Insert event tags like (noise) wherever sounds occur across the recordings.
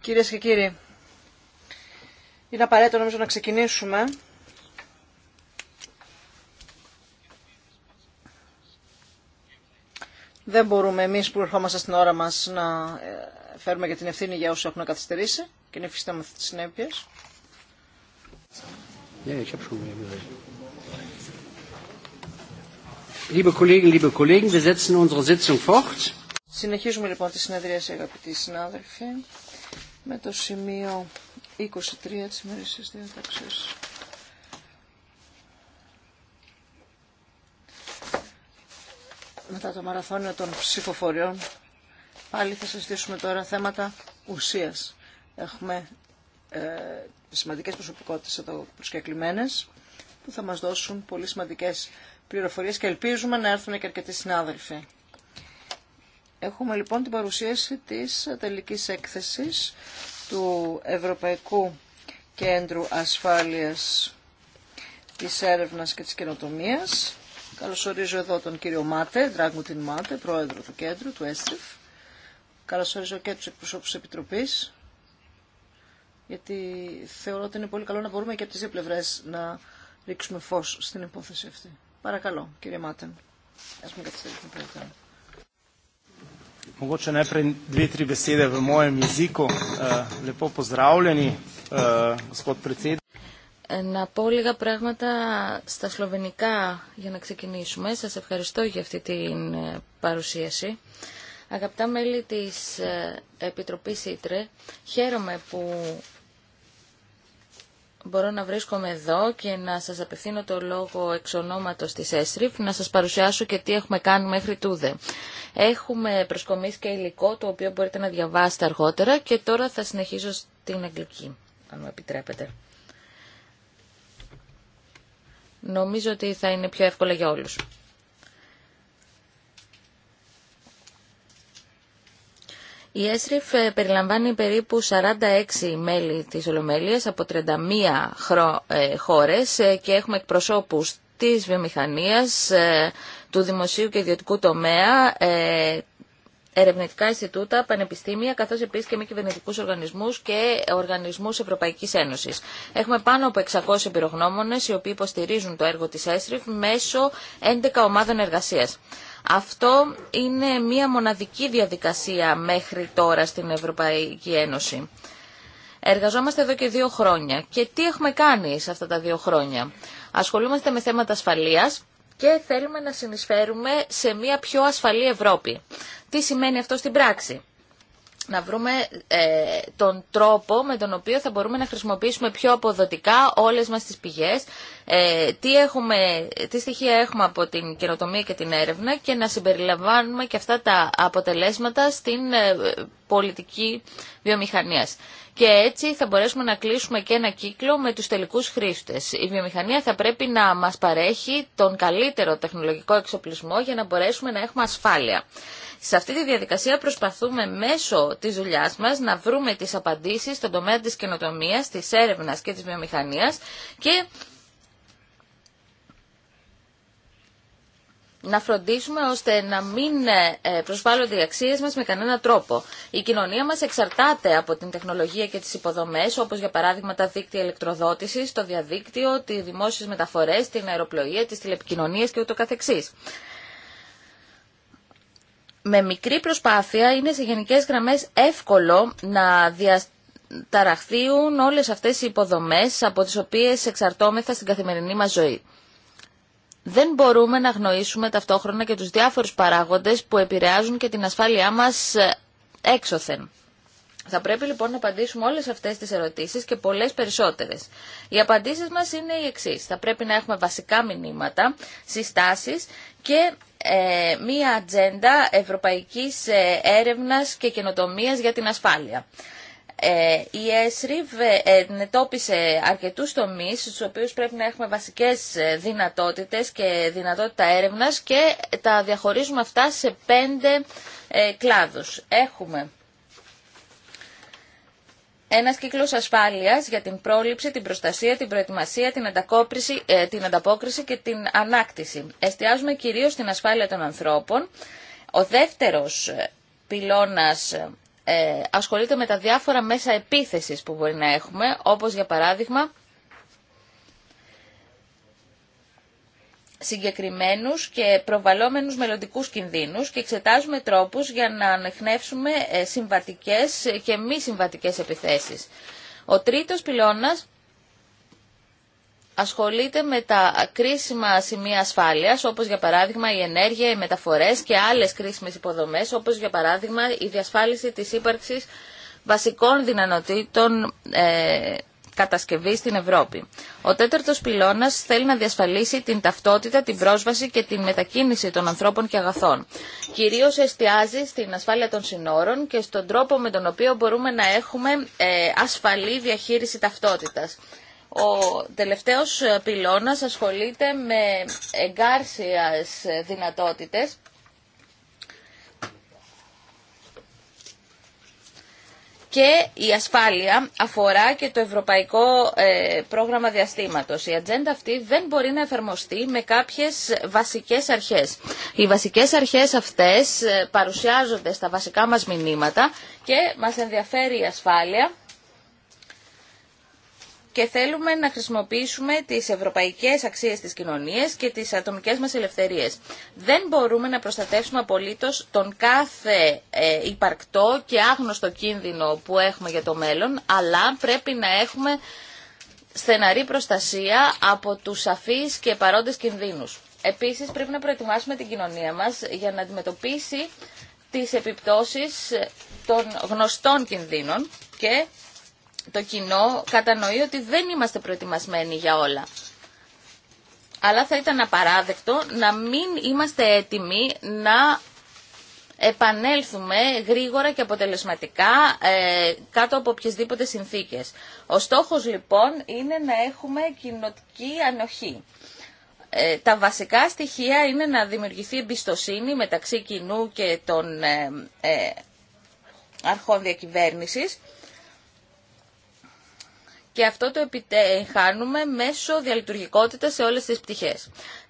Κυρίες και κύριοι, είναι απαραίτητο νομίζω να ξεκινήσουμε. Δεν μπορούμε εμείς που ερχόμαστε στην ώρα μας να ε, φέρουμε και την ευθύνη για όσους έχουν καθυστερήσει και να υφιστάμε αυτές τις συνέπειες. Yeah, Liebe Kolleginnen, liebe Kollegen, wir setzen unsere Sitzung fort. Συνεχίζουμε λοιπόν τη συνεδρίαση αγαπητοί συνάδελφοι με το σημείο 23 της ημερήσιας διαταξής. Μετά το μαραθώνιο των ψηφοφοριών πάλι θα συζητήσουμε τώρα θέματα ουσίας. Έχουμε ε, σημαντικές προσωπικότητες εδώ προσκεκλημένες που θα μας δώσουν πολύ σημαντικές πληροφορίες και ελπίζουμε να έρθουν και αρκετοί συνάδελφοι. Έχουμε λοιπόν την παρουσίαση της τελικής έκθεσης του Ευρωπαϊκού Κέντρου Ασφάλειας της Έρευνας και της Καινοτομίας. Καλωσορίζω εδώ τον κύριο Μάτε, Δράγμουτιν Μάτε, πρόεδρο του κέντρου, του ΕΣΤΡΙΦ. Καλωσορίζω και τους εκπροσώπους της Επιτροπής, γιατί θεωρώ ότι είναι πολύ καλό να μπορούμε και από τις δύο πλευρές να ρίξουμε φως στην υπόθεση αυτή. Παρακαλώ, κύριε Μάτεν. Ας μην καθυστερήσουμε πρώτα. Mogoče najprej dve, tri besede v mojem jeziku. Eh, lepo pozdravljeni, eh, gospod predsednik. Ε, να πω λίγα πράγματα στα σλοβενικά για να ξεκινήσουμε. Σας ευχαριστώ για αυτή την ε, παρουσίαση. Αγαπητά μέλη της ε, Επιτροπής Ήτρε, χαίρομαι που μπορώ να βρίσκομαι εδώ και να σας απευθύνω το λόγο εξ ονόματος της ΕΣΡΙΦ, να σας παρουσιάσω και τι έχουμε κάνει μέχρι τούδε. Έχουμε προσκομίσει και υλικό το οποίο μπορείτε να διαβάσετε αργότερα και τώρα θα συνεχίσω στην αγγλική, αν μου επιτρέπετε. Νομίζω ότι θα είναι πιο εύκολα για όλους. Η ΕΣΡΙΦ ε, περιλαμβάνει περίπου 46 μέλη της Ολομέλειας από 31 ε, χώρες ε, και έχουμε εκπροσώπους της βιομηχανίας, του δημοσίου και ιδιωτικού τομέα, ερευνητικά Ινστιτούτα, πανεπιστήμια, καθώς επίσης και μη κυβερνητικού οργανισμούς και οργανισμούς Ευρωπαϊκής Ένωσης. Έχουμε πάνω από 600 εμπειρογνώμονε, οι οποίοι υποστηρίζουν το έργο της ΕΣΡΙΦ μέσω 11 ομάδων εργασία. Αυτό είναι μία μοναδική διαδικασία μέχρι τώρα στην Ευρωπαϊκή Ένωση. Εργαζόμαστε εδώ και δύο χρόνια. Και τι έχουμε κάνει σε αυτά τα δύο χρόνια. Ασχολούμαστε με θέματα ασφαλείας και θέλουμε να συνεισφέρουμε σε μία πιο ασφαλή Ευρώπη. Τι σημαίνει αυτό στην πράξη να βρούμε ε, τον τρόπο με τον οποίο θα μπορούμε να χρησιμοποιήσουμε πιο αποδοτικά όλες μας τις πηγές, ε, τι, έχουμε, τι στοιχεία έχουμε από την καινοτομία και την έρευνα και να συμπεριλαμβάνουμε και αυτά τα αποτελέσματα στην ε, πολιτική βιομηχανίας. Και έτσι θα μπορέσουμε να κλείσουμε και ένα κύκλο με τους τελικούς χρήστες. Η βιομηχανία θα πρέπει να μας παρέχει τον καλύτερο τεχνολογικό εξοπλισμό για να μπορέσουμε να έχουμε ασφάλεια. Σε αυτή τη διαδικασία προσπαθούμε μέσω της δουλειά μα να βρούμε τις απαντήσεις στον τομέα της καινοτομία, της έρευνα και της βιομηχανία. και να φροντίσουμε ώστε να μην ε, προσβάλλονται οι αξίε μα με κανένα τρόπο. Η κοινωνία μα εξαρτάται από την τεχνολογία και τι υποδομέ, όπω για παράδειγμα τα δίκτυα ηλεκτροδότηση, το διαδίκτυο, τι δημόσιε μεταφορέ, την αεροπλοεία, τι τηλεπικοινωνίε κ.ο.κ με μικρή προσπάθεια είναι σε γενικές γραμμές εύκολο να διαταραχθούν όλες αυτές οι υποδομές από τις οποίες εξαρτώμεθα στην καθημερινή μας ζωή. Δεν μπορούμε να γνωρίσουμε ταυτόχρονα και τους διάφορους παράγοντες που επηρεάζουν και την ασφάλειά μας ε, έξωθεν. Θα πρέπει λοιπόν να απαντήσουμε όλες αυτές τις ερωτήσεις και πολλές περισσότερες. Οι απαντήσεις μας είναι οι εξής. Θα πρέπει να έχουμε βασικά μηνύματα, συστάσεις και ε, μία ατζέντα ευρωπαϊκής ε, έρευνας και καινοτομίας για την ασφάλεια. Ε, η ΕΣΡΙΒ εντόπισε αρκετούς τομείς στους οποίους πρέπει να έχουμε βασικές δυνατότητες και δυνατότητα έρευνας και τα διαχωρίζουμε αυτά σε πέντε κλάδους. Έχουμε ένας κύκλος ασφάλειας για την πρόληψη, την προστασία, την προετοιμασία, την, ε, την ανταπόκριση και την ανάκτηση. Εστιάζουμε κυρίως στην ασφάλεια των ανθρώπων. Ο δεύτερος ε, πυλώνας ε, ασχολείται με τα διάφορα μέσα επίθεσης που μπορεί να έχουμε, όπως για παράδειγμα συγκεκριμένους και προβαλόμενους μελλοντικού κινδύνους και εξετάζουμε τρόπους για να ανεχνεύσουμε ε, συμβατικές και μη συμβατικές επιθέσεις. Ο τρίτος πυλώνας ασχολείται με τα κρίσιμα σημεία ασφάλειας, όπως για παράδειγμα η ενέργεια, οι μεταφορές και άλλες κρίσιμες υποδομές, όπως για παράδειγμα η διασφάλιση της ύπαρξης βασικών δυνανοτήτων ε, κατασκευή στην Ευρώπη. Ο τέταρτος πυλώνας θέλει να διασφαλίσει την ταυτότητα, την πρόσβαση και την μετακίνηση των ανθρώπων και αγαθών. Κυρίως εστιάζει στην ασφάλεια των συνόρων και στον τρόπο με τον οποίο μπορούμε να έχουμε ε, ασφαλή διαχείριση ταυτότητας. Ο τελευταίος πυλώνας ασχολείται με εγκάρσιας δυνατότητες Και η ασφάλεια αφορά και το ευρωπαϊκό ε, πρόγραμμα διαστήματος. Η ατζέντα αυτή δεν μπορεί να εφαρμοστεί με κάποιες βασικές αρχές. Οι βασικές αρχές αυτές ε, παρουσιάζονται στα βασικά μας μηνύματα και μας ενδιαφέρει η ασφάλεια και θέλουμε να χρησιμοποιήσουμε τις ευρωπαϊκές αξίες της κοινωνίας και τις ατομικές μας ελευθερίες. Δεν μπορούμε να προστατεύσουμε απολύτως τον κάθε ε, υπαρκτό και άγνωστο κίνδυνο που έχουμε για το μέλλον, αλλά πρέπει να έχουμε στεναρή προστασία από τους σαφείς και παρόντες κινδύνους. Επίσης πρέπει να προετοιμάσουμε την κοινωνία μας για να αντιμετωπίσει τις επιπτώσεις των γνωστών κινδύνων και το κοινό κατανοεί ότι δεν είμαστε προετοιμασμένοι για όλα. Αλλά θα ήταν απαράδεκτο να μην είμαστε έτοιμοι να επανέλθουμε γρήγορα και αποτελεσματικά ε, κάτω από οποιασδήποτε συνθήκες. Ο στόχος λοιπόν είναι να έχουμε κοινοτική ανοχή. Ε, τα βασικά στοιχεία είναι να δημιουργηθεί εμπιστοσύνη μεταξύ κοινού και των ε, ε, αρχών διακυβέρνησης και αυτό το επιτεχάνουμε μέσω διαλειτουργικότητα σε όλες τις πτυχέ.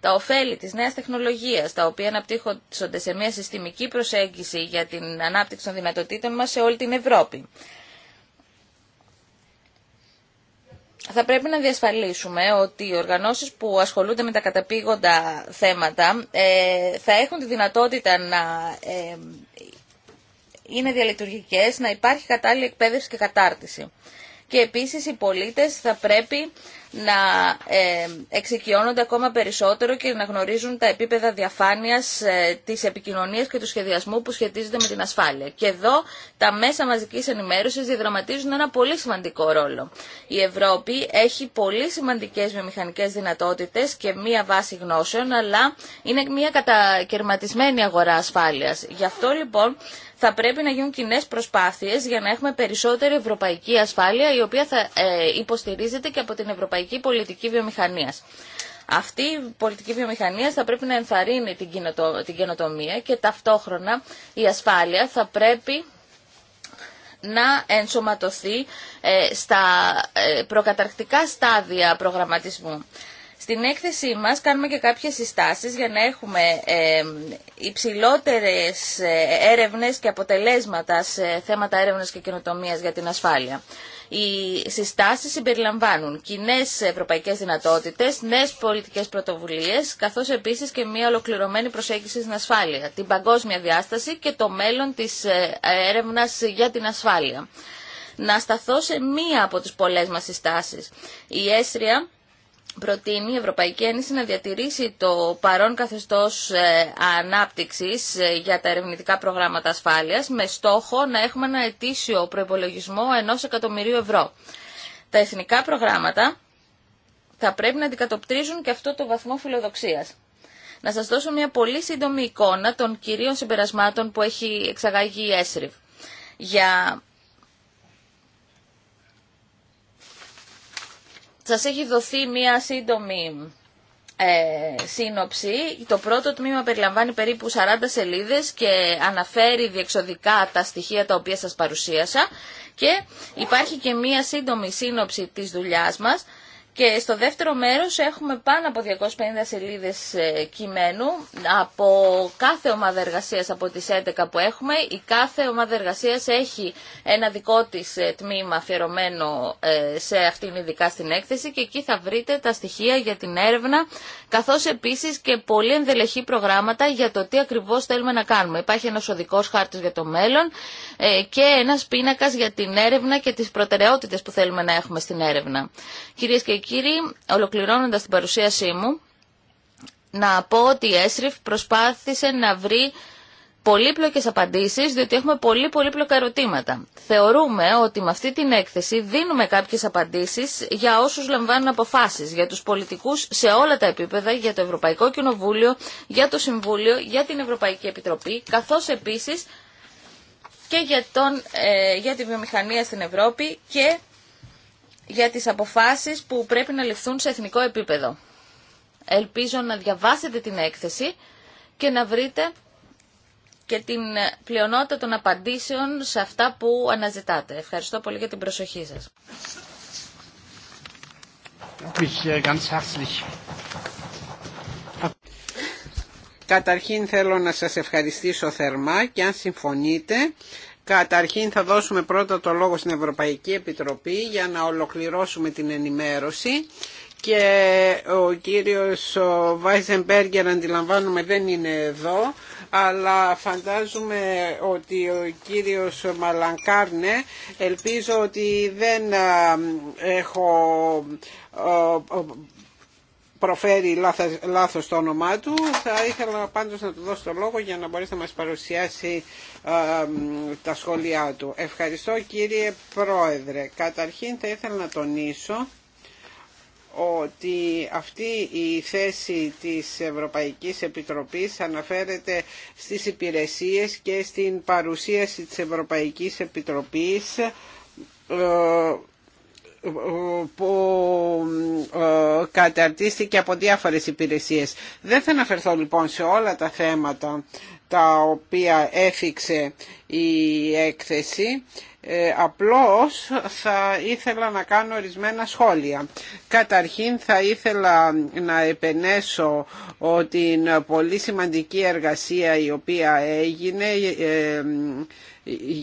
Τα ωφέλη της νέας τεχνολογίας, τα οποία αναπτύχονται σε μια συστημική προσέγγιση για την ανάπτυξη των δυνατοτήτων μα σε όλη την Ευρώπη. Θα πρέπει να διασφαλίσουμε ότι οι οργανώσεις που ασχολούνται με τα καταπήγοντα θέματα ε, θα έχουν τη δυνατότητα να ε, είναι διαλειτουργικές, να υπάρχει κατάλληλη εκπαίδευση και κατάρτιση και επίσης οι πολίτες θα πρέπει να ε, εξοικειώνονται ακόμα περισσότερο και να γνωρίζουν τα επίπεδα διαφάνειας ε, της επικοινωνίας και του σχεδιασμού που σχετίζονται με την ασφάλεια. Και εδώ τα μέσα μαζικής ενημέρωσης διαδραματίζουν ένα πολύ σημαντικό ρόλο. Η Ευρώπη έχει πολύ σημαντικές βιομηχανικές δυνατότητες και μία βάση γνώσεων, αλλά είναι μία κατακαιρματισμένη αγορά ασφάλειας. Γι' αυτό λοιπόν θα πρέπει να γίνουν κοινέ προσπάθειες για να έχουμε περισσότερη ευρωπαϊκή ασφάλεια η οποία θα ε, υποστηρίζεται και από την Ευρωπαϊκή ευρωπαϊκή πολιτική Αυτή η πολιτική βιομηχανία θα πρέπει να ενθαρρύνει την καινοτομία και ταυτόχρονα η ασφάλεια θα πρέπει να ενσωματωθεί ε, στα ε, προκαταρκτικά στάδια προγραμματισμού. Στην έκθεσή μας κάνουμε και κάποιες συστάσεις για να έχουμε υψηλότερες ε, έρευνες και αποτελέσματα σε θέματα έρευνας και καινοτομίας για την ασφάλεια. Οι συστάσεις συμπεριλαμβάνουν κοινέ ευρωπαϊκές δυνατότητες, νέες πολιτικές πρωτοβουλίες, καθώς επίσης και μια ολοκληρωμένη προσέγγιση στην ασφάλεια, την παγκόσμια διάσταση και το μέλλον της ε, έρευνας για την ασφάλεια. Να σταθώ σε μία από τις πολλές μας συστάσεις. Η ΕΣΡΙΑ προτείνει η Ευρωπαϊκή Ένωση να διατηρήσει το παρόν καθεστώς ε, ανάπτυξης ε, για τα ερευνητικά προγράμματα ασφάλειας με στόχο να έχουμε ένα ετήσιο προϋπολογισμό ενός εκατομμυρίου ευρώ. Τα εθνικά προγράμματα θα πρέπει να αντικατοπτρίζουν και αυτό το βαθμό φιλοδοξίας. Να σας δώσω μια πολύ σύντομη εικόνα των κυρίων συμπερασμάτων που έχει εξαγάγει η ΕΣΡΙΒ. Για Σας έχει δοθεί μία σύντομη ε, σύνοψη. Το πρώτο τμήμα περιλαμβάνει περίπου 40 σελίδες και αναφέρει διεξοδικά τα στοιχεία τα οποία σας παρουσίασα και υπάρχει και μία σύντομη σύνοψη της δουλειάς μας και στο δεύτερο μέρος έχουμε πάνω από 250 σελίδες ε, κειμένου από κάθε ομάδα εργασίας από τις 11 που έχουμε. Η κάθε ομάδα εργασίας έχει ένα δικό της ε, τμήμα αφιερωμένο ε, σε αυτήν ειδικά στην έκθεση και εκεί θα βρείτε τα στοιχεία για την έρευνα καθώς επίσης και πολύ ενδελεχή προγράμματα για το τι ακριβώς θέλουμε να κάνουμε. Υπάρχει ένας οδικός χάρτης για το μέλλον και ένας πίνακας για την έρευνα και τις προτεραιότητες που θέλουμε να έχουμε στην έρευνα. Κυρίες και κύριοι, ολοκληρώνοντας την παρουσίασή μου, να πω ότι η Έσριφ προσπάθησε να βρει πολύπλοκες απαντήσεις, διότι έχουμε πολύ πολύπλοκα ερωτήματα. Θεωρούμε ότι με αυτή την έκθεση δίνουμε κάποιες απαντήσεις για όσους λαμβάνουν αποφάσεις, για τους πολιτικούς σε όλα τα επίπεδα, για το Ευρωπαϊκό Κοινοβούλιο, για το Συμβούλιο, για την Ευρωπαϊκή Επιτροπή, καθώς επίσης και για, τον, ε, για τη βιομηχανία στην Ευρώπη και για τις αποφάσεις που πρέπει να ληφθούν σε εθνικό επίπεδο. Ελπίζω να διαβάσετε την έκθεση και να βρείτε και την πλειονότητα των απαντήσεων σε αυτά που αναζητάτε. Ευχαριστώ πολύ για την προσοχή σας. Äh, Καταρχήν θέλω να σας ευχαριστήσω θερμά και αν συμφωνείτε Καταρχήν θα δώσουμε πρώτα το λόγο στην Ευρωπαϊκή Επιτροπή για να ολοκληρώσουμε την ενημέρωση και ο κύριος Βάιζενμπέργκερ αντιλαμβάνουμε δεν είναι εδώ αλλά φαντάζομαι ότι ο κύριος Μαλανκάρνε ελπίζω ότι δεν ε, έχω προφέρει λάθος, το όνομά του. Θα ήθελα πάντως να του δώσω το λόγο για να μπορέσει να μας παρουσιάσει ε, τα σχόλιά του. Ευχαριστώ κύριε Πρόεδρε. Καταρχήν θα ήθελα να τονίσω ότι αυτή η θέση της Ευρωπαϊκής Επιτροπής αναφέρεται στις υπηρεσίες και στην παρουσίαση της Ευρωπαϊκής Επιτροπής ε, που ε, καταρτίστηκε από διάφορες υπηρεσίες. Δεν θα αναφερθώ λοιπόν σε όλα τα θέματα τα οποία έφυξε η έκθεση, ε, απλώς θα ήθελα να κάνω ορισμένα σχόλια. Καταρχήν θα ήθελα να επενέσω την πολύ σημαντική εργασία η οποία έγινε ε,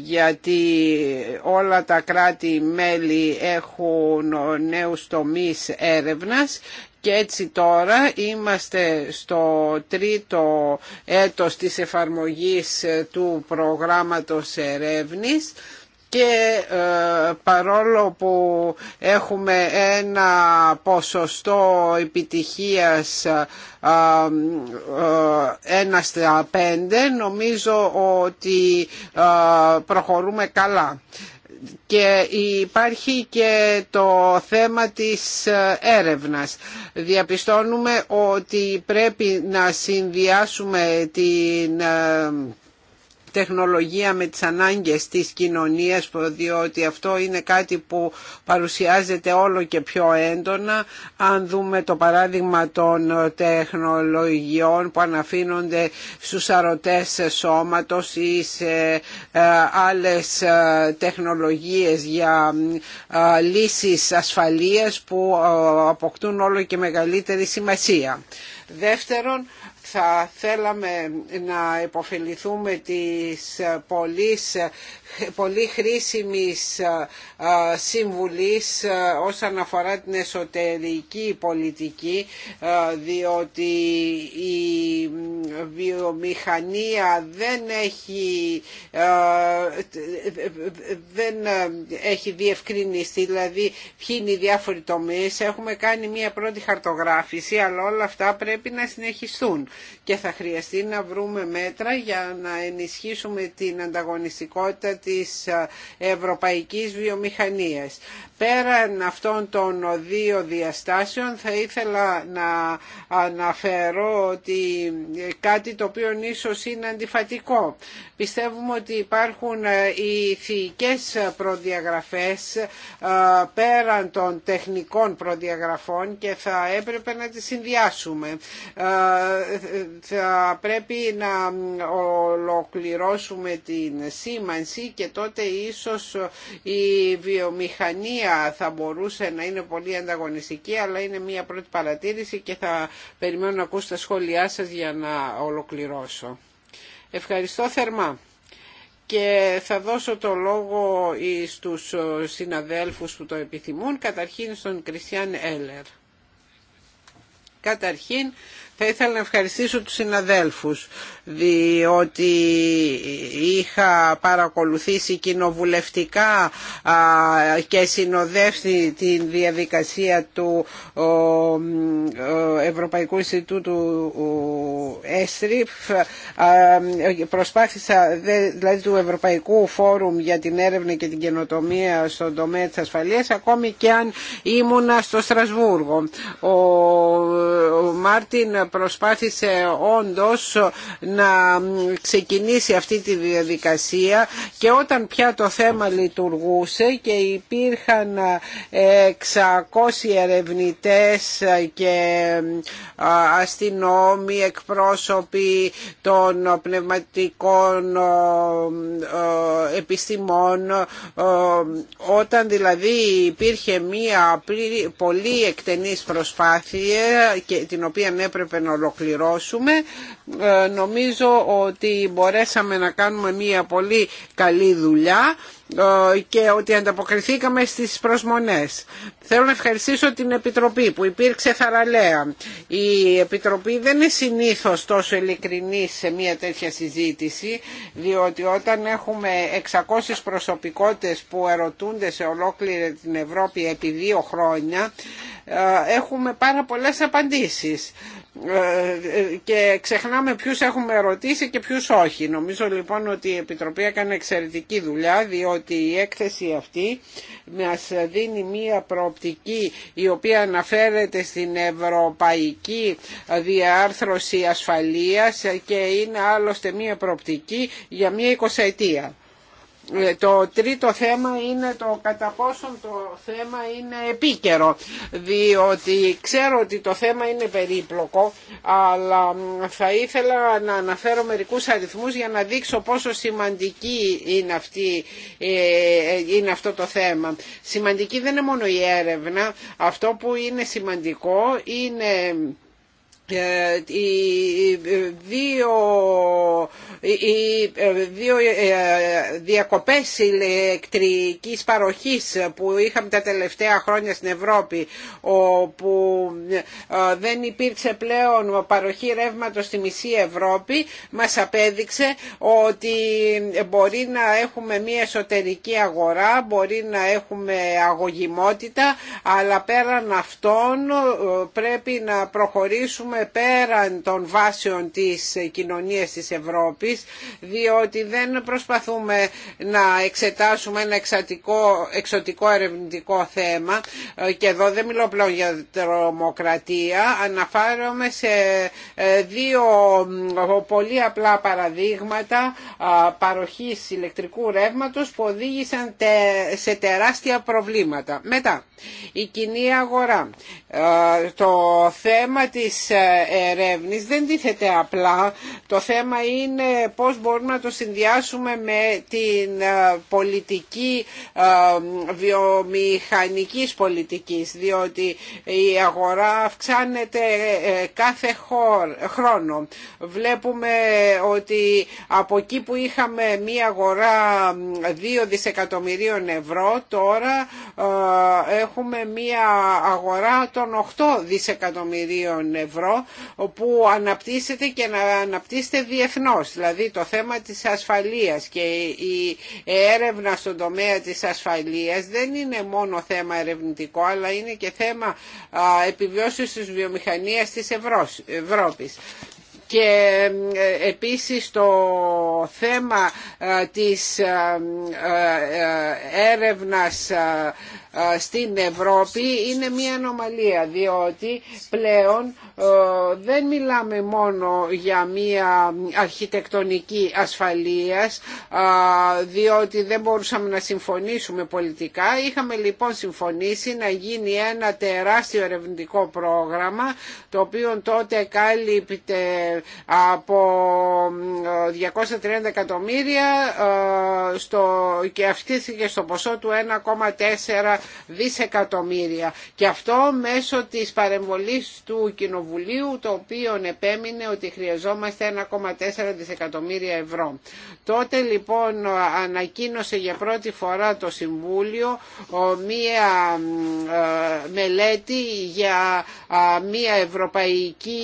γιατί όλα τα κράτη-μέλη έχουν νέους τομείς έρευνας και έτσι τώρα είμαστε στο τρίτο έτος της εφαρμογής του προγράμματος ερεύνης και ε, παρόλο που έχουμε ένα ποσοστό επιτυχίας 1 ε, ε, στα 5, νομίζω ότι προχωρούμε καλά και υπάρχει και το θέμα της έρευνας. Διαπιστώνουμε ότι πρέπει να συνδυάσουμε την τεχνολογία με τις ανάγκες της κοινωνίας διότι αυτό είναι κάτι που παρουσιάζεται όλο και πιο έντονα αν δούμε το παράδειγμα των τεχνολογιών που αναφύνονται στους αρωτές σώματος ή σε ε, άλλες ε, τεχνολογίες για ε, λύσεις ασφαλείας που αποκτούν όλο και μεγαλύτερη σημασία. Δεύτερον, θα θέλαμε να υποφεληθούμε της πολύ χρήσιμης ε, ε, συμβουλής ε, όσον αφορά την εσωτερική πολιτική διότι η βιομηχανία δεν έχει, δεν έχει διευκρινιστεί δηλαδή ποιοι είναι οι διάφοροι τομείς έχουμε κάνει μια πρώτη χαρτογράφηση αλλά όλα αυτά πρέπει να συνεχιστούν και θα χρειαστεί να βρούμε μέτρα για να ενισχύσουμε την ανταγωνιστικότητα της ε, ευρωπαϊκής βιομηχανίας. Πέραν αυτών των δύο διαστάσεων θα ήθελα να αναφέρω ότι κάτι το οποίο ίσως είναι αντιφατικό. Πιστεύουμε ότι υπάρχουν ε, οι ηθικές προδιαγραφές ε, πέραν των τεχνικών προδιαγραφών και θα έπρεπε να τις συνδυάσουμε. Ε, θα πρέπει να ολοκληρώσουμε την σήμανση και τότε ίσως η βιομηχανία θα μπορούσε να είναι πολύ ανταγωνιστική αλλά είναι μια πρώτη παρατήρηση και θα περιμένω να ακούσω τα σχόλιά σας για να ολοκληρώσω. Ευχαριστώ θερμά και θα δώσω το λόγο στους συναδέλφους που το επιθυμούν, καταρχήν στον Κριστιαν Έλερ. Καταρχήν θα ήθελα να ευχαριστήσω τους συναδέλφους διότι είχα παρακολουθήσει κοινοβουλευτικά και συνοδεύσει την διαδικασία του Ευρωπαϊκού Ινστιτούτου ΕΣΡΙΦ προσπάθησα δηλαδή του Ευρωπαϊκού Φόρουμ για την έρευνα και την καινοτομία στον τομέα της ασφαλείας ακόμη και αν ήμουνα στο Στρασβούργο ο Μάρτιν προσπάθησε όντως να ξεκινήσει αυτή τη διαδικασία και όταν πια το θέμα λειτουργούσε και υπήρχαν 600 ερευνητές και αστυνόμοι, εκπρόσωποι των πνευματικών επιστημών όταν δηλαδή υπήρχε μία πολύ εκτενής προσπάθεια και την οποία έπρεπε να ολοκληρώσουμε ε, νομίζω ότι μπορέσαμε να κάνουμε μια πολύ καλή δουλειά ε, και ότι ανταποκριθήκαμε στις προσμονές. Θέλω να ευχαριστήσω την Επιτροπή που υπήρξε θαραλέα. Η Επιτροπή δεν είναι συνήθως τόσο ειλικρινή σε μια τέτοια συζήτηση, διότι όταν έχουμε 600 προσωπικότητες που ερωτούνται σε ολόκληρη την Ευρώπη επί δύο χρόνια, ε, έχουμε πάρα πολλές απαντήσεις. Ε, ε, και ξεχνάμε ποιους έχουμε ερωτήσει και ποιους όχι. Νομίζω λοιπόν ότι η Επιτροπή έκανε εξαιρετική δουλειά διότι η έκθεση αυτή μας δίνει μία προοπτική η οποία αναφέρεται στην ευρωπαϊκή διάρθρωση ασφαλείας και είναι άλλωστε μία προοπτική για μία εικοσαετία. Ε, το τρίτο θέμα είναι το κατά πόσον το θέμα είναι επίκαιρο διότι ξέρω ότι το θέμα είναι περίπλοκο αλλά θα ήθελα να αναφέρω μερικούς αριθμούς για να δείξω πόσο σημαντική είναι, αυτή, ε, είναι αυτό το θέμα. Σημαντική δεν είναι μόνο η έρευνα, αυτό που είναι σημαντικό είναι οι ε, δύο, οι δύο ε, διακοπές ηλεκτρικής παροχής που είχαμε τα τελευταία χρόνια στην Ευρώπη όπου ε, δεν υπήρξε πλέον παροχή ρεύματος στη μισή Ευρώπη μας απέδειξε ότι μπορεί να έχουμε μια εσωτερική αγορά μπορεί να έχουμε αγωγημότητα αλλά πέραν αυτών πρέπει να προχωρήσουμε πάμε πέραν των βάσεων της κοινωνίας της Ευρώπης διότι δεν προσπαθούμε να εξετάσουμε ένα εξατικό, εξωτικό ερευνητικό θέμα και εδώ δεν μιλώ πλέον για τρομοκρατία αναφέρομαι σε ε, δύο πολύ απλά παραδείγματα παροχής ηλεκτρικού ρεύματος που οδήγησαν σε τεράστια προβλήματα. Μετά, η κοινή αγορά. Ε, το θέμα της ε, ερεύνης δεν τίθεται απλά. Το θέμα είναι πώς μπορούμε να το συνδυάσουμε με την ε, πολιτική ε, βιομηχανικής πολιτικής διότι η αγορά αυξάνεται ε, κάθε χρόνο. Βλέπουμε ότι από εκεί που είχαμε μία αγορά 2 δισεκατομμυρίων ευρώ τώρα έχουμε μία αγορά των 8 δισεκατομμυρίων ευρώ που αναπτύσσεται και να αναπτύσσεται διεθνώς. Δηλαδή το θέμα της ασφαλείας και η έρευνα στον τομέα της ασφαλείας δεν είναι μόνο θέμα ερευνητικό αλλά είναι και θέμα επιβιώσεως της βιομηχανίας της Ευρώπης και ε, επίσης το θέμα της ε, έρευνας ε, στην Ευρώπη είναι μια ανομαλία διότι πλέον ε, δεν μιλάμε μόνο για μια αρχιτεκτονική ασφαλείας ε, διότι δεν μπορούσαμε να συμφωνήσουμε πολιτικά. Είχαμε λοιπόν συμφωνήσει να γίνει ένα τεράστιο ερευνητικό πρόγραμμα το οποίο τότε κάλυπτε από 230 εκατομμύρια στο, και αυξήθηκε στο ποσό του 1,4 δισεκατομμύρια και αυτό μέσω της παρεμβολής του Κοινοβουλίου το οποίο επέμεινε ότι χρειαζόμαστε 1,4 δισεκατομμύρια ευρώ. Τότε λοιπόν ανακοίνωσε για πρώτη φορά το Συμβούλιο μία ε, μελέτη για μια ευρωπαϊκή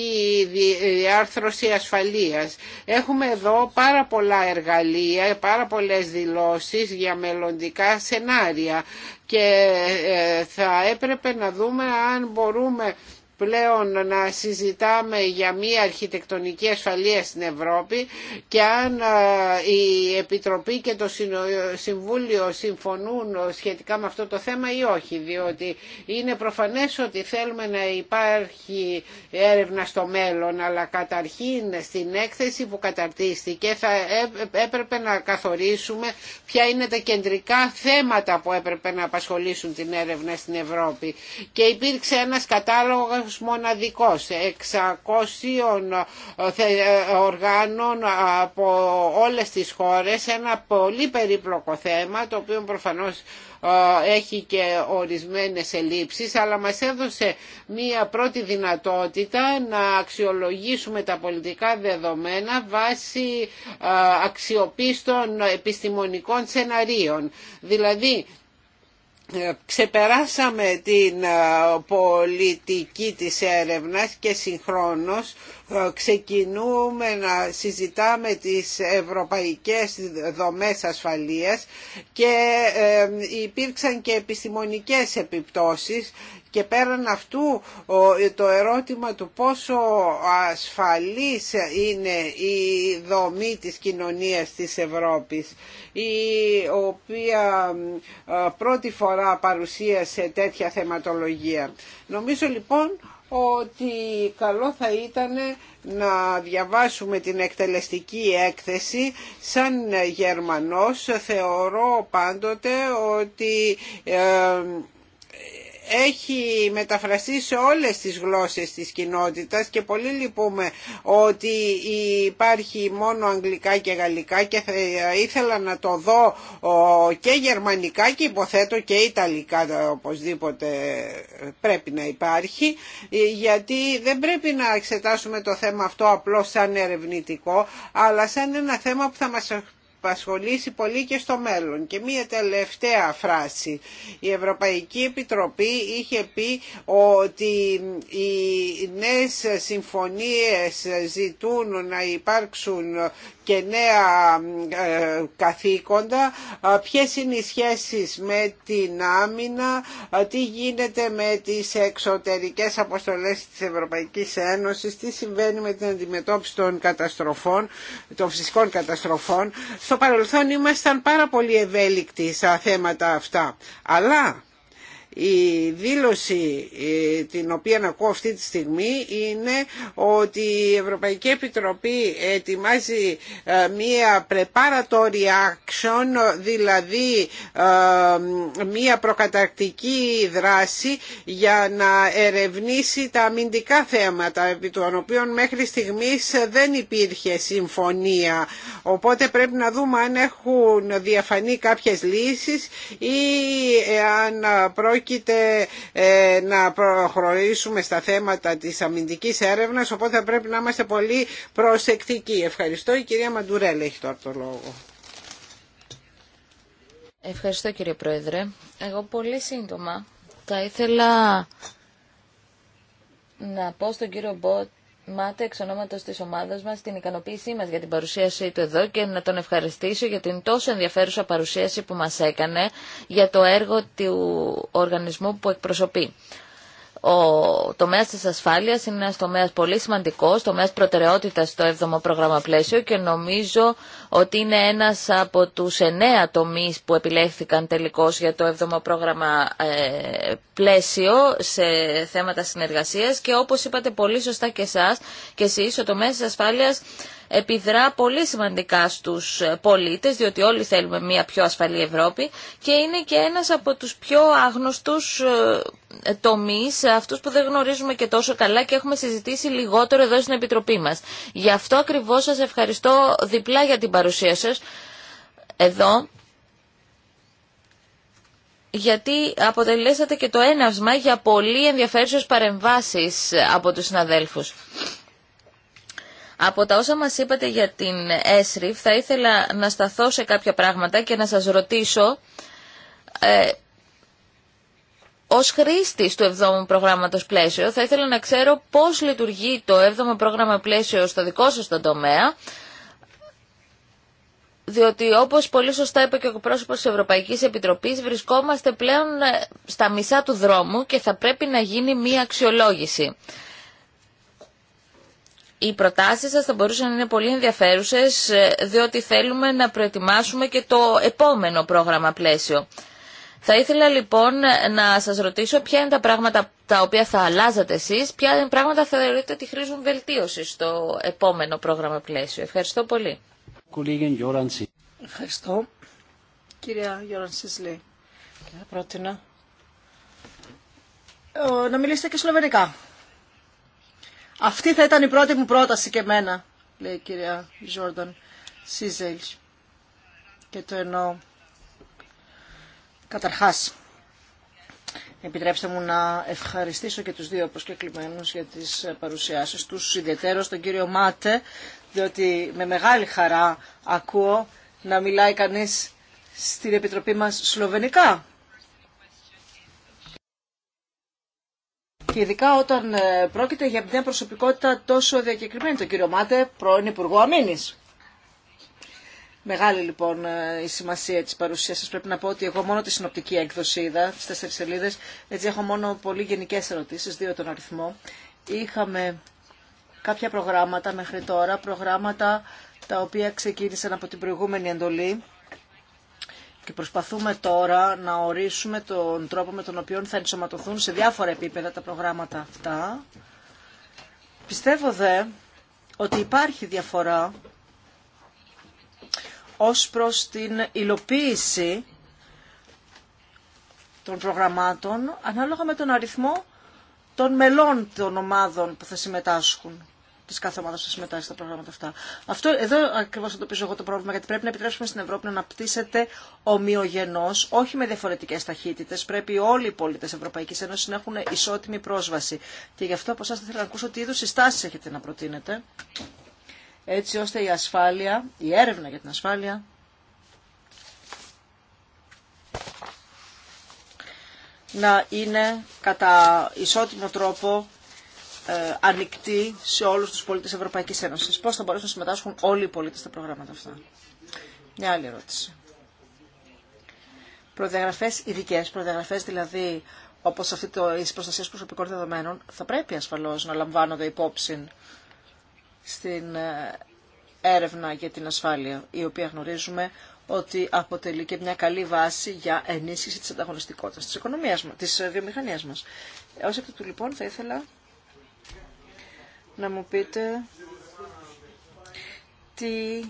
διάρθρωση ασφαλείας. Έχουμε εδώ πάρα πολλά εργαλεία, πάρα πολλές δηλώσεις για μελλοντικά σενάρια και ε, θα έπρεπε να δούμε αν μπορούμε πλέον να συζητάμε για μια αρχιτεκτονική ασφαλεία στην Ευρώπη και αν η Επιτροπή και το Συμβούλιο συμφωνούν σχετικά με αυτό το θέμα ή όχι, διότι είναι προφανές ότι θέλουμε να υπάρχει έρευνα στο μέλλον, αλλά καταρχήν στην έκθεση που καταρτίστηκε θα έπρεπε να καθορίσουμε ποια είναι τα κεντρικά θέματα που έπρεπε να απασχολήσουν την έρευνα στην Ευρώπη. Και υπήρξε ένας κατάλογος Μοναδικό μοναδικός 600 ε, ε, οργάνων από όλες τις χώρες ένα πολύ περίπλοκο θέμα το οποίο προφανώς ε, έχει και ορισμένες ελλείψεις αλλά μας έδωσε μία πρώτη δυνατότητα να αξιολογήσουμε τα πολιτικά δεδομένα βάσει αξιοπίστων επιστημονικών σεναρίων. Δηλαδή ε, ξεπεράσαμε την ε, πολιτική της έρευνας και συγχρόνως ε, ξεκινούμε να συζητάμε τις ευρωπαϊκές δομές ασφαλείας και ε, υπήρξαν και επιστημονικές επιπτώσεις και πέραν αυτού το ερώτημα του πόσο ασφαλής είναι η δομή της κοινωνίας της Ευρώπης η οποία ε, πρώτη φορά παρουσίασε τέτοια θεματολογία. Νομίζω λοιπόν ότι καλό θα ήταν να διαβάσουμε την εκτελεστική έκθεση σαν Γερμανός θεωρώ πάντοτε ότι ε, έχει μεταφραστεί σε όλες τις γλώσσες της κοινότητας και πολύ λυπούμε ότι υπάρχει μόνο αγγλικά και γαλλικά και ήθελα να το δω και γερμανικά και υποθέτω και ιταλικά οπωσδήποτε πρέπει να υπάρχει γιατί δεν πρέπει να εξετάσουμε το θέμα αυτό απλώς σαν ερευνητικό αλλά σαν ένα θέμα που θα μας απασχολήσει πολύ και στο μέλλον. Και μία τελευταία φράση. Η Ευρωπαϊκή Επιτροπή είχε πει ότι οι νέες συμφωνίες ζητούν να υπάρξουν και νέα ε, καθήκοντα, ε, ποιες είναι οι σχέσεις με την άμυνα, ε, τι γίνεται με τις εξωτερικές αποστολές της Ευρωπαϊκής Ένωσης, τι συμβαίνει με την αντιμετώπιση των καταστροφών, των φυσικών καταστροφών. Στο παρελθόν ήμασταν πάρα πολύ ευέλικτοι στα θέματα αυτά. Αλλά η δήλωση ε, την οποία ακούω αυτή τη στιγμή είναι ότι η Ευρωπαϊκή Επιτροπή ετοιμάζει ε, μία preparatory action, δηλαδή ε, μία προκαταρκτική δράση για να ερευνήσει τα αμυντικά θέματα επί των οποίων μέχρι στιγμής δεν υπήρχε συμφωνία. Οπότε πρέπει να δούμε αν έχουν διαφανεί κάποιες λύσεις ή αν πρόκειται πρόκειται ε, να προχωρήσουμε στα θέματα της αμυντικής έρευνας, οπότε θα πρέπει να είμαστε πολύ προσεκτικοί. Ευχαριστώ. Η κυρία Μαντουρέλα έχει τώρα το λόγο. Ευχαριστώ κύριε Πρόεδρε. Εγώ πολύ σύντομα θα ήθελα να πω στον κύριο Μπότ Μάτε εξ ονόματο τη ομάδα μα την ικανοποίησή μα για την παρουσίασή του εδώ και να τον ευχαριστήσω για την τόσο ενδιαφέρουσα παρουσίαση που μα έκανε για το έργο του οργανισμού που εκπροσωπεί. Ο τομέας της ασφάλειας είναι ένας τομέας πολύ σημαντικός, τομέας προτεραιότητας στο 7ο πρόγραμμα πλαίσιο και νομίζω ότι είναι ένας από τους εννέα τομείς που επιλέχθηκαν τελικώς για το 7ο πρόγραμμα ε, πλαίσιο σε θέματα συνεργασίας και όπως είπατε πολύ σωστά και εσάς και εσείς ο τομέας της ασφάλειας επιδρά πολύ σημαντικά στους πολίτες, διότι όλοι θέλουμε μια πιο ασφαλή Ευρώπη και είναι και ένας από τους πιο άγνωστους ε, τομείς, αυτούς που δεν γνωρίζουμε και τόσο καλά και έχουμε συζητήσει λιγότερο εδώ στην Επιτροπή μας. Γι' αυτό ακριβώς σας ευχαριστώ διπλά για την παρουσία σας εδώ γιατί αποτελέσατε και το έναυσμα για πολύ ενδιαφέρουσες παρεμβάσεις από τους συναδέλφους. Από τα όσα μας είπατε για την ΕΣΡΙΦ θα ήθελα να σταθώ σε κάποια πράγματα και να σας ρωτήσω ε, ως χρήστη του 7ου προγράμματος πλαίσιο θα ήθελα να ξέρω πώς λειτουργεί το 7ο πρόγραμμα πλαίσιο στο δικό σας τον τομέα διότι όπως πολύ σωστά είπε και ο πρόσωπος της Ευρωπαϊκής Επιτροπής βρισκόμαστε πλέον ε, στα μισά του δρόμου και θα πρέπει να γίνει μία αξιολόγηση οι προτάσεις σας θα μπορούσαν να είναι πολύ ενδιαφέρουσες ε, διότι θέλουμε να προετοιμάσουμε και το επόμενο πρόγραμμα πλαίσιο. Θα ήθελα λοιπόν να σας ρωτήσω ποια είναι τα πράγματα τα οποία θα αλλάζατε εσείς, ποια είναι πράγματα θα θεωρείτε ότι χρήζουν βελτίωση στο επόμενο πρόγραμμα πλαίσιο. Ευχαριστώ πολύ. Ευχαριστώ. Κυρία ε, να μιλήσετε και σλοβενικά. Αυτή θα ήταν η πρώτη μου πρόταση και εμένα, λέει η κυρία Ζόρνταν Σίζελ. Και το εννοώ. Καταρχάς, επιτρέψτε μου να ευχαριστήσω και τους δύο προσκεκλημένου για τις παρουσιάσεις τους, ιδιαίτερα τον κύριο Μάτε, διότι με μεγάλη χαρά ακούω να μιλάει κανεί στην Επιτροπή μας σλοβενικά Και ειδικά όταν ε, πρόκειται για μια προσωπικότητα τόσο διακεκριμένη, τον κύριο Μάτε, πρώην Υπουργό Αμήνης. Μεγάλη λοιπόν ε, η σημασία της παρουσίας σας. Πρέπει να πω ότι εγώ μόνο τη συνοπτική έκδοση είδα, στις τέσσερις σελίδες, έτσι έχω μόνο πολύ γενικές ερωτήσεις, δύο τον αριθμό. Είχαμε κάποια προγράμματα μέχρι τώρα, προγράμματα τα οποία ξεκίνησαν από την προηγούμενη εντολή και προσπαθούμε τώρα να ορίσουμε τον τρόπο με τον οποίο θα ενσωματωθούν σε διάφορα επίπεδα τα προγράμματα αυτά. Πιστεύω δε ότι υπάρχει διαφορά ως προς την υλοποίηση των προγραμμάτων ανάλογα με τον αριθμό των μελών των ομάδων που θα συμμετάσχουν τη κάθε ομάδα που συμμετάσχει στα προγράμματα αυτά. Αυτό εδώ ακριβώ εντοπίζω το εγώ το πρόβλημα, γιατί πρέπει να επιτρέψουμε στην Ευρώπη να αναπτύσσεται ομοιογενώ, όχι με διαφορετικέ ταχύτητε. Πρέπει όλοι οι πολίτε Ευρωπαϊκή Ένωση να έχουν ισότιμη πρόσβαση. Και γι' αυτό από εσά θα ήθελα να ακούσω τι είδου συστάσει έχετε να προτείνετε, έτσι ώστε η ασφάλεια, η έρευνα για την ασφάλεια, να είναι κατά ισότιμο τρόπο ε, ανοιχτή σε όλους τους πολίτες Ευρωπαϊκής Ένωσης. Πώς θα μπορέσουν να συμμετάσχουν όλοι οι πολίτες στα προγράμματα αυτά. Μια άλλη ερώτηση. Προδιαγραφές ειδικέ, προδιαγραφές δηλαδή όπως αυτή τη προστασία προσωπικών δεδομένων, θα πρέπει ασφαλώς να λαμβάνονται υπόψη στην ε, έρευνα για την ασφάλεια, η οποία γνωρίζουμε ότι αποτελεί και μια καλή βάση για ενίσχυση της ανταγωνιστικότητας της οικονομίας της ε, βιομηχανίας μας. Ως εκ του λοιπόν θα ήθελα να μου πείτε τι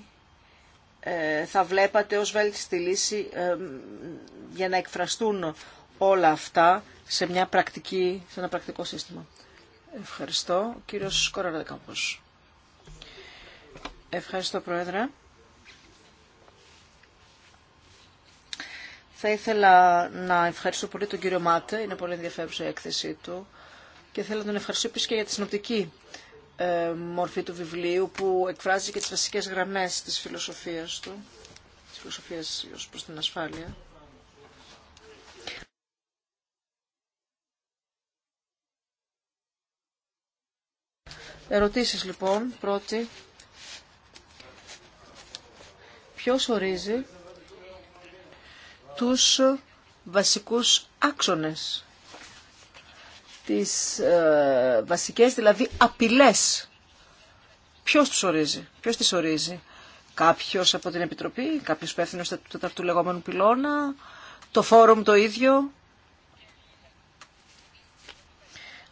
ε, θα βλέπατε ως βέλτιστη λύση ε, για να εκφραστούν όλα αυτά σε, μια πρακτική, σε ένα πρακτικό σύστημα. Ευχαριστώ. Κύριος Κοραρδεκάμπος. Ευχαριστώ, Πρόεδρε. Θα ήθελα να ευχαριστώ πολύ τον κύριο Μάτε, είναι πολύ ενδιαφέρουσα η έκθεσή του και θέλω να τον ευχαριστήσω επίσης και για τη συνοπτική ε, μορφή του βιβλίου που εκφράζει και τις βασικές γραμμές της φιλοσοφίας του, της φιλοσοφίας ως προς την ασφάλεια. Ερωτήσεις λοιπόν, πρώτη. Ποιος ορίζει τους βασικούς άξονες τις ε, βασικές δηλαδή απειλές. Ποιος τους ορίζει, ποιος τις ορίζει. Κάποιος από την Επιτροπή, κάποιος υπεύθυνος του τέταρτου λεγόμενου πυλώνα, το φόρουμ το ίδιο.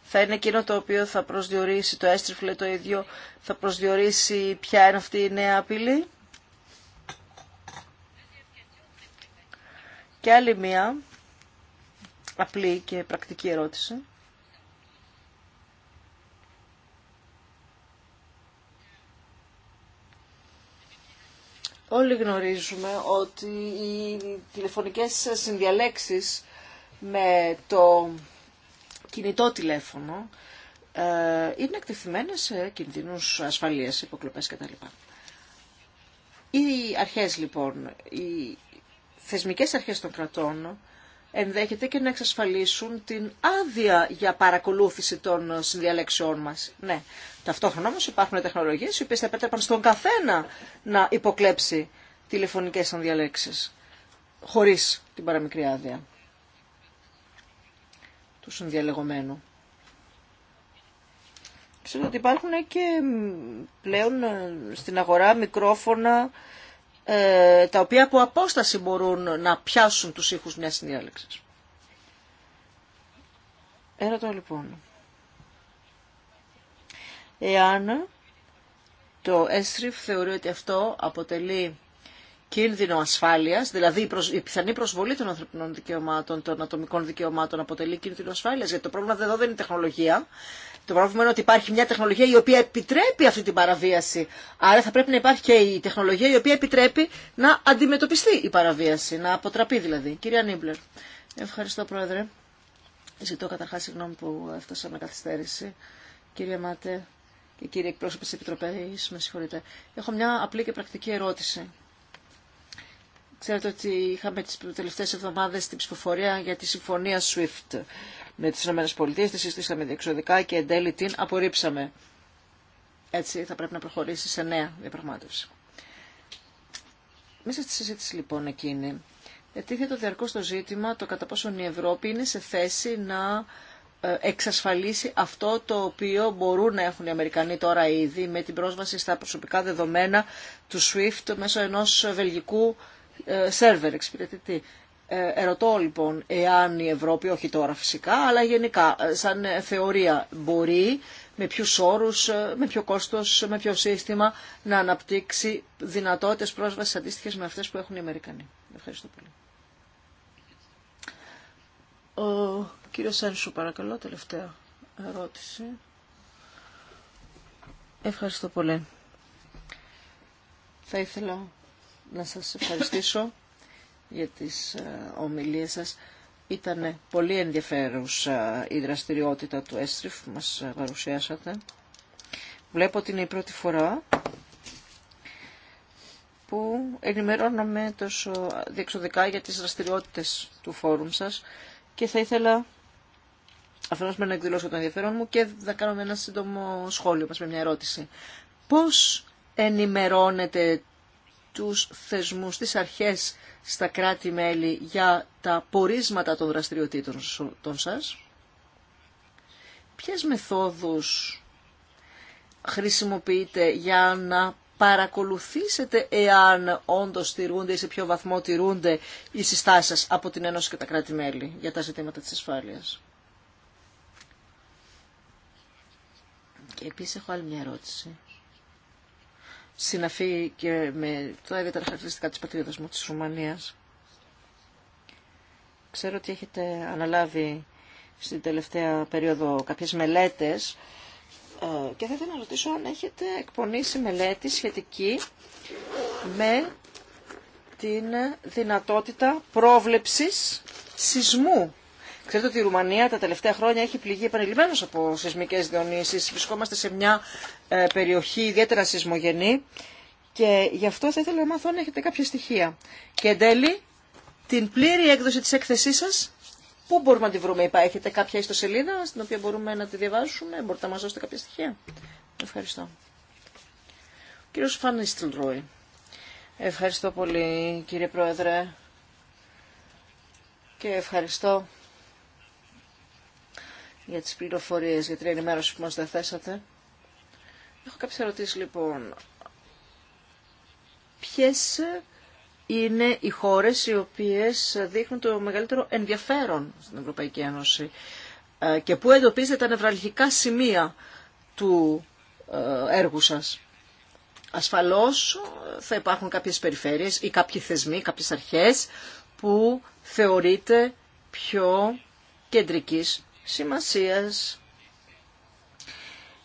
Θα είναι εκείνο το οποίο θα προσδιορίσει, το έστριφλε το ίδιο, θα προσδιορίσει ποια είναι αυτή η νέα απειλή. Και άλλη μία απλή και πρακτική ερώτηση. Όλοι γνωρίζουμε ότι οι τηλεφωνικές συνδιαλέξεις με το κινητό τηλέφωνο ε, είναι εκτεθειμένες σε κινδύνους ασφαλείας, υποκλοπές κτλ. Οι αρχές λοιπόν, οι θεσμικές αρχές των κρατών ενδέχεται και να εξασφαλίσουν την άδεια για παρακολούθηση των συνδιαλέξεών μας. Ναι. Ταυτόχρονα όμως υπάρχουν τεχνολογίες οι οποίες θα επέτρεπαν στον καθένα να υποκλέψει τηλεφωνικές συνδιαλέξεις χωρίς την παραμικρή άδεια του συνδιαλεγωμένου. Ξέρω ότι υπάρχουν και πλέον ε, στην αγορά μικρόφωνα ε, τα οποία από απόσταση μπορούν να πιάσουν τους ήχους μιας Έρα το λοιπόν. Εάν το ΕΣΡΙΦ θεωρεί ότι αυτό αποτελεί κίνδυνο ασφάλεια, δηλαδή η πιθανή προσβολή των ανθρωπινών δικαιωμάτων, των ατομικών δικαιωμάτων αποτελεί κίνδυνο ασφάλεια. Γιατί το πρόβλημα εδώ δεν είναι η τεχνολογία. Το πρόβλημα είναι ότι υπάρχει μια τεχνολογία η οποία επιτρέπει αυτή την παραβίαση. Άρα θα πρέπει να υπάρχει και η τεχνολογία η οποία επιτρέπει να αντιμετωπιστεί η παραβίαση, να αποτραπεί δηλαδή. Κυρία Νίμπλερ. Ευχαριστώ, Πρόεδρε. Ζητώ καταρχά συγγνώμη που έφτασα με καθυστέρηση. Κύριε Μάτε και κύριε εκπρόσωπε τη Επιτροπή, με συγχωρείτε. Έχω μια απλή και πρακτική ερώτηση Ξέρετε ότι είχαμε τις τελευταίες εβδομάδες την ψηφοφορία για τη συμφωνία SWIFT με τις ΗΠΑ, τη συστήσαμε διεξοδικά και εν τέλει την απορρίψαμε. Έτσι θα πρέπει να προχωρήσει σε νέα διαπραγμάτευση. Μέσα στη συζήτηση λοιπόν εκείνη, το διαρκώ το ζήτημα το κατά πόσον η Ευρώπη είναι σε θέση να ε, εξασφαλίσει αυτό το οποίο μπορούν να έχουν οι Αμερικανοί τώρα ήδη με την πρόσβαση στα προσωπικά δεδομένα του SWIFT μέσω ενός βελγικού σερβερ, εξυπηρετητή. Ε, ερωτώ λοιπόν εάν η Ευρώπη, όχι τώρα φυσικά, αλλά γενικά ε, σαν ε, θεωρία μπορεί, με ποιου όρου, με ποιο κόστος, με ποιο σύστημα να αναπτύξει δυνατότητε πρόσβασης αντίστοιχε με αυτέ που έχουν οι Αμερικανοί. Ευχαριστώ πολύ. Ο κύριος Σένσου παρακαλώ, τελευταία ερώτηση. Ευχαριστώ πολύ. Θα ήθελα να σας ευχαριστήσω για τις ε, ομιλίες σας. Ήταν πολύ ενδιαφέρουσα η δραστηριότητα του Έστριφ που μας ε, παρουσιάσατε. Βλέπω ότι είναι η πρώτη φορά που ενημερώνομαι τόσο διεξοδικά για τις δραστηριότητες του φόρουμ σας και θα ήθελα αφενός με να εκδηλώσω το ενδιαφέρον μου και να κάνω ένα σύντομο σχόλιο μας με μια ερώτηση. Πώς ενημερώνετε τους θεσμούς, τις αρχές στα κράτη-μέλη για τα πορίσματα των δραστηριοτήτων των σας. Ποιες μεθόδους χρησιμοποιείτε για να παρακολουθήσετε εάν όντως τηρούνται ή σε ποιο βαθμό τηρούνται οι συστάσεις σας από την Ένωση και τα κράτη-μέλη για τα ζητήματα της ασφάλειας. Και επίσης έχω άλλη μια ερώτηση. Συναφεί και με τα ιδιαίτερα χαρακτηριστικά της πατρίδας μου, της Ρουμανίας. Ξέρω ότι έχετε αναλάβει στην τελευταία περίοδο κάποιες μελέτες ε, και θα ήθελα να ρωτήσω αν έχετε εκπονήσει μελέτη σχετική με την δυνατότητα πρόβλεψης σεισμού Ξέρετε ότι η Ρουμανία τα τελευταία χρόνια έχει πληγεί επανειλημμένως από σεισμικές διονύσεις. Βρισκόμαστε σε μια ε, περιοχή ιδιαίτερα σεισμογενή και γι' αυτό θα ήθελα να μάθω αν έχετε κάποια στοιχεία. Και εν τέλει, την πλήρη έκδοση της έκθεσής σας, πού μπορούμε να τη βρούμε. Είπα, έχετε κάποια ιστοσελίδα στην οποία μπορούμε να τη διαβάσουμε, μπορείτε να μας δώσετε κάποια στοιχεία. Ευχαριστώ. Ο κύριος Φάνη Ευχαριστώ πολύ κύριε Πρόεδρε και ευχαριστώ για τις πληροφορίες, για την ενημέρωση που μας δεθέσατε. Έχω κάποιες ερωτήσεις λοιπόν. Ποιες είναι οι χώρες οι οποίες δείχνουν το μεγαλύτερο ενδιαφέρον στην Ευρωπαϊκή Ένωση ε, και πού εντοπίζετε τα νευραλγικά σημεία του ε, έργου σας. Ασφαλώς ε, θα υπάρχουν κάποιες περιφέρειες ή κάποιοι θεσμοί, κάποιες αρχές που θεωρείται πιο κεντρικής σημασίας.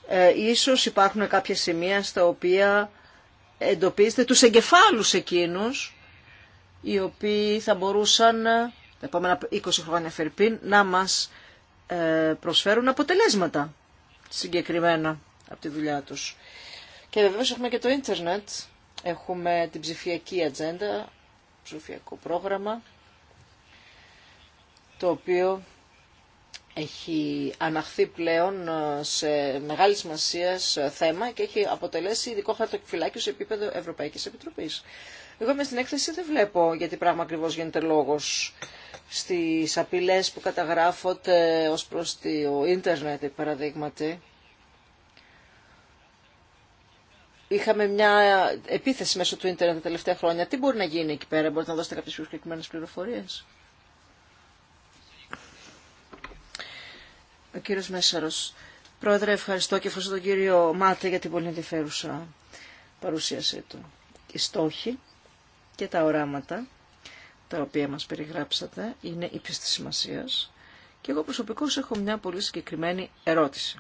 Ε, ίσως υπάρχουν κάποια σημεία στα οποία εντοπίζετε τους εγκεφάλους εκείνους οι οποίοι θα μπορούσαν ε, τα επόμενα 20 χρόνια Φερπίν να μας ε, προσφέρουν αποτελέσματα συγκεκριμένα από τη δουλειά τους. Και βεβαίω έχουμε και το ίντερνετ, έχουμε την ψηφιακή ατζέντα, ψηφιακό πρόγραμμα, το οποίο έχει αναχθεί πλέον ε, σε μεγάλη σημασία θέμα και έχει αποτελέσει ειδικό χαρτοκυφυλάκιο σε επίπεδο Ευρωπαϊκής Επιτροπής. Εγώ με στην έκθεση δεν βλέπω γιατί πράγμα ακριβώς γίνεται λόγος στις απειλές που καταγράφονται ως προς το ίντερνετ, παραδείγματι. Είχαμε μια επίθεση μέσω του ίντερνετ τα τελευταία χρόνια. Τι μπορεί να γίνει εκεί πέρα, μπορείτε να δώσετε κάποιες πιο συγκεκριμένες πληροφορίες. Ο κύριος Μέσαρος. Πρόεδρε, ευχαριστώ και ευχαριστώ τον κύριο Μάτε για την πολύ ενδιαφέρουσα παρουσίασή του. Οι στόχοι και τα οράματα τα οποία μας περιγράψατε είναι ύψης της σημασίας και εγώ προσωπικώς έχω μια πολύ συγκεκριμένη ερώτηση.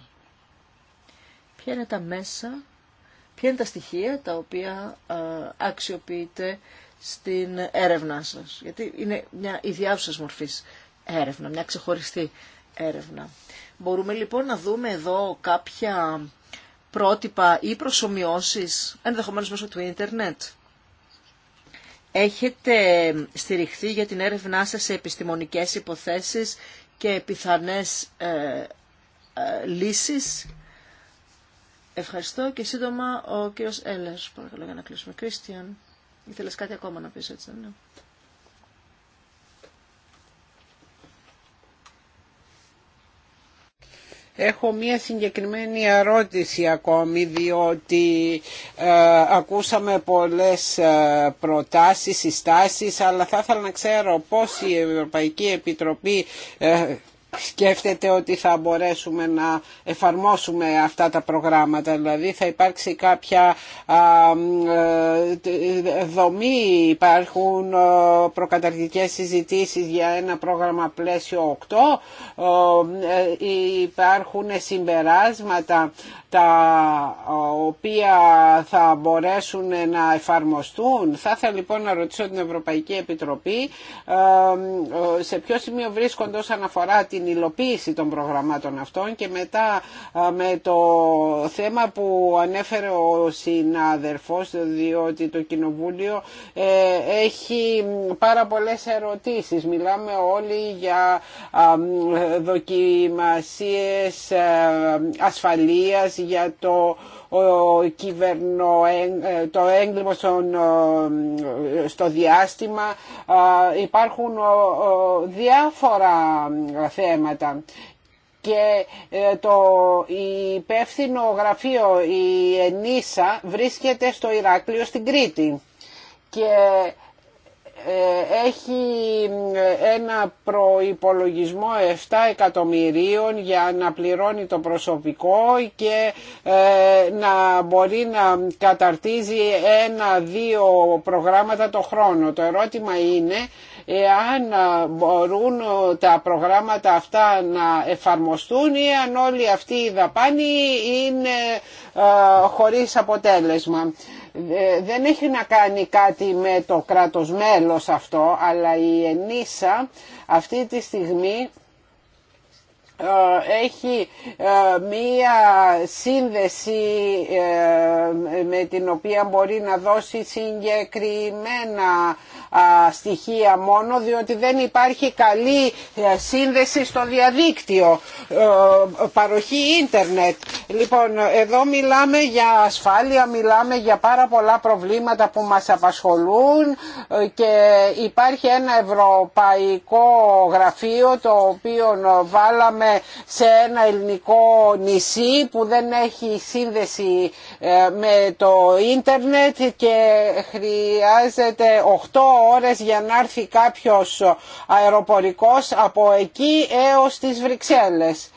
Ποια είναι τα μέσα, ποια είναι τα στοιχεία τα οποία αξιοποιείτε στην έρευνά σας. Γιατί είναι μια ιδιάουσας μορφής έρευνα, μια ξεχωριστή έρευνα. Μπορούμε λοιπόν να δούμε εδώ κάποια πρότυπα ή προσωμιώσεις, ενδεχομένως μέσω του ίντερνετ. Έχετε στηριχθεί για την έρευνά σας σε επιστημονικές υποθέσεις και πιθανές ε, ε λύσεις. Ευχαριστώ και σύντομα ο κύριος Έλλερς. παρακαλώ για να κλείσουμε. Κρίστιαν, ήθελες κάτι ακόμα να πεις έτσι, δεν Έχω μία συγκεκριμένη ερώτηση ακόμη διότι ε, ακούσαμε πολλές ε, προτάσεις, συστάσεις αλλά θα ήθελα να ξέρω πώς η Ευρωπαϊκή Επιτροπή ε, σκέφτεται ότι θα μπορέσουμε να εφαρμόσουμε αυτά τα προγράμματα. Δηλαδή θα υπάρξει κάποια ε, δομή, υπάρχουν ε, προκαταρκτικές συζητήσεις για ένα πρόγραμμα πλαίσιο 8, ε, υπάρχουν συμπεράσματα τα οποία θα μπορέσουν να εφαρμοστούν. Θα ήθελα λοιπόν να ρωτήσω την Ευρωπαϊκή Επιτροπή σε ποιο σημείο βρίσκονται όσον αφορά την υλοποίηση των προγραμμάτων αυτών και μετά ε, με το θέμα που ανέφερε ο συναδερφός διότι το Κοινοβούλιο ε, έχει πάρα πολλές ερωτήσεις. Μιλάμε όλοι για ε, δοκιμασίες ασφαλείας, για το κυβερνο, ε, το έγκλημα στο διάστημα. Υπάρχουν διάφορα θέματα και ε, το υπεύθυνο γραφείο η Ενίσα βρίσκεται στο Ηράκλειο στην Κρήτη και ε, έχει ε, ένα προϋπολογισμό 7 εκατομμυρίων για να πληρώνει το προσωπικό και ε, να μπορεί να καταρτίζει ένα-δύο προγράμματα το χρόνο. Το ερώτημα είναι εάν μπορούν τα προγράμματα αυτά να εφαρμοστούν ή αν όλη αυτή η αν όλοι είναι χωρίς αποτέλεσμα. Ε, δεν έχει να κάνει κάτι με το κράτος μέλος αυτό, αλλά η ενίσα αυτή τη στιγμή ε, έχει ε, μία σύνδεση με την οποία μπορεί να δώσει συγκεκριμένα στοιχεία μόνο διότι δεν υπάρχει καλή ε, σύνδεση στο διαδίκτυο, ε, παροχή ίντερνετ. Λοιπόν, εδώ μιλάμε για ασφάλεια, μιλάμε για πάρα πολλά προβλήματα που μας απασχολούν ε, και υπάρχει ένα ευρωπαϊκό γραφείο το οποίο βάλαμε σε ένα ελληνικό νησί που δεν έχει σύνδεση με το ίντερνετ και χρειάζεται 8 ώρες για να έρθει κάποιος αεροπορικός από εκεί έως τις Βρυξέλλες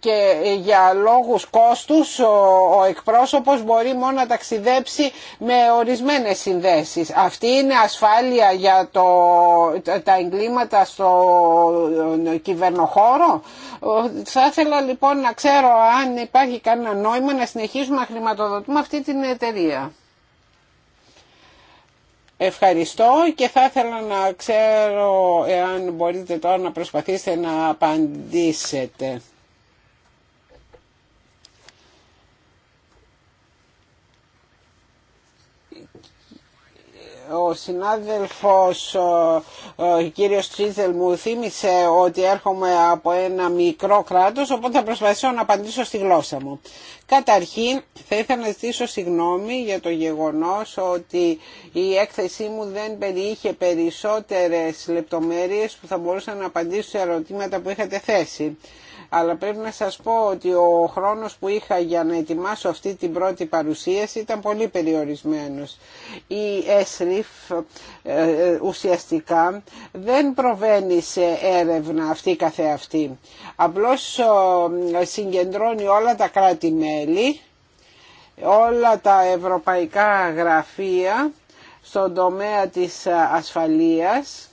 και για λόγους κόστους ο, εκπρόσωπος μπορεί μόνο να ταξιδέψει με ορισμένες συνδέσεις. Αυτή είναι ασφάλεια για τα εγκλήματα στο κυβερνοχώρο. Θα ήθελα λοιπόν να ξέρω αν υπάρχει κανένα νόημα να συνεχίσουμε να χρηματοδοτούμε αυτή την εταιρεία. Ευχαριστώ και θα ήθελα να ξέρω εάν μπορείτε τώρα να προσπαθήσετε να απαντήσετε. ο συνάδελφος ο κύριος Τσίζελ μου θύμισε ότι έρχομαι από ένα μικρό κράτος οπότε θα προσπαθήσω να απαντήσω στη γλώσσα μου. Καταρχήν θα ήθελα να ζητήσω συγγνώμη για το γεγονός ότι η έκθεσή μου δεν περιείχε περισσότερες λεπτομέρειες που θα μπορούσαν να απαντήσω σε ερωτήματα που είχατε θέσει αλλά πρέπει να σας πω ότι ο χρόνος που είχα για να ετοιμάσω αυτή την πρώτη παρουσίαση ήταν πολύ περιορισμένος. Η ΕΣΡΙΦ ε, ουσιαστικά δεν προβαίνει σε έρευνα αυτή καθεαυτή. Απλώς συγκεντρώνει όλα τα κράτη-μέλη, όλα τα ευρωπαϊκά γραφεία στον τομέα της ασφαλείας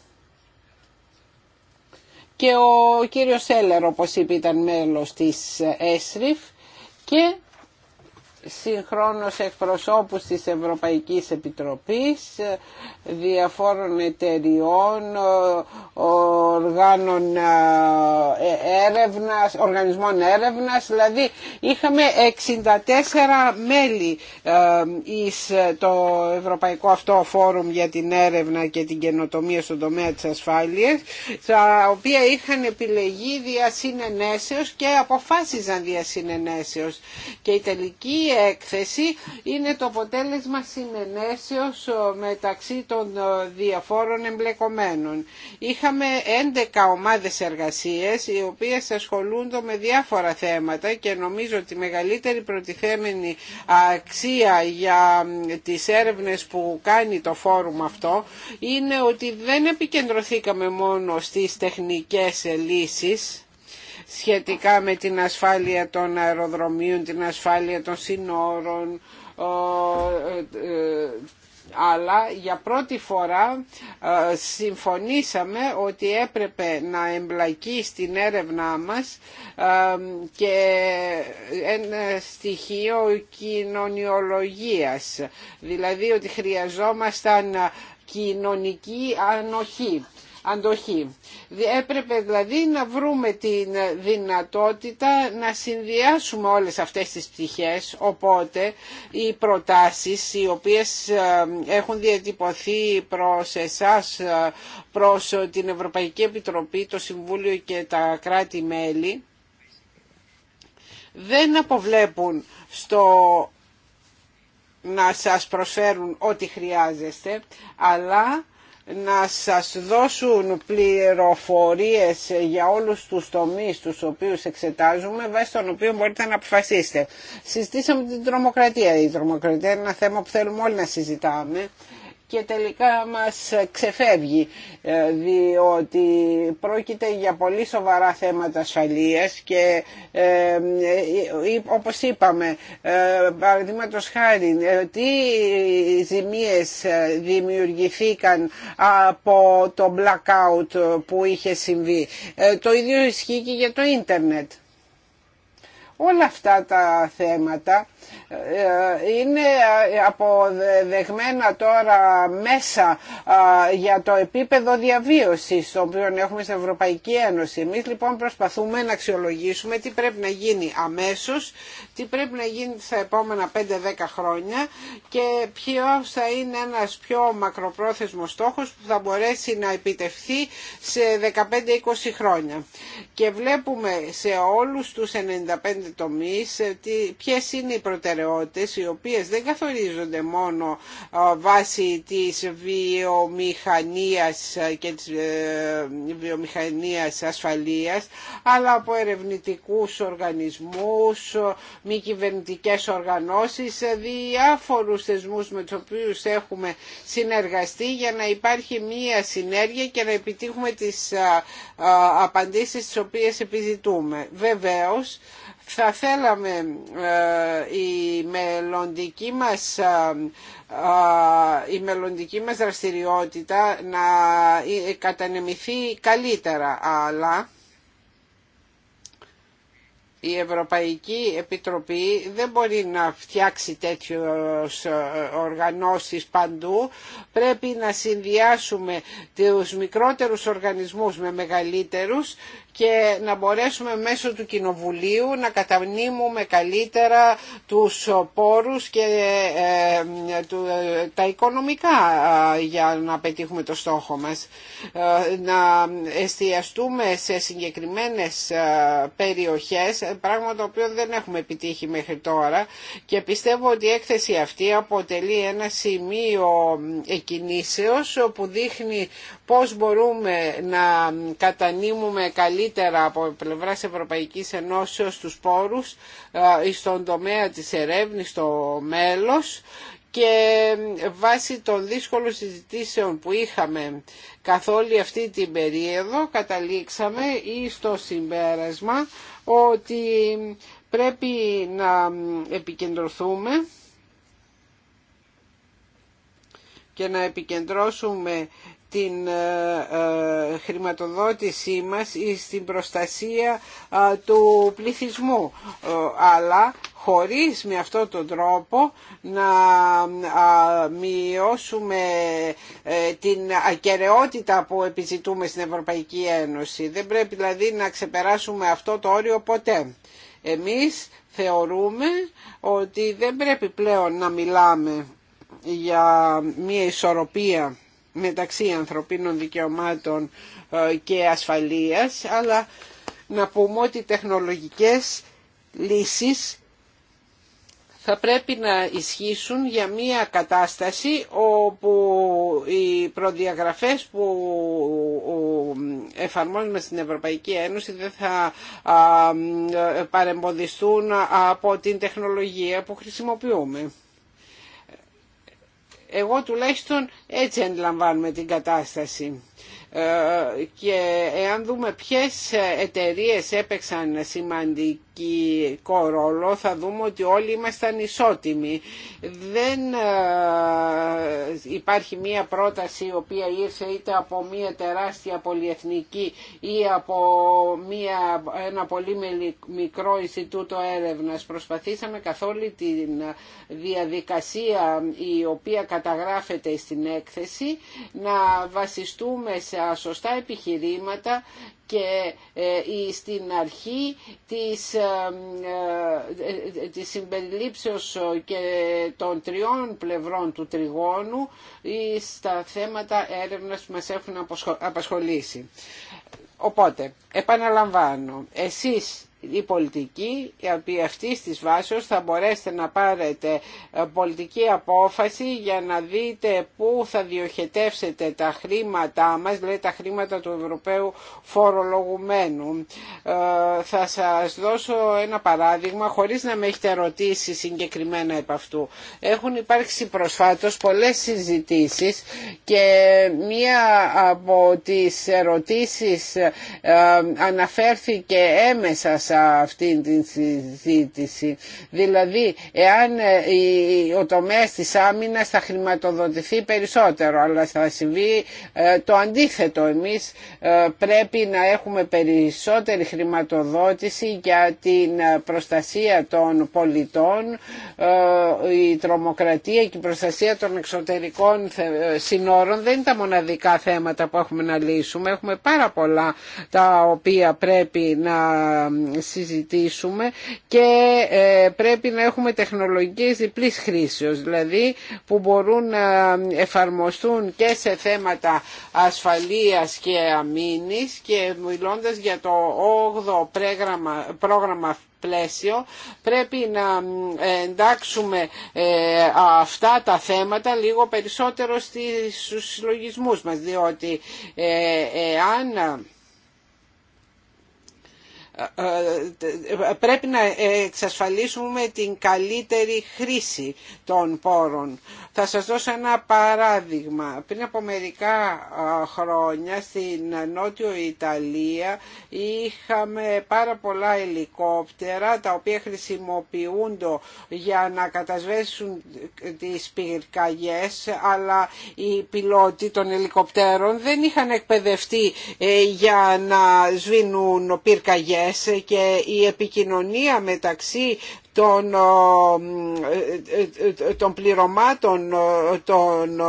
και ο κύριος Σέλερ όπως είπε ήταν μέλος της ΕΣΡΙΦ και συγχρόνως εκπροσώπους της Ευρωπαϊκής Επιτροπής, διαφόρων εταιριών, οργάνων ε, έρευνας, οργανισμών έρευνας, δηλαδή είχαμε 64 μέλη ε, εις ε, το Ευρωπαϊκό αυτό φόρουμ για την έρευνα και την καινοτομία στον τομέα της ασφάλειας, τα οποία είχαν επιλεγεί δια και αποφάσιζαν δια Και η τελική έκθεση είναι το αποτέλεσμα συνενέσεως ε, μεταξύ των ε, διαφόρων εμπλεκομένων. Είχαμε 11 ομάδες εργασίες οι οποίες ασχολούνται με διάφορα θέματα και νομίζω ότι η μεγαλύτερη προτιθέμενη αξία για τις έρευνες που κάνει το φόρουμ αυτό είναι ότι δεν επικεντρωθήκαμε μόνο στις τεχνικές λύσεις σχετικά με την ασφάλεια των αεροδρομίων, την ασφάλεια των συνόρων, ε, ε, αλλά για πρώτη φορά ε, συμφωνήσαμε ότι έπρεπε να εμπλακεί στην έρευνά μας και ένα στοιχείο κοινωνιολογίας, δηλαδή ότι χρειαζόμασταν κοινωνική ανοχή αντοχή. Έπρεπε δηλαδή να βρούμε την δυνατότητα να συνδυάσουμε όλες αυτές τις πτυχές, οπότε οι προτάσεις οι οποίες ε, έχουν διατυπωθεί προς εσάς, ε, προς την Ευρωπαϊκή Επιτροπή, το Συμβούλιο και τα κράτη-μέλη, δεν αποβλέπουν στο να σας προσφέρουν ό,τι χρειάζεστε, αλλά να σας δώσουν πληροφορίες για όλους τους τομείς τους οποίους εξετάζουμε βάσει των οποίων μπορείτε να αποφασίσετε. Συζητήσαμε την τρομοκρατία. Η τρομοκρατία είναι ένα θέμα που θέλουμε όλοι να συζητάμε και τελικά μας ξεφεύγει ε, διότι πρόκειται για πολύ σοβαρά θέματα ασφαλείας και ε, ε, ε όπως είπαμε παραδείγματο χάρη τι ζημίες δημιουργηθήκαν από το blackout που είχε συμβεί το ίδιο ισχύει και για το ίντερνετ όλα αυτά τα θέματα είναι αποδεχμένα τώρα μέσα για το επίπεδο διαβίωσης το οποίο έχουμε στην Ευρωπαϊκή Ένωση. Εμείς λοιπόν προσπαθούμε να αξιολογήσουμε τι πρέπει να γίνει αμέσως τι πρέπει να γίνει στα επόμενα 5-10 χρόνια και ποιο θα είναι ένας πιο μακροπρόθεσμος στόχος που θα μπορέσει να επιτευχθεί σε 15-20 χρόνια. Και βλέπουμε σε όλους τους 95 τομείς ε, ποιες είναι οι προτεραιότητες οι οποίες δεν καθορίζονται μόνο βάσει της βιομηχανίας ε, και της ε, βιομηχανίας ασφαλείας αλλά από ερευνητικούς οργανισμούς, μη κυβερνητικές οργανώσεις, διάφορους θεσμού με τους οποίους έχουμε συνεργαστεί για να υπάρχει μία συνέργεια και να επιτύχουμε τις απαντήσεις τις οποίες επιζητούμε. Βεβαίως, θα θέλαμε ε, η μελλοντική μας η μελλοντική μας δραστηριότητα να ε, κατανεμηθεί καλύτερα αλλά η Ευρωπαϊκή Επιτροπή δεν μπορεί να φτιάξει τέτοιους ε, οργανώσεις παντού. Πρέπει να συνδυάσουμε τους μικρότερους οργανισμούς με μεγαλύτερους και να μπορέσουμε μέσω του Κοινοβουλίου να καταμνήμουμε καλύτερα τους πόρους και ε, ε, ε, τα οικονομικά για να πετύχουμε το στόχο μας. Να εστιαστούμε σε συγκεκριμένες περιοχές, πράγμα το οποίο δεν έχουμε επιτύχει μέχρι τώρα και πιστεύω ότι η έκθεση αυτή αποτελεί ένα σημείο εκκινήσεως που δείχνει πώς μπορούμε να κατανείμουμε καλύτερα από πλευράς Ευρωπαϊκής Ενώσεως τους πόρους ε, στον τομέα της ερεύνης στο μέλος και βάσει των δύσκολων συζητήσεων που είχαμε καθ' όλη αυτή την περίοδο καταλήξαμε ή στο συμπέρασμα ότι πρέπει να επικεντρωθούμε και να επικεντρώσουμε την ε, ε, χρηματοδότησή μας στην προστασία του πληθυσμού ε, αλλά χωρίς με αυτόν τον τρόπο να μειώσουμε την ακαιρεότητα που επιζητούμε στην Ευρωπαϊκή Ένωση. Δεν πρέπει δηλαδή να ξεπεράσουμε αυτό το όριο ποτέ. Εμείς θεωρούμε ότι δεν πρέπει πλέον να μιλάμε για μια ισορροπία μεταξύ ανθρωπίνων δικαιωμάτων ε, και ασφαλείας αλλά να πούμε ότι τεχνολογικές λύσεις θα πρέπει να ισχύσουν για μια κατάσταση όπου οι προδιαγραφές που εφαρμόζουμε στην Ευρωπαϊκή Ένωση δεν θα παρεμποδιστούν από την τεχνολογία που χρησιμοποιούμε. Εγώ τουλάχιστον έτσι αντιλαμβάνουμε την κατάσταση ε, και εάν δούμε ποιες ε, εταιρείες έπαιξαν σημαντικές κοινωνικό ρόλο θα δούμε ότι όλοι ήμασταν ισότιμοι. Δεν ε, υπάρχει μία πρόταση η οποία ήρθε είτε από μία τεράστια πολυεθνική ή από μία, ένα πολύ μικρό Ινστιτούτο Έρευνας. Προσπαθήσαμε καθ' όλη τη διαδικασία η οποία καθόλου την τη διαδικασια η οποια καταγραφεται στην έκθεση να βασιστούμε σε σωστά επιχειρήματα και ε, στην αρχή της, ε, ε, της συμπεριλήψεως και των τριών πλευρών του τριγώνου στα θέματα έρευνας που μας έχουν απασχολήσει. Οπότε, επαναλαμβάνω, εσείς η πολιτική η αυτή της βάσεως θα μπορέσετε να πάρετε ε, πολιτική απόφαση για να δείτε πού θα διοχετεύσετε τα χρήματά μας, δηλαδή τα χρήματα του Ευρωπαίου φορολογουμένου. Ε, θα σας δώσω ένα παράδειγμα χωρίς να με έχετε ρωτήσει συγκεκριμένα επ' αυτού. Έχουν υπάρξει προσφάτως πολλές συζητήσεις και μία από τις ερωτήσεις ε, αναφέρθηκε έμεσα μέσα αυτήν την συζήτηση. Δηλαδή, εάν ε, ο τομέας της άμυνας θα χρηματοδοτηθεί περισσότερο, αλλά θα συμβεί ε, το αντίθετο. Εμείς ε, πρέπει να έχουμε περισσότερη χρηματοδότηση για την προστασία των πολιτών, η τρομοκρατία και η προστασία των εξωτερικών συνόρων δεν είναι τα μοναδικά θέματα που έχουμε να λύσουμε. Έχουμε πάρα πολλά τα οποία πρέπει να συζητήσουμε και ε, πρέπει να έχουμε τεχνολογίες διπλής χρήσεως, δηλαδή που μπορούν να εφαρμοστούν και σε θέματα ασφαλείας και αμήνης και μιλώντας για το 8ο πρόγραμμα, πλαίσιο πρέπει να εντάξουμε ε, αυτά τα θέματα λίγο περισσότερο στις συλλογισμούς μας διότι αν ε, ε, ε, πρέπει να εξασφαλίσουμε την καλύτερη χρήση των πόρων. Θα σας δώσω ένα παράδειγμα. Πριν από μερικά χρόνια στην Νότιο Ιταλία είχαμε πάρα πολλά ελικόπτερα τα οποία χρησιμοποιούνται για να κατασβέσουν τις πυρκαγιές αλλά οι πιλότοι των ελικοπτέρων δεν είχαν εκπαιδευτεί ε, για να σβήνουν πυρκαγιές και η επικοινωνία μεταξύ των, ε, ε, ε, των πληρωμάτων των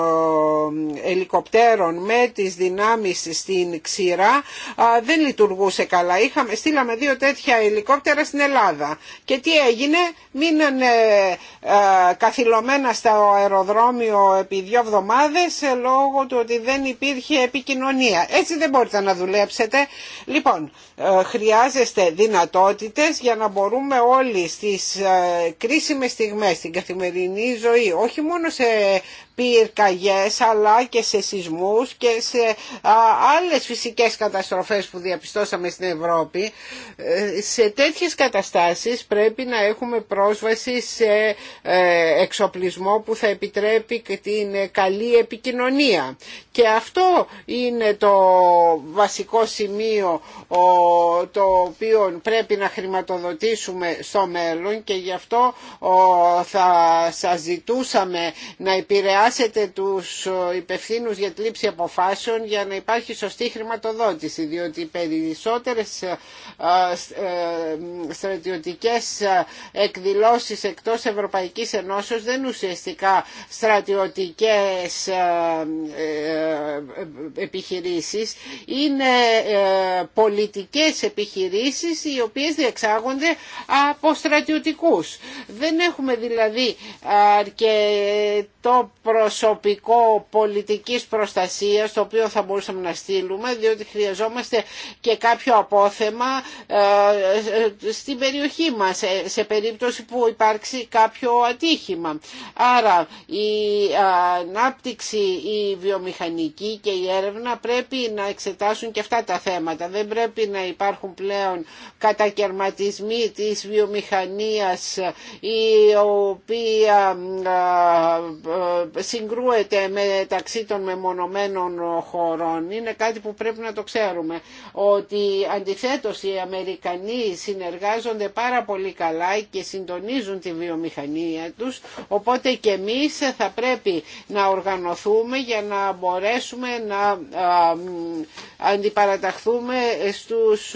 ελικοπτέρων με τις δυνάμεις στην ξηρά δεν λειτουργούσε καλά. Είχαμε, στείλαμε δύο τέτοια ελικόπτερα στην Ελλάδα. Και τι έγινε, μείνανε καθυλωμένα στο αεροδρόμιο επί δύο εβδομάδες λόγω του ότι δεν υπήρχε επικοινωνία. Έτσι δεν μπορείτε να δουλέψετε. Λοιπόν, χρειάζεστε δυνατότητες για να μπορούμε όλοι στις ε, κρίσιμες στιγμές στην καθημερινή ζωή, όχι μόνο σε πυρκαγιές αλλά και σε σεισμούς και σε άλλες φυσικές καταστροφές που διαπιστώσαμε στην Ευρώπη. Ε, σε τέτοιες καταστάσεις πρέπει να έχουμε πρόσβαση σε ε, εξοπλισμό που θα επιτρέπει την καλή επικοινωνία. Και αυτό είναι το βασικό σημείο το οποίο πρέπει να χρηματοδοτήσουμε στο μέλλον και γι' αυτό θα σας ζητούσαμε να επηρεάσουμε Βάσετε τους ε, υπευθύνους για τη λήψη αποφάσεων για να υπάρχει σωστή χρηματοδότηση, διότι οι περισσότερες ε, ε, στρατιωτικές εκδηλώσεις εκτός Ευρωπαϊκής Ενώσεως δεν ουσιαστικά στρατιωτικές επιχειρήσεις, είναι πολιτικές επιχειρήσεις οι οποίες διεξάγονται από στρατιωτικούς. Δεν έχουμε δηλαδή αρκετό προσωπικό πολιτικής προστασίας το οποίο θα μπορούσαμε να στείλουμε διότι χρειαζόμαστε και κάποιο απόθεμα ε, ε, στην περιοχή μας σε περίπτωση που υπάρξει κάποιο ατύχημα. Άρα η ανάπτυξη, η βιομηχανική και η έρευνα πρέπει να εξετάσουν και αυτά τα θέματα. Δεν πρέπει να υπάρχουν πλέον κατακαιρματισμοί της βιομηχανίας η οποία ε, συγκρούεται μεταξύ των μεμονωμένων χωρών. Είναι κάτι που πρέπει να το ξέρουμε. Ότι αντιθέτως οι Αμερικανοί συνεργάζονται πάρα πολύ καλά και συντονίζουν τη βιομηχανία τους. Οπότε και εμείς θα πρέπει να οργανωθούμε για να μπορέσουμε να αντιπαραταχθούμε στους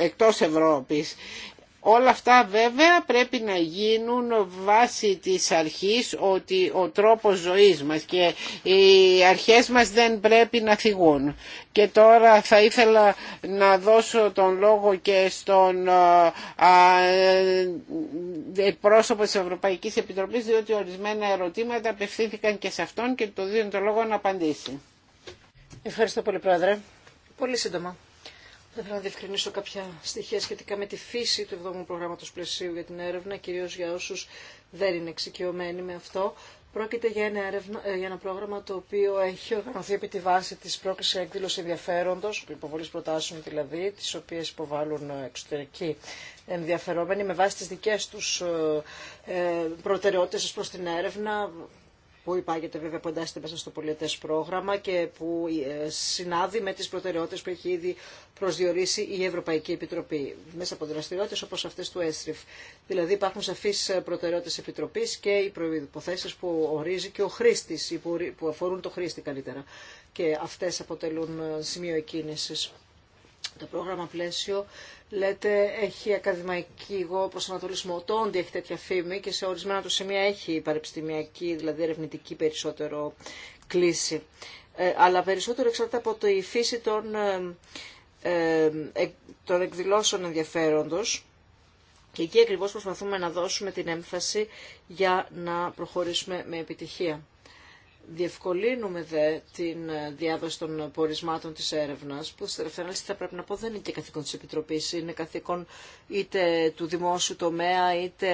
εκτός Ευρώπης. Όλα αυτά βέβαια πρέπει να γίνουν βάσει της αρχής ότι ο τρόπος ζωής μας και οι αρχές μας δεν πρέπει να θυγούν. Και τώρα θα ήθελα να δώσω τον λόγο και στον πρόσωπο της Ευρωπαϊκής Επιτροπής διότι ορισμένα ερωτήματα απευθύνθηκαν και σε αυτόν και το δίνω τον λόγο να απαντήσει. Ευχαριστώ πολύ Πρόεδρε. Πολύ σύντομα. Θα ήθελα να διευκρινίσω κάποια στοιχεία σχετικά με τη φύση του 7ου προγράμματος πλαισίου για την έρευνα, Κυρίω για όσου δεν είναι εξοικειωμένοι με αυτό. Πρόκειται για ένα, έρευνα, ε, για ένα πρόγραμμα το οποίο έχει οργανωθεί επί τη βάση της πρόκληση εκδήλωση ενδιαφέροντο, υποβολή προτάσεων δηλαδή, τι οποίε υποβάλλουν ε, εξωτερικοί ενδιαφερόμενοι με βάση τις δικές τους ε, προτεραιότητες προ την έρευνα, που υπάγεται βέβαια που εντάσσεται μέσα στο πολιτέ πρόγραμμα και που ε, συνάδει με τις προτεραιότητες που έχει ήδη προσδιορίσει η Ευρωπαϊκή Επιτροπή μέσα από δραστηριότητες όπως αυτές του ΕΣΡΙΦ. Δηλαδή υπάρχουν σαφείς ε, προτεραιότητες Επιτροπής και οι προποθέσει που ορίζει και ο χρήστης, που αφορούν το χρήστη καλύτερα. Και αυτές αποτελούν ε, σημείο εκκίνησης. Το πρόγραμμα πλαίσιο Λέτε, έχει ακαδημαϊκό προσανατολισμό. Το όντι έχει τέτοια φήμη και σε ορισμένα του σημεία έχει παρεπιστημιακή, δηλαδή ερευνητική περισσότερο κλίση. Ε, αλλά περισσότερο εξαρτάται από τη φύση των, ε, ε, των εκδηλώσεων ενδιαφέροντος. Και εκεί ακριβώς προσπαθούμε να δώσουμε την έμφαση για να προχωρήσουμε με επιτυχία. Διευκολύνουμε δε την ε, διάδοση των πορισμάτων της έρευνας, που στην τελευταία θα πρέπει να πω δεν είναι και καθήκον της Επιτροπής, είναι καθήκον είτε του δημόσιου τομέα, είτε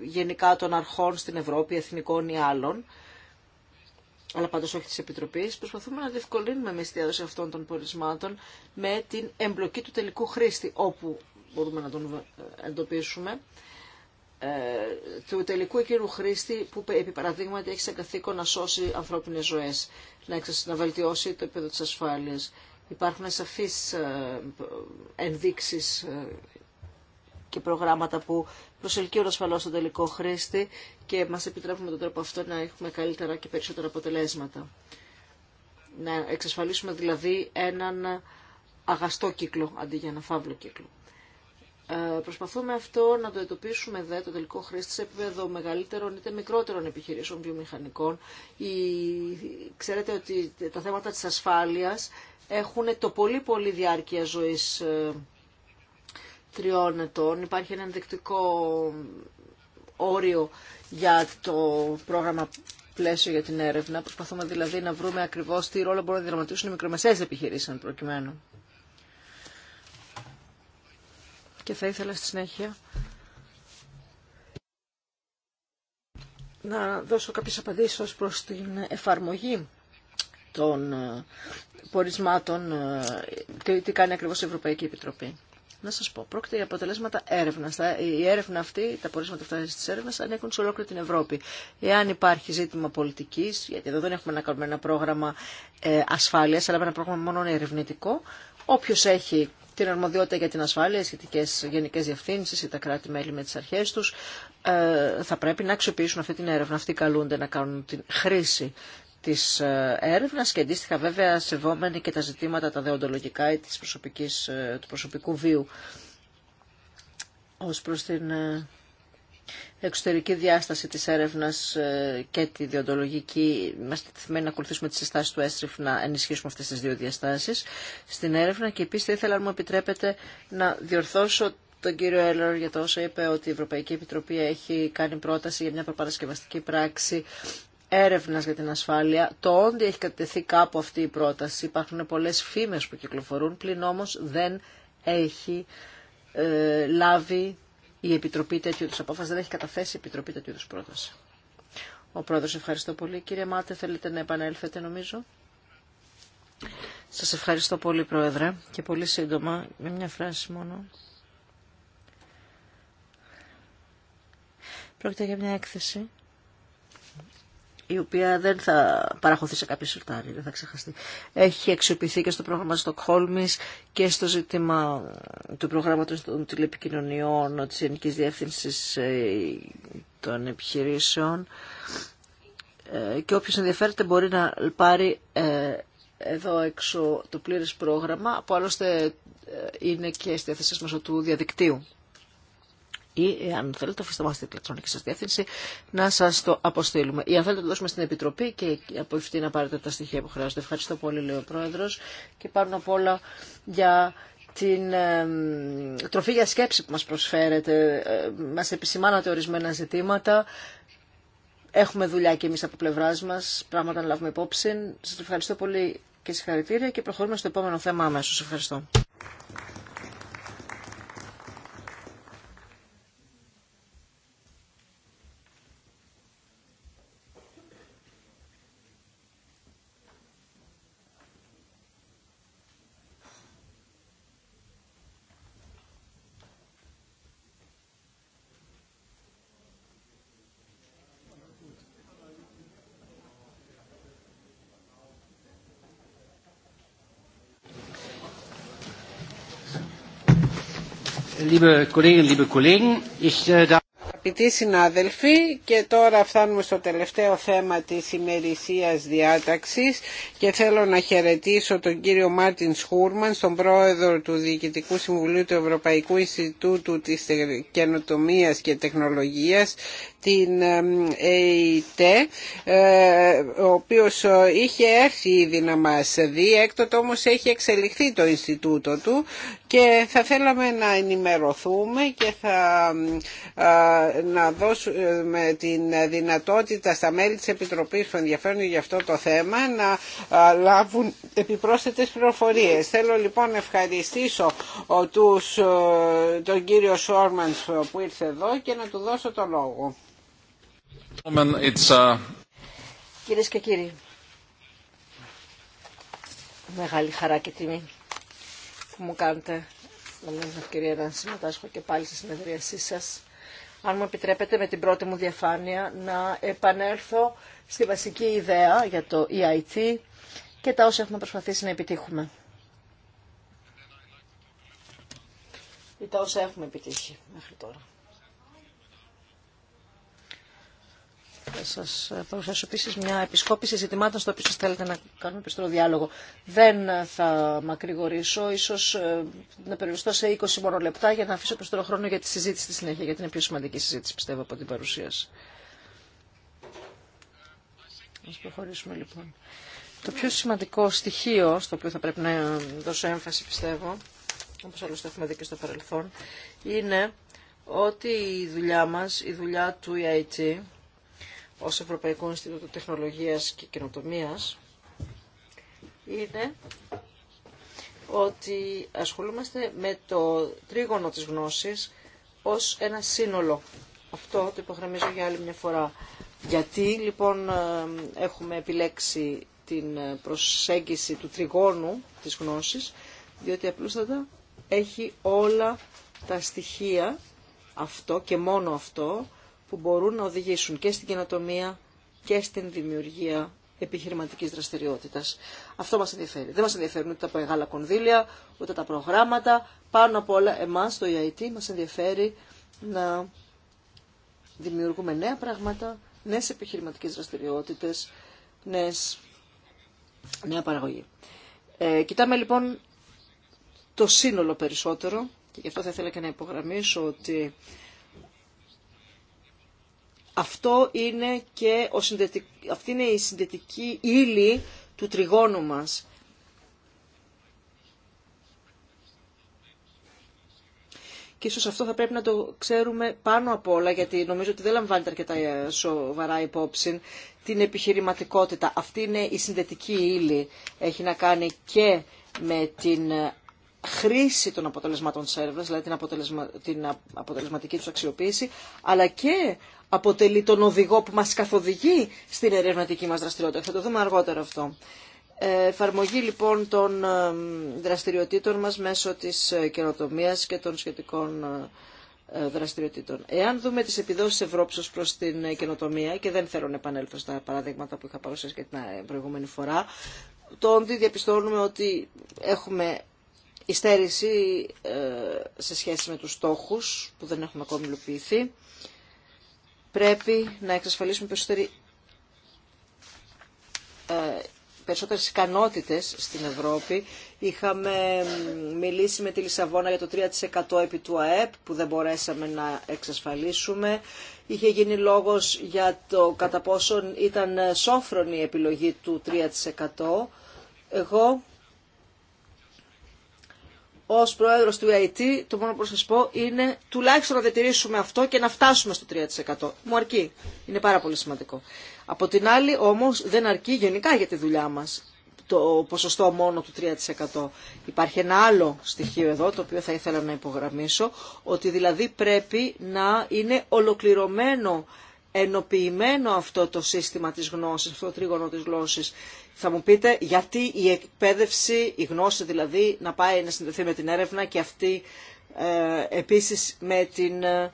γενικά των αρχών στην Ευρώπη, εθνικών ή άλλων, αλλά πάντως όχι της Επιτροπής. Προσπαθούμε να διευκολύνουμε εμείς τη διάδοση αυτών των πορισμάτων με την εμπλοκή του τελικού χρήστη, όπου μπορούμε να τον ε, εντοπίσουμε. Ε, του τελικού εκείνου χρήστη που επί παραδείγματι έχει σαν καθήκον να σώσει ανθρώπινες ζωές, να, να βελτιώσει το επίπεδο της ασφάλειας. Υπάρχουν σαφείς ε, ενδείξεις ε, και προγράμματα που προσελκύουν ασφαλώ τον τελικό χρήστη και μας επιτρέπουν με τον τρόπο αυτό να έχουμε καλύτερα και περισσότερα αποτελέσματα. Να εξασφαλίσουμε δηλαδή έναν αγαστό κύκλο αντί για ένα φαύλο κύκλο. Ε, προσπαθούμε αυτό να το εντοπίσουμε δε το τελικό χρήστη σε επίπεδο μεγαλύτερων είτε μικρότερων επιχειρήσεων βιομηχανικών. Η, ξέρετε ότι τα θέματα της ασφάλειας έχουν το πολύ πολύ διάρκεια ζωής ε, τριών ετών. Υπάρχει ένα ενδεικτικό όριο για το πρόγραμμα πλαίσιο για την έρευνα. Προσπαθούμε δηλαδή να βρούμε ακριβώς τι ρόλο μπορούν να διαδραματίσουν οι μικρομεσαίες επιχειρήσεις προκειμένου. και θα ήθελα στη συνέχεια να δώσω κάποιες απαντήσεις ως προς την εφαρμογή των ε, πορισμάτων ε, και τι κάνει ακριβώς η Ευρωπαϊκή Επιτροπή. Να σας πω, πρόκειται για αποτελέσματα έρευνας. Η έρευνα αυτή, τα πορίσματα αυτά της έρευνας ανήκουν σε ολόκληρη την Ευρώπη. Εάν υπάρχει ζήτημα πολιτικής, γιατί εδώ δεν έχουμε να κάνουμε ένα πρόγραμμα ε, ασφάλειας, αλλά ένα πρόγραμμα μόνο ερευνητικό, Όποιο έχει την αρμοδιότητα για την ασφάλεια, οι σχετικέ γενικέ διευθύνσει ή τα κράτη-μέλη με τι αρχέ του, ε, θα πρέπει να αξιοποιήσουν αυτή την έρευνα. Αυτοί καλούνται να κάνουν τη χρήση τη ε, έρευνα και αντίστοιχα βέβαια σεβόμενοι και τα ζητήματα τα δεοντολογικά ή της ε, του προσωπικού βίου. ως προς την εξωτερική διάσταση της έρευνας ε, και τη διοντολογική είμαστε θυμμένοι να ακολουθήσουμε τις συστάσεις του ΕΣΤΡΙΦ να ενισχύσουμε αυτές τις δύο διαστάσεις στην έρευνα και επίσης θα ήθελα αν μου επιτρέπετε να διορθώσω τον κύριο Έλλορ για το όσο είπε ότι η Ευρωπαϊκή Επιτροπή έχει κάνει πρόταση για μια προπαρασκευαστική πράξη έρευνα για την ασφάλεια. Το όντι έχει κατευθεί κάπου αυτή η πρόταση. Υπάρχουν πολλέ φήμε που κυκλοφορούν, πλην όμω δεν έχει ε, λάβει η Επιτροπή τέτοιου είδους απόφαση, δεν έχει καταθέσει η Επιτροπή τέτοιου είδους πρόταση. Ο πρόεδρος, ευχαριστώ πολύ. Κύριε Μάτε, θέλετε να επανέλθετε νομίζω. Σας ευχαριστώ πολύ, Πρόεδρε, και πολύ σύντομα, με μια φράση μόνο. Πρόκειται για μια έκθεση η οποία δεν θα παραχωθεί σε κάποιο σιρτάρι, δεν θα ξεχαστεί. Έχει αξιοποιηθεί και στο πρόγραμμα Στοκχόλμη και στο ζήτημα του προγράμματος των τηλεπικοινωνιών, της ελληνική διεύθυνση ε, των Επιχειρήσεων ε, και όποιο ενδιαφέρεται μπορεί να πάρει ε, εδώ έξω το πλήρες πρόγραμμα που άλλωστε είναι και στη θέση μα του διαδικτύου ή αν θέλετε αφήστε μας την ηλεκτρονική σας διεύθυνση να σας το αποστείλουμε. Ή αν θέλετε το δώσουμε στην Επιτροπή και από αυτή να πάρετε τα στοιχεία που χρειάζονται. Ευχαριστώ πολύ λέει ο Πρόεδρος και πάνω απ' όλα για την ε, τροφή για σκέψη που μας προσφέρετε. Ε, μας επισημάνατε ορισμένα ζητήματα. Έχουμε δουλειά και εμείς από πλευρά μας, πράγματα να λάβουμε υπόψη. Σας ευχαριστώ πολύ και συγχαρητήρια και προχωρούμε στο επόμενο θέμα αμέσως. Ευχαριστώ. liebe Kolleginnen, liebe Kollegen. Ich, äh, Αγαπητοί συνάδελφοι και τώρα φτάνουμε στο τελευταίο θέμα της ημερησίας διάταξης και θέλω να χαιρετήσω τον κύριο Μάρτιν Σχούρμαν, τον πρόεδρο του Διοικητικού Συμβουλίου του Ευρωπαϊκού Ινστιτούτου της Καινοτομίας και Τεχνολογίας την ΕΙΤΕ, ο οποίος ε, είχε έρθει ήδη να μας δει, έκτοτε όμως έχει εξελιχθεί το Ινστιτούτο του και θα θέλαμε να ενημερωθούμε και θα να δώσουμε την δυνατότητα στα μέλη της Επιτροπής που ενδιαφέρουν για αυτό το θέμα να λάβουν επιπρόσθετες πληροφορίες. Θέλω λοιπόν να ευχαριστήσω τους, τον κύριο Σόρμανς που ήρθε εδώ και να του δώσω το λόγο. Κυρίες και κύριοι, μεγάλη χαρά και τιμή που μου κάνετε μεγάλη την ευκαιρία να συμμετάσχω και πάλι στη συνεδρίασή σας αν μου επιτρέπετε με την πρώτη μου διαφάνεια, να επανέλθω στη βασική ιδέα για το EIT και τα όσα έχουμε προσπαθήσει να επιτύχουμε. Ή τα όσα έχουμε επιτύχει μέχρι τώρα. Θα σα παρουσιάσω επίση μια επισκόπηση ζητημάτων στο οποίο σα θέλετε να κάνουμε πιστρό διάλογο. Δεν θα μακρηγορήσω, ίσω ε, να περιοριστώ σε 20 μόνο λεπτά για να αφήσω πιστρό χρόνο για τη συζήτηση στη συνέχεια, γιατί είναι πιο σημαντική συζήτηση πιστεύω από την παρουσίαση. Α προχωρήσουμε λοιπόν. Το πιο σημαντικό στοιχείο, στο οποίο θα πρέπει να δώσω έμφαση πιστεύω, όπως άλλωστε έχουμε δει και στο παρελθόν, είναι ότι η δουλειά μα, η δουλειά του EIT, ως Ευρωπαϊκό Ινστιτούτο Τεχνολογίας και Καινοτομίας είναι ότι ασχολούμαστε με το τρίγωνο της γνώσης ως ένα σύνολο. Αυτό το υπογραμμίζω για άλλη μια φορά. Γιατί λοιπόν ε, έχουμε επιλέξει την προσέγγιση του τριγώνου της γνώσης, διότι απλούστατα έχει όλα τα στοιχεία αυτό και μόνο αυτό που μπορούν να οδηγήσουν και στην καινοτομία και στην δημιουργία επιχειρηματικής δραστηριότητας. Αυτό μας ενδιαφέρει. Δεν μας ενδιαφέρουν ούτε τα μεγάλα κονδύλια, ούτε τα προγράμματα. Πάνω από όλα εμάς το EIT μας ενδιαφέρει να δημιουργούμε νέα πράγματα, νέες επιχειρηματικές δραστηριότητες, νέες, νέα παραγωγή. Ε, κοιτάμε λοιπόν το σύνολο περισσότερο και γι' αυτό θα ήθελα και να υπογραμμίσω ότι αυτό είναι και αυτή είναι η συνδετική ύλη του τριγώνου μας. Και ίσως αυτό θα πρέπει να το ξέρουμε πάνω απ' όλα, γιατί νομίζω ότι δεν λαμβάνεται αρκετά ε, σοβαρά υπόψη την επιχειρηματικότητα. Αυτή είναι η συνδετική ύλη. Έχει να κάνει και με την ε, χρήση των αποτελεσμάτων της δηλαδή την, αποτελεσμα... την αποτελεσματική τους αξιοποίηση, αλλά και αποτελεί τον οδηγό που μας καθοδηγεί στην ερευνητική μας δραστηριότητα. Θα το δούμε αργότερα αυτό. Ε, εφαρμογή λοιπόν των ε, δραστηριοτήτων μας μέσω της ε, καινοτομία και των σχετικών δραστηριοτήτων. Εάν δούμε τις επιδόσεις Ευρώπης ως προς την καινοτομία, και δεν θέλω να επανέλθω στα παραδείγματα που είχα παρουσιάσει και την προηγούμενη φορά, το ότι διαπιστώνουμε ότι έχουμε υστέρηση σε σχέση με τους στόχους που δεν έχουμε ακόμη υλοποιηθεί, πρέπει να εξασφαλίσουμε περισσότερη ε, περισσότερες ικανότητες στην Ευρώπη. Είχαμε μιλήσει με τη Λισαβόνα για το 3% επί του ΑΕΠ που δεν μπορέσαμε να εξασφαλίσουμε. Είχε γίνει λόγος για το κατά πόσον ήταν σόφρονη η επιλογή του 3%. Εγώ Ω πρόεδρος του EIT, το μόνο που σα πω είναι τουλάχιστον να διατηρήσουμε αυτό και να φτάσουμε στο 3%. Μου αρκεί. Είναι πάρα πολύ σημαντικό. Από την άλλη όμως δεν αρκεί γενικά για τη δουλειά μα το ποσοστό μόνο του 3%. Υπάρχει ένα άλλο στοιχείο εδώ, το οποίο θα ήθελα να υπογραμμίσω, ότι δηλαδή πρέπει να είναι ολοκληρωμένο ενοποιημένο αυτό το σύστημα της γνώσης, αυτό το τρίγωνο της γλώσσης. Θα μου πείτε γιατί η εκπαίδευση, η γνώση δηλαδή, να πάει να συνδεθεί με την έρευνα και αυτή ε, επίσης με την ε,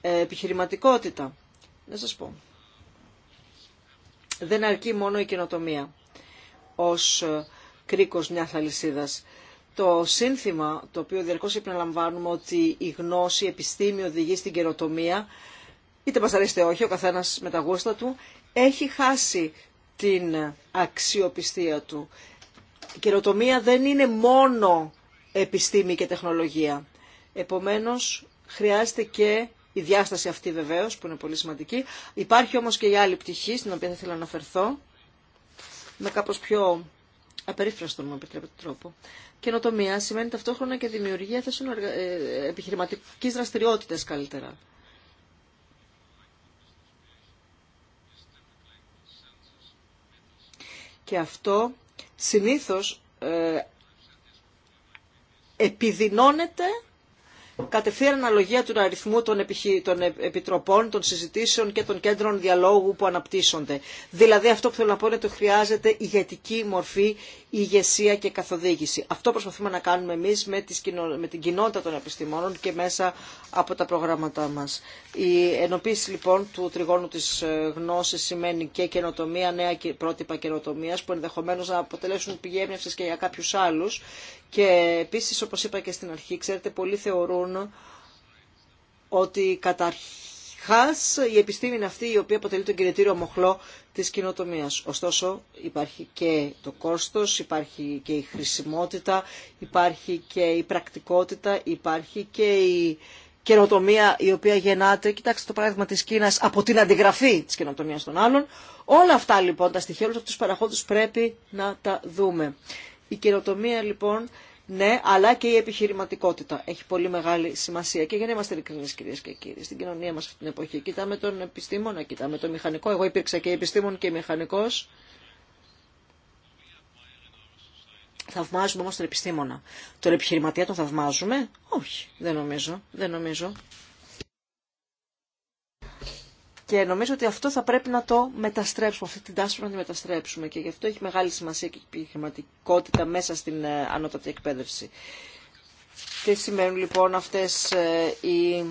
επιχειρηματικότητα. Να σας πω. Δεν αρκεί μόνο η καινοτομία ως ε, κρίκος μιας αλυσίδας. Το σύνθημα το οποίο διαρκώς επαναλαμβάνουμε ότι η γνώση, η επιστήμη οδηγεί στην καινοτομία είτε μας αρέσει όχι, ο καθένας με τα γούστα του, έχει χάσει την αξιοπιστία του. Η καινοτομία δεν είναι μόνο επιστήμη και τεχνολογία. Επομένως, χρειάζεται και η διάσταση αυτή βεβαίως, που είναι πολύ σημαντική. Υπάρχει όμως και η άλλη πτυχή, στην οποία θα ήθελα να αναφερθώ, με κάπως πιο απερίφραστο, μου επιτρέπετε, τρόπο. Καινοτομία σημαίνει ταυτόχρονα και δημιουργία θέσεων ε, επιχειρηματικής δραστηριότητας καλύτερα. και αυτό συνήθως ε, επιδεινώνεται κατευθείαν αναλογία του αριθμού των, επιχει... των ε, επιτροπών, των συζητήσεων και των κέντρων διαλόγου που αναπτύσσονται. Δηλαδή αυτό που θέλω να πω είναι ότι χρειάζεται ηγετική μορφή, ηγεσία και καθοδήγηση. Αυτό προσπαθούμε να κάνουμε εμείς με, τις με την κοινότητα των επιστημόνων και μέσα από τα προγράμματά μας. Η ενοποίηση λοιπόν του τριγώνου της ε, γνώσης σημαίνει και καινοτομία, νέα πρότυπα καινοτομία που ενδεχομένω να αποτελέσουν πηγή έμπνευση και για κάποιου άλλου. Και επίση, όπω είπα και στην αρχή, ξέρετε, πολλοί θεωρούν ότι καταρχάς η επιστήμη είναι αυτή η οποία αποτελεί τον κινητήριο μοχλό της κοινοτομία. Ωστόσο υπάρχει και το κόστος, υπάρχει και η χρησιμότητα, υπάρχει και η πρακτικότητα, υπάρχει και η καινοτομία η οποία γεννάται, κοιτάξτε το παράδειγμα της Κίνας, από την αντιγραφή της καινοτομία των άλλων. Όλα αυτά λοιπόν τα στοιχεία, όλους αυτούς τους παραγόντους πρέπει να τα δούμε. Η καινοτομία λοιπόν ναι, αλλά και η επιχειρηματικότητα έχει πολύ μεγάλη σημασία. Και για να είμαστε ειλικρινεί, κυρίε και κύριοι, στην κοινωνία μα αυτή την εποχή, κοιτάμε τον επιστήμονα, κοιτάμε τον μηχανικό. Εγώ υπήρξα και επιστήμον και μηχανικό. Θαυμάζουμε όμω τον επιστήμονα. Τον επιχειρηματία τον θαυμάζουμε. Όχι, δεν νομίζω. Δεν νομίζω. Και νομίζω ότι αυτό θα πρέπει να το μεταστρέψουμε, αυτή την τάση να τη μεταστρέψουμε και γι' αυτό έχει μεγάλη σημασία και η επιχειρηματικότητα μέσα στην ε, ανώτατη εκπαίδευση. Τι σημαίνουν λοιπόν αυτές ε, οι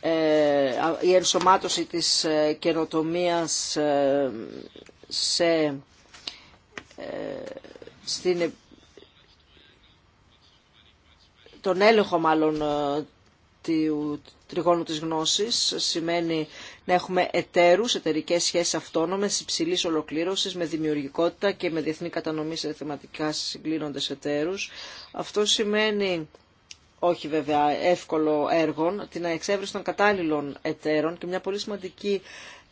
ε, η ενσωμάτωση της καινοτομίας σε, στην, τον έλεγχο μάλλον του, τριγώνου της γνώσης σημαίνει να έχουμε εταίρους, εταιρικές σχέσεις αυτόνομες, υψηλής ολοκλήρωσης, με δημιουργικότητα και με διεθνή κατανομή σε θεματικά συγκλίνοντες εταίρους. Αυτό σημαίνει όχι βέβαια εύκολο έργο, την εξέβριση των κατάλληλων εταίρων και μια πολύ σημαντική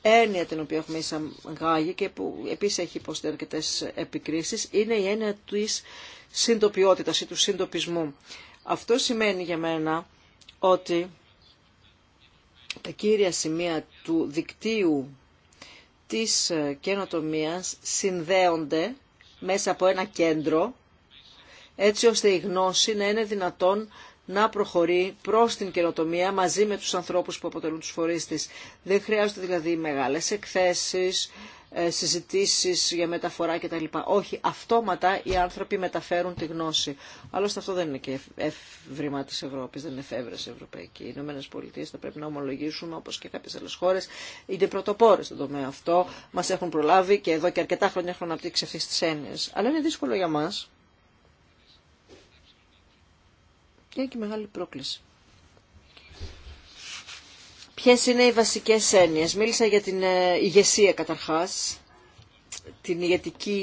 έννοια την οποία έχουμε εισαγάγει και που επίσης έχει υποστεί αρκετέ επικρίσεις είναι η έννοια της συντοπιότητας ή του συντοπισμού. Αυτό σημαίνει για μένα ότι τα κύρια σημεία του δικτύου της ε, καινοτομίας συνδέονται μέσα από ένα κέντρο, έτσι ώστε η γνώση να είναι δυνατόν να προχωρεί προς την καινοτομία μαζί με τους ανθρώπους που αποτελούν τους φορείς της. Δεν χρειάζονται δηλαδή μεγάλες εκθέσεις, ε, συζητήσεις για μεταφορά κτλ. Όχι, αυτόματα οι άνθρωποι μεταφέρουν τη γνώση. Άλλωστε αυτό δεν είναι και εύρημα της Ευρώπης, δεν είναι εφεύρεση ευρωπαϊκή. Οι Ηνωμένες Πολιτείες θα πρέπει να ομολογήσουμε, όπως και κάποιες άλλες χώρες, είναι πρωτοπόρες στον τομέα αυτό. Μας έχουν προλάβει και εδώ και αρκετά χρόνια έχουν αναπτύξει αυτές τις έννοιες. Αλλά είναι δύσκολο για μας. Είναι και μεγάλη πρόκληση. Ποιες είναι οι βασικές έννοιες. Μίλησα για την ε, ηγεσία καταρχάς, την ηγετική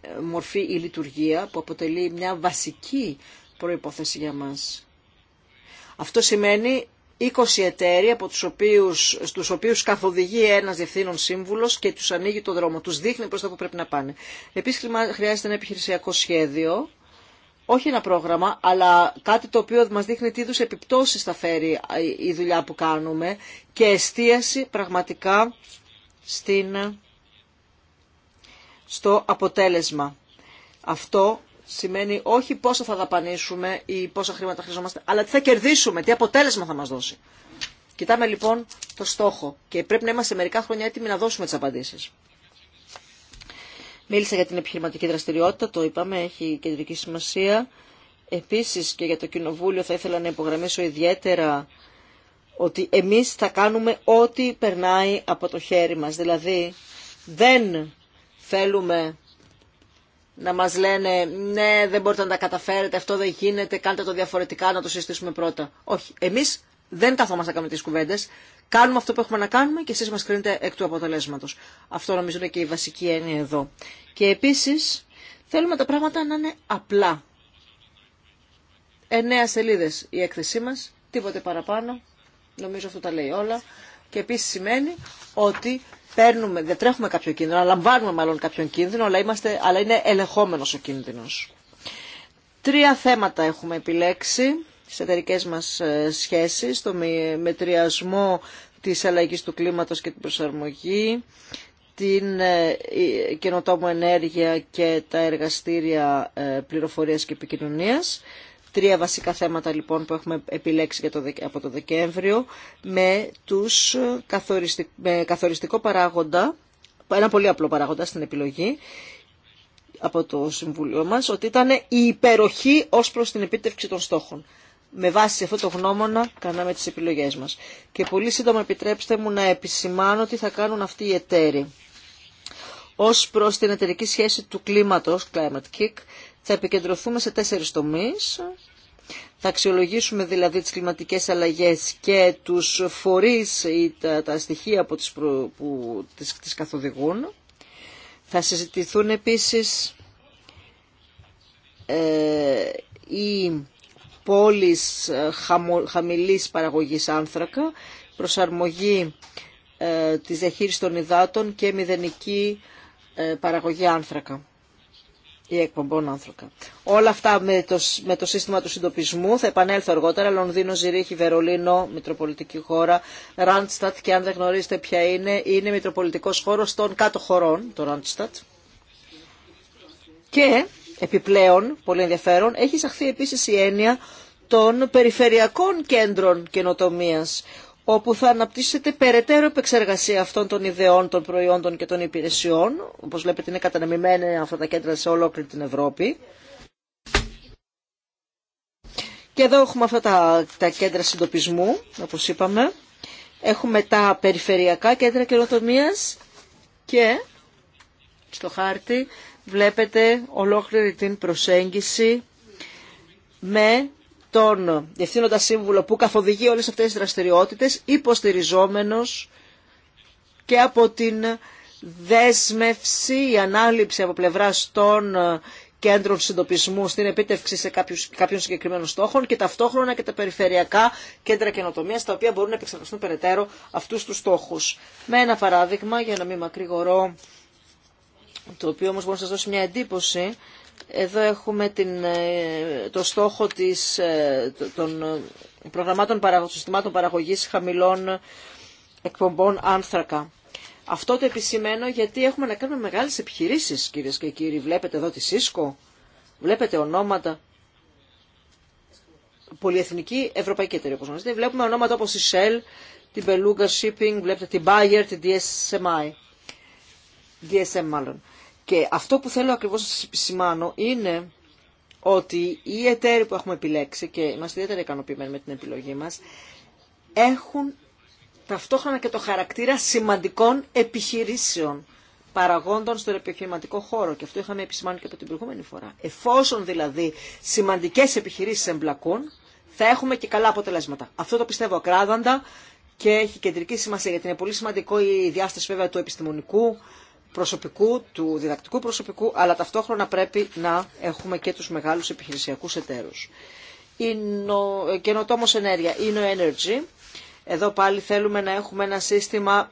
ε, μορφή ή λειτουργία που αποτελεί μια βασική προϋπόθεση για μας. Αυτό σημαίνει 20 εταίροι από τους οποίους, στους οποίους καθοδηγεί ένας διευθύνων σύμβουλος και τους ανοίγει το δρόμο, τους δείχνει προς τα που πρέπει να πάνε. Επίσης χρειάζεται ένα επιχειρησιακό σχέδιο όχι ένα πρόγραμμα, αλλά κάτι το οποίο μας δείχνει τι είδους επιπτώσεις θα φέρει η δουλειά που κάνουμε και εστίαση πραγματικά στην, στο αποτέλεσμα. Αυτό σημαίνει όχι πόσα θα δαπανίσουμε ή πόσα χρήματα χρειαζόμαστε, αλλά τι θα κερδίσουμε, τι αποτέλεσμα θα μας δώσει. Κοιτάμε λοιπόν το στόχο και πρέπει να είμαστε μερικά χρόνια έτοιμοι να δώσουμε τις απαντήσεις. Μίλησα για την επιχειρηματική δραστηριότητα, το είπαμε, έχει κεντρική σημασία. Επίσης και για το Κοινοβούλιο θα ήθελα να υπογραμμίσω ιδιαίτερα ότι εμείς θα κάνουμε ό,τι περνάει από το χέρι μας. Δηλαδή δεν θέλουμε να μας λένε ναι δεν μπορείτε να τα καταφέρετε, αυτό δεν γίνεται, κάντε το διαφορετικά να το συστήσουμε πρώτα. Όχι, εμείς δεν καθόμαστε να κάνουμε τι κουβέντε. Κάνουμε αυτό που έχουμε να κάνουμε και εσεί μα κρίνετε εκ του αποτελέσματο. Αυτό νομίζω είναι και η βασική έννοια εδώ. Και επίση θέλουμε τα πράγματα να είναι απλά. Εννέα σελίδε η έκθεσή μα, τίποτε παραπάνω. Νομίζω αυτό τα λέει όλα. Και επίση σημαίνει ότι παίρνουμε, δεν τρέχουμε κάποιο κίνδυνο, λαμβάνουμε μάλλον κάποιον κίνδυνο, αλλά, είμαστε, αλλά είναι ελεγχόμενο ο κίνδυνο. Τρία θέματα έχουμε επιλέξει στις εταιρικές μας ε, σχέσεις, το μετριασμό της αλλαγής του κλίματος και την προσαρμογή, την ε, καινοτόμο ενέργεια και τα εργαστήρια ε, πληροφορίας και επικοινωνίας. Τρία βασικά θέματα λοιπόν που έχουμε επιλέξει από το Δεκέμβριο με, τους καθοριστικό παράγοντα, ένα πολύ απλό παράγοντα στην επιλογή από το Συμβούλιο μας, ότι ήταν η υπεροχή ως προς την επίτευξη των στόχων με βάση αυτό το γνώμονα κάναμε τις επιλογές μας. Και πολύ σύντομα επιτρέψτε μου να επισημάνω τι θα κάνουν αυτοί οι εταίροι. Ως προς την εταιρική σχέση του κλίματος, Climate Kick, θα επικεντρωθούμε σε τέσσερις τομείς. Θα αξιολογήσουμε δηλαδή τις κλιματικές αλλαγές και τους φορείς ή τα, στοιχεία που τις, που τις, καθοδηγούν. Θα συζητηθούν επίσης ε, οι πόλεις ε, χαμηλής παραγωγής άνθρακα, προσαρμογή ε, της διαχείρισης των υδάτων και μηδενική ε, παραγωγή άνθρακα ή εκπομπών άνθρακα. Όλα αυτά με το, με το σύστημα του συντοπισμού θα επανέλθω αργότερα. Λονδίνο, Ζηρίχη, Βερολίνο, Μητροπολιτική χώρα, Ράντστατ και αν δεν γνωρίζετε ποια είναι, είναι Μητροπολιτικός χώρος των κάτω χωρών, το Ράντστατ. Και Επιπλέον, πολύ ενδιαφέρον, έχει εισαχθεί επίσης η έννοια των περιφερειακών κέντρων καινοτομία, όπου θα αναπτύσσεται περαιτέρω επεξεργασία αυτών των ιδεών, των προϊόντων και των υπηρεσιών. Όπως βλέπετε είναι κατανεμημένα αυτά τα κέντρα σε ολόκληρη την Ευρώπη. Και εδώ έχουμε αυτά τα, τα κέντρα συντοπισμού, όπως είπαμε. Έχουμε τα περιφερειακά κέντρα καινοτομία και στο χάρτη βλέπετε ολόκληρη την προσέγγιση με τον Διευθύνοντα Σύμβουλο που καθοδηγεί όλες αυτές τις δραστηριότητες υποστηριζόμενος και από την δέσμευση, η ανάληψη από πλευρά των κέντρων συντοπισμού στην επίτευξη σε κάποιους, κάποιων συγκεκριμένων στόχων και ταυτόχρονα και τα περιφερειακά κέντρα καινοτομία τα οποία μπορούν να επεξεργαστούν περαιτέρω αυτούς τους στόχους. Με ένα παράδειγμα, για να μην μακρηγορώ, το οποίο όμως μπορεί να σας δώσει μια εντύπωση. Εδώ έχουμε την, ε, το στόχο της, ε, των ε, προγραμμάτων συστημάτων παραγωγής χαμηλών εκπομπών άνθρακα. Αυτό το επισημαίνω γιατί έχουμε να κάνουμε μεγάλες επιχειρήσεις, κυρίες και κύριοι. Βλέπετε εδώ τη Cisco, βλέπετε ονόματα. Πολυεθνική Ευρωπαϊκή Εταιρεία, όπως γνωρίζετε. Βλέπουμε ονόματα όπως η Shell, την Beluga Shipping, βλέπετε την Bayer, την DSMI. DSM μάλλον. Και αυτό που θέλω ακριβώς να σας επισημάνω είναι ότι οι εταίροι που έχουμε επιλέξει και είμαστε ιδιαίτερα ικανοποιημένοι με την επιλογή μας έχουν ταυτόχρονα και το χαρακτήρα σημαντικών επιχειρήσεων παραγόντων στον επιχειρηματικό χώρο. Και αυτό είχαμε επισημάνει και από την προηγούμενη φορά. Εφόσον δηλαδή σημαντικές επιχειρήσεις εμπλακούν, θα έχουμε και καλά αποτελέσματα. Αυτό το πιστεύω ακράδαντα και έχει κεντρική σημασία γιατί είναι πολύ σημαντικό η διάσταση βέβαια του επιστημονικού, προσωπικού, του διδακτικού προσωπικού, αλλά ταυτόχρονα πρέπει να έχουμε και τους μεγάλους επιχειρησιακούς εταίρους. Ινο, ε, καινοτόμος ενέργεια, Inno Energy. Εδώ πάλι θέλουμε να έχουμε ένα σύστημα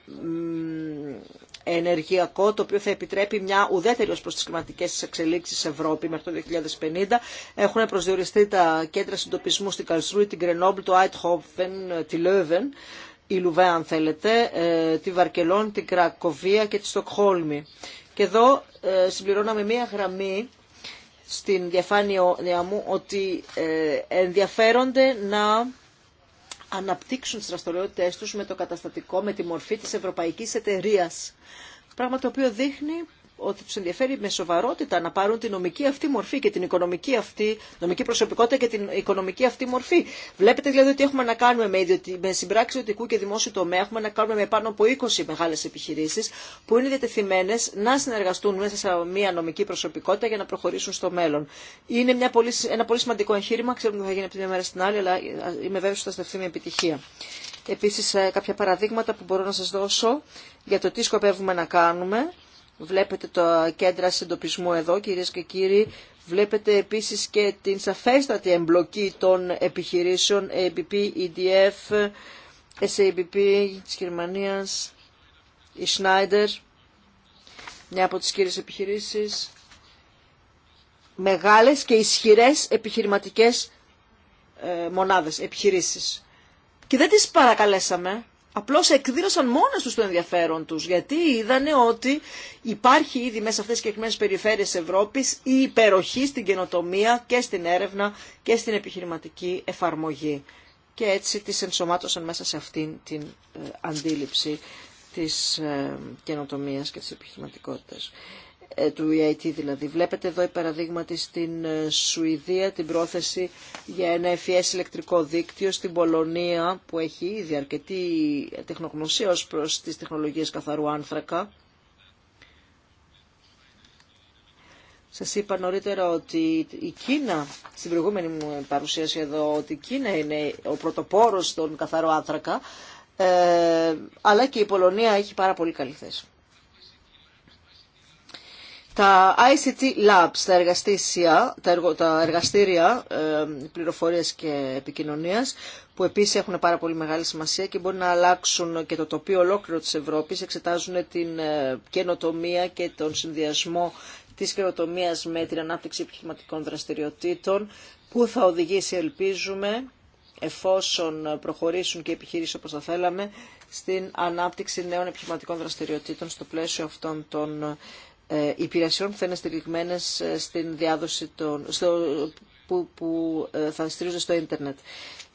ενεργειακό, το οποίο θα επιτρέπει μια ουδέτερη ως προς τις κλιματικές εξελίξεις Ευρώπη μέχρι το 2050. Έχουν προσδιοριστεί τα κέντρα συντοπισμού στην Καλσρούη, την Κρενόμπλ, το Άιτχόφεν, τη Λόβεν, η Λουβέ αν θέλετε, ε, τη Βαρκελόν, την Κρακοβία και τη Στοκχόλμη. Και εδώ ε, συμπληρώναμε μία γραμμή στην διαφάνεια μου ότι ε, ενδιαφέρονται να αναπτύξουν τις δραστηριότητε τους με το καταστατικό, με τη μορφή της Ευρωπαϊκής Εταιρείας. Πράγμα το οποίο δείχνει ότι του ενδιαφέρει με σοβαρότητα να πάρουν την νομική αυτή μορφή και την οικονομική αυτή, νομική προσωπικότητα και την οικονομική αυτή μορφή. Βλέπετε δηλαδή ότι έχουμε να κάνουμε με, με συμπράξει ιδιωτικού και δημόσιου τομέα, έχουμε να κάνουμε με πάνω από 20 μεγάλε επιχειρήσει που είναι διατεθειμένε να συνεργαστούν μέσα σε μια νομική προσωπικότητα για να προχωρήσουν στο μέλλον. Είναι μια πολύ, ένα πολύ σημαντικό εγχείρημα, ξέρουμε ότι θα γίνει από την μέρα στην άλλη, αλλά είμαι βέβαιο ότι θα στεφθεί με επιτυχία. Επίση, ε, κάποια παραδείγματα που μπορώ να σας δώσω για το τι σκοπεύουμε να κάνουμε Βλέπετε το κέντρο συντοπισμού εδώ κυρίες και κύριοι. Βλέπετε επίσης και την σαφέστατη εμπλοκή των επιχειρήσεων ABP, EDF, SABP της Γερμανίας, η Schneider, μια από τις κύριες επιχειρήσεις. Μεγάλες και ισχυρές επιχειρηματικές ε, μονάδες, επιχειρήσεις. Και δεν τις παρακαλέσαμε. Απλώς εκδήλωσαν μόνες τους το ενδιαφέρον τους, γιατί είδανε ότι υπάρχει ήδη μέσα σε αυτές τις συγκεκριμένες περιφέρειες Ευρώπης η υπεροχή στην καινοτομία και στην έρευνα και στην επιχειρηματική εφαρμογή. Και έτσι τις ενσωμάτωσαν μέσα σε αυτήν την ε, αντίληψη της ε, και της επιχειρηματικότητας. Ε, του EIT δηλαδή. Βλέπετε εδώ η παραδείγματι στην ε, Σουηδία την πρόθεση για ένα FES ηλεκτρικό δίκτυο στην Πολωνία που έχει ήδη αρκετή τεχνογνωσία ως προς τις τεχνολογίες καθαρού άνθρακα. Σας είπα νωρίτερα ότι η Κίνα, στην προηγούμενη μου παρουσίαση εδώ, ότι η Κίνα είναι ο πρωτοπόρος στον καθαρό άνθρακα, ε, αλλά και η Πολωνία έχει πάρα πολύ καλή θέση. Τα ICT Labs, τα, εργαστήρια, τα εργαστήρια πληροφορίες και επικοινωνίας, που επίσης έχουν πάρα πολύ μεγάλη σημασία και μπορεί να αλλάξουν και το τοπίο ολόκληρο της Ευρώπης, εξετάζουν την ε, καινοτομία και τον συνδυασμό της καινοτομίας με την ανάπτυξη επιχειρηματικών δραστηριοτήτων, που θα οδηγήσει, ελπίζουμε, εφόσον προχωρήσουν και επιχειρήσει όπως θα θέλαμε, στην ανάπτυξη νέων επιχειρηματικών δραστηριοτήτων στο πλαίσιο αυτών των ε, υπηρεσιών που θα είναι στηριγμένε ε, στην διάδοση των, στο, που, ε, θα στηρίζονται στο ίντερνετ.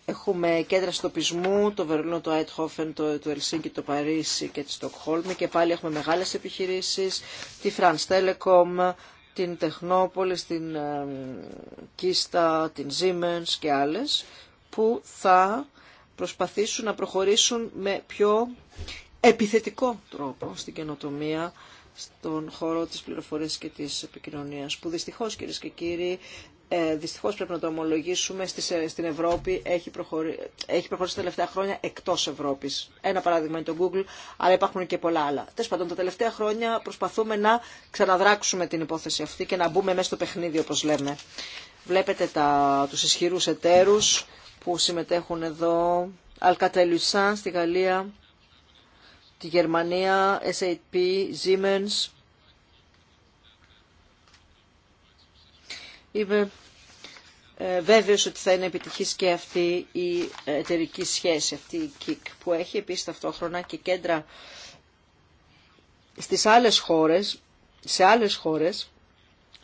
Έχουμε κέντρα στοπισμού, το Βερολίνο, το Άιτχόφεν, το, το Ελσίνκι, το Παρίσι και τη Στοκχόλμη και πάλι έχουμε μεγάλες επιχειρήσεις, τη France Telecom, την Τεχνόπολη, την Κίστα, την Siemens και άλλες που θα προσπαθήσουν να προχωρήσουν με πιο επιθετικό τρόπο στην καινοτομία στον χώρο της πληροφορίας και της επικοινωνίας, που δυστυχώς κυρίες και κύριοι, ε, δυστυχώς πρέπει να το ομολογήσουμε, ε, στην Ευρώπη έχει, προχωρήσει, έχει προχωρήσει τα τελευταία χρόνια εκτό Ευρώπη. Ένα παράδειγμα είναι το Google, αλλά υπάρχουν και πολλά άλλα. Τέλο πάντων, τα τελευταία χρόνια προσπαθούμε να ξαναδράξουμε την υπόθεση αυτή και να μπούμε μέσα στο παιχνίδι, όπω λέμε. Βλέπετε τα, ισχυρού εταίρου που συμμετέχουν εδώ, Αλκατελουσάν στη Γαλλία, τη Γερμανία, SAP, Siemens. Είμαι ε, βέβαιος ότι θα είναι επιτυχής και αυτή η εταιρική σχέση, αυτή η ΚΙΚ, που έχει επίσης ταυτόχρονα και κέντρα στις άλλες χώρες, σε άλλες χώρες,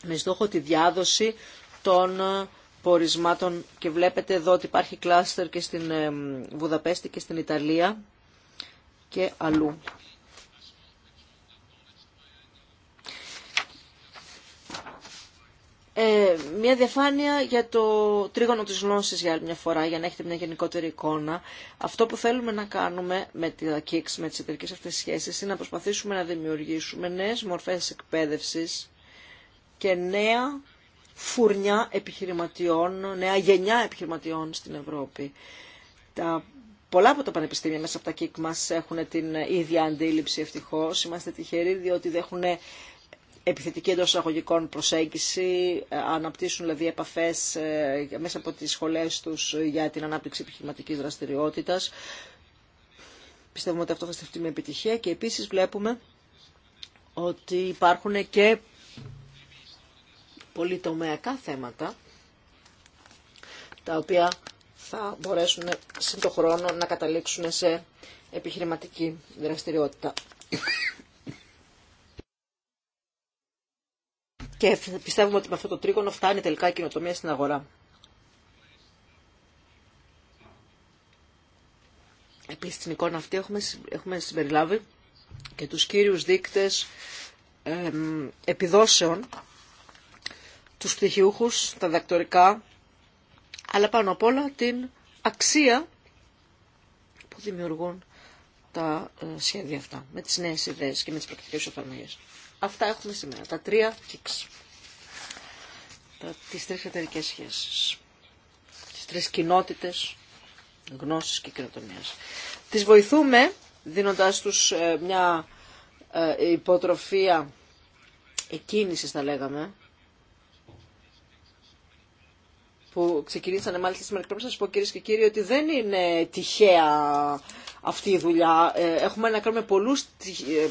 με στόχο τη διάδοση των ε, πορισμάτων και βλέπετε εδώ ότι υπάρχει κλάστερ και στην ε, Βουδαπέστη και στην Ιταλία και αλλού. Ε, μια διαφάνεια για το τρίγωνο της γνώσης για μια φορά, για να έχετε μια γενικότερη εικόνα. Αυτό που θέλουμε να κάνουμε με τη ΔΑΚΙΚΣ, με τις εταιρικές αυτές σχέσεις, είναι να προσπαθήσουμε να δημιουργήσουμε νέες μορφές εκπαίδευσης και νέα φουρνιά επιχειρηματιών, νέα γενιά επιχειρηματιών στην Ευρώπη. Τα πολλά από τα πανεπιστήμια μέσα από τα ΚΙΚ μας έχουν την ίδια αντίληψη ευτυχώ. Είμαστε τυχεροί διότι δεν επιθετική εντό αγωγικών προσέγγιση, ε, αναπτύσσουν δηλαδή επαφέ ε, μέσα από τι σχολέ του για την ανάπτυξη επιχειρηματική δραστηριότητα. Πιστεύουμε ότι αυτό θα στεφτεί με επιτυχία και επίση βλέπουμε ότι υπάρχουν και πολυτομεακά θέματα τα οποία θα μπορέσουν σε χρόνο να καταλήξουν σε επιχειρηματική δραστηριότητα. Και πιστεύουμε ότι με αυτό το τρίγωνο φτάνει τελικά η κοινοτομία στην αγορά. Επίσης στην εικόνα αυτή έχουμε, έχουμε συμπεριλάβει και τους κύριους δείκτες επιδόσεων, τους πτυχιούχους, τα δακτορικά, αλλά πάνω απ' όλα την αξία που δημιουργούν τα ε, σχέδια αυτά, με τις νέες ιδέες και με τις πρακτικές εφαρμογές. Αυτά έχουμε σήμερα, τα τρία κίξ, τα, τις τρεις εταιρικές σχέσεις, τις τρεις κοινότητες γνώσης και κοινοτομίας. Τις βοηθούμε δίνοντάς τους ε, μια ε, υποτροφία εκκίνησης θα λέγαμε, που ξεκινήσανε μάλιστα σήμερα πρέπει να σας πω κυρίε και κύριοι ότι δεν είναι τυχαία αυτή η δουλειά. Ε, έχουμε να κάνουμε πολλούς, ε,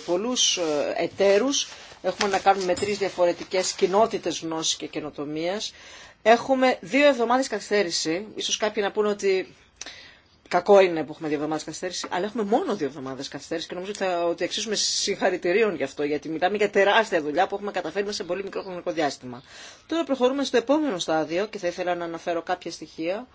πολλούς ε, εταίρους, έχουμε να κάνουμε με τρεις διαφορετικές κοινότητες γνώσης και καινοτομίας. Έχουμε δύο εβδομάδες καθυστέρηση, ίσως κάποιοι να πούνε ότι Κακό είναι που έχουμε δύο εβδομάδε καθυστέρηση, αλλά έχουμε μόνο δύο εβδομάδε καθυστέρηση και νομίζω ότι, αξίζουμε συγχαρητηρίων γι' αυτό, γιατί μιλάμε για τεράστια δουλειά που έχουμε καταφέρει μέσα σε πολύ μικρό χρονικό διάστημα. Τώρα προχωρούμε στο επόμενο στάδιο και θα ήθελα να αναφέρω κάποια στοιχεία.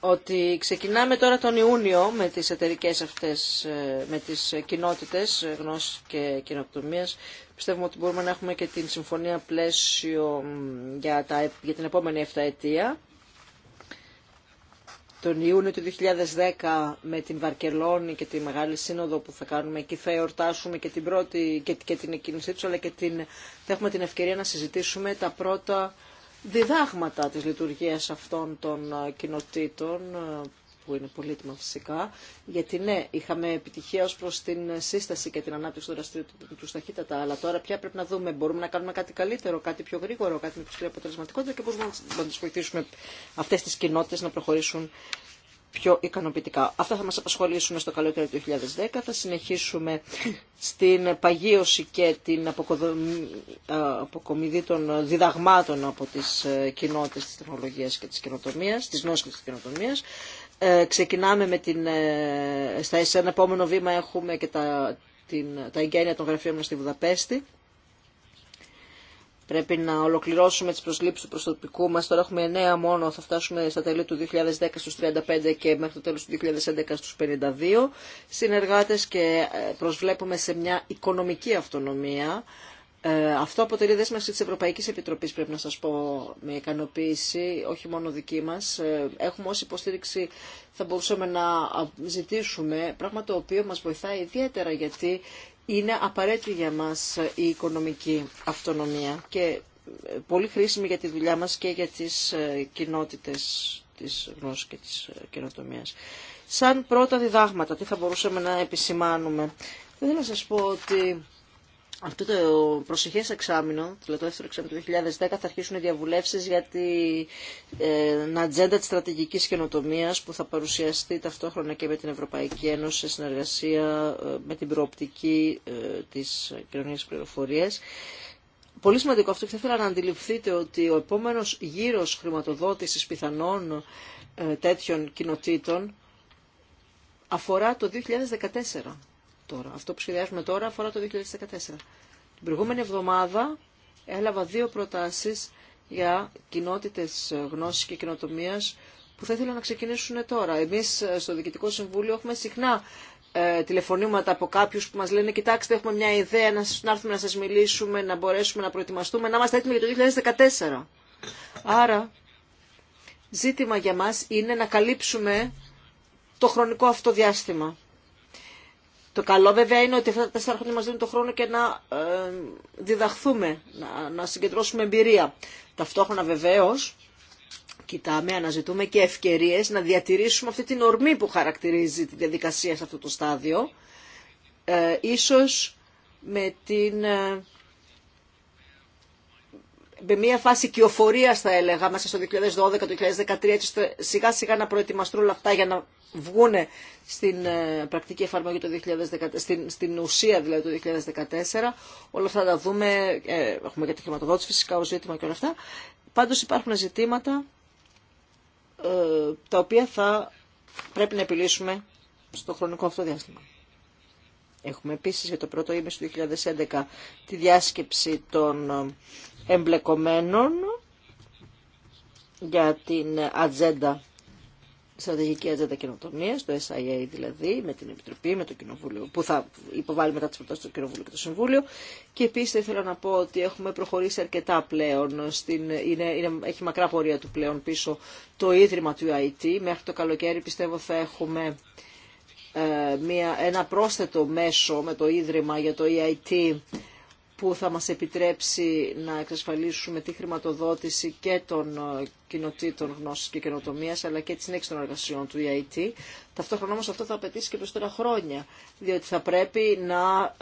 Ότι ξεκινάμε τώρα τον Ιούνιο με τις εταιρικέ αυτές, ε, με τις κοινότητες ε, γνώσης και κοινοτομίας. Πιστεύουμε ότι μπορούμε να έχουμε και την συμφωνία πλαίσιο για, τα, ε, για την επόμενη 7 ετία τον Ιούνιο του 2010 με την Βαρκελόνη και τη Μεγάλη Σύνοδο που θα κάνουμε εκεί θα εορτάσουμε και την, πρώτη, και, την εκκίνησή του, αλλά και την, θα έχουμε την ευκαιρία να συζητήσουμε τα πρώτα διδάγματα της λειτουργίας αυτών των ε, κοινοτήτων ε, που είναι πολύτιμα φυσικά, γιατί ναι, είχαμε επιτυχία ω προ την σύσταση και την ανάπτυξη του δραστηριού του ταχύτατα, αλλά τώρα πια πρέπει να δούμε, μπορούμε να κάνουμε κάτι καλύτερο, κάτι πιο γρήγορο, κάτι με πιο αποτελεσματικότητα και μπορούμε να τι βοηθήσουμε αυτέ τι κοινότητε να προχωρήσουν πιο ικανοποιητικά. Αυτά θα μας απασχολήσουν στο καλοκαίρι του 2010. Θα συνεχίσουμε στην παγίωση και την αποκομιδή των διδαγμάτων από τις ε, κοινότητε τη τεχνολογία και τη κοινοτομίας, της και της κοινοτομίας. Ε, ξεκινάμε με την, ε, στα, σε ένα επόμενο βήμα έχουμε και τα, την, τα εγγένεια των γραφείων μας στη Βουδαπέστη. Πρέπει να ολοκληρώσουμε τις προσλήψεις του προσωπικού μας. Τώρα έχουμε 9 μόνο, θα φτάσουμε στα τέλη του 2010 στους 35 και μέχρι το τέλος του 2011 στους 52 συνεργάτες και ε, προσβλέπουμε σε μια οικονομική αυτονομία ε, αυτό αποτελεί δέσμευση της Ευρωπαϊκής Επιτροπής, πρέπει να σας πω με ικανοποίηση, όχι μόνο δική μας. Ε, έχουμε ως υποστήριξη, θα μπορούσαμε να ζητήσουμε, πράγμα το οποίο μας βοηθάει ιδιαίτερα γιατί είναι απαραίτητη για μας η οικονομική αυτονομία και ε, πολύ χρήσιμη για τη δουλειά μας και για τις κοινότητες της γνώσης και της καινοτομία. Σαν πρώτα διδάγματα, τι θα μπορούσαμε να επισημάνουμε. Δεν θέλω να σας πω ότι αυτό το προσεχές εξάμεινο, δηλαδή το δεύτερο εξάμεινο του 2010, θα αρχίσουν οι διαβουλεύσεις για ε, την ατζέντα τη στρατηγική καινοτομία που θα παρουσιαστεί ταυτόχρονα και με την Ευρωπαϊκή Ένωση σε συνεργασία ε, με την προοπτική ε, της κοινωνία πληροφορίας. Πολύ σημαντικό αυτό και θα ήθελα να αντιληφθείτε ότι ο επόμενο γύρο χρηματοδότηση πιθανών τέτοιων κοινοτήτων αφορά το 2014 τώρα. Αυτό που σχεδιάζουμε τώρα αφορά το 2014. Την προηγούμενη εβδομάδα έλαβα δύο προτάσεις για κοινότητες γνώσης και κοινοτομίας που θα ήθελα να ξεκινήσουν τώρα. Εμείς ε, στο Διοικητικό Συμβούλιο έχουμε συχνά ε, τηλεφωνήματα από κάποιου που μα λένε: Κοιτάξτε, έχουμε μια ιδέα να, να έρθουμε να σα μιλήσουμε, να μπορέσουμε να προετοιμαστούμε, να είμαστε έτοιμοι για το 2014. Άρα, ζήτημα για μας είναι να καλύψουμε το χρονικό αυτό διάστημα. Το καλό βέβαια είναι ότι αυτά τα τέσσερα χρόνια μας δίνουν το χρόνο και να ε, διδαχθούμε, να, συγκεντρώσουμε εμπειρία. Ταυτόχρονα βεβαίως κοιτάμε, αναζητούμε και ευκαιρίες να διατηρήσουμε αυτή την ορμή που χαρακτηρίζει τη διαδικασία σε αυτό το στάδιο, ε, ίσως με την... Ε, με μια φάση κυοφορίας θα έλεγα μέσα στο 2012, 2013 έτσι σιγά σιγά να προετοιμαστούν όλα αυτά για να βγουν στην ε, πρακτική εφαρμογή το 2014, στην, στην ουσία δηλαδή το 2014. Όλα αυτά τα δούμε, ε, έχουμε και τη χρηματοδότηση φυσικά ως ζήτημα και όλα αυτά. Πάντως υπάρχουν ζητήματα ε, τα οποία θα πρέπει να επιλύσουμε στο χρονικό αυτό διάστημα. Έχουμε επίσης για το πρώτο ήμιση του 2011 τη διάσκεψη των εμπλεκομένων για την ατζέντα, στρατηγική ατζέντα καινοτομία, το SIA δηλαδή, με την Επιτροπή, με το Κοινοβούλιο, που θα υποβάλει μετά τι προτάσει του Κοινοβούλιο και το Συμβούλιο. Και επίση θα ήθελα να πω ότι έχουμε προχωρήσει αρκετά πλέον. Στην, είναι, έχει μακρά πορεία του πλέον πίσω το ίδρυμα του IT. Μέχρι το καλοκαίρι πιστεύω θα έχουμε ε, ένα πρόσθετο μέσο με το ίδρυμα για το EIT που θα μας επιτρέψει να εξασφαλίσουμε τη χρηματοδότηση και των ε, κοινοτήτων γνώσης και καινοτομίας, αλλά και τη συνέχιση των εργασιών του EIT. Ταυτόχρονα όμως αυτό θα απαιτήσει και περισσότερα χρόνια, διότι θα πρέπει να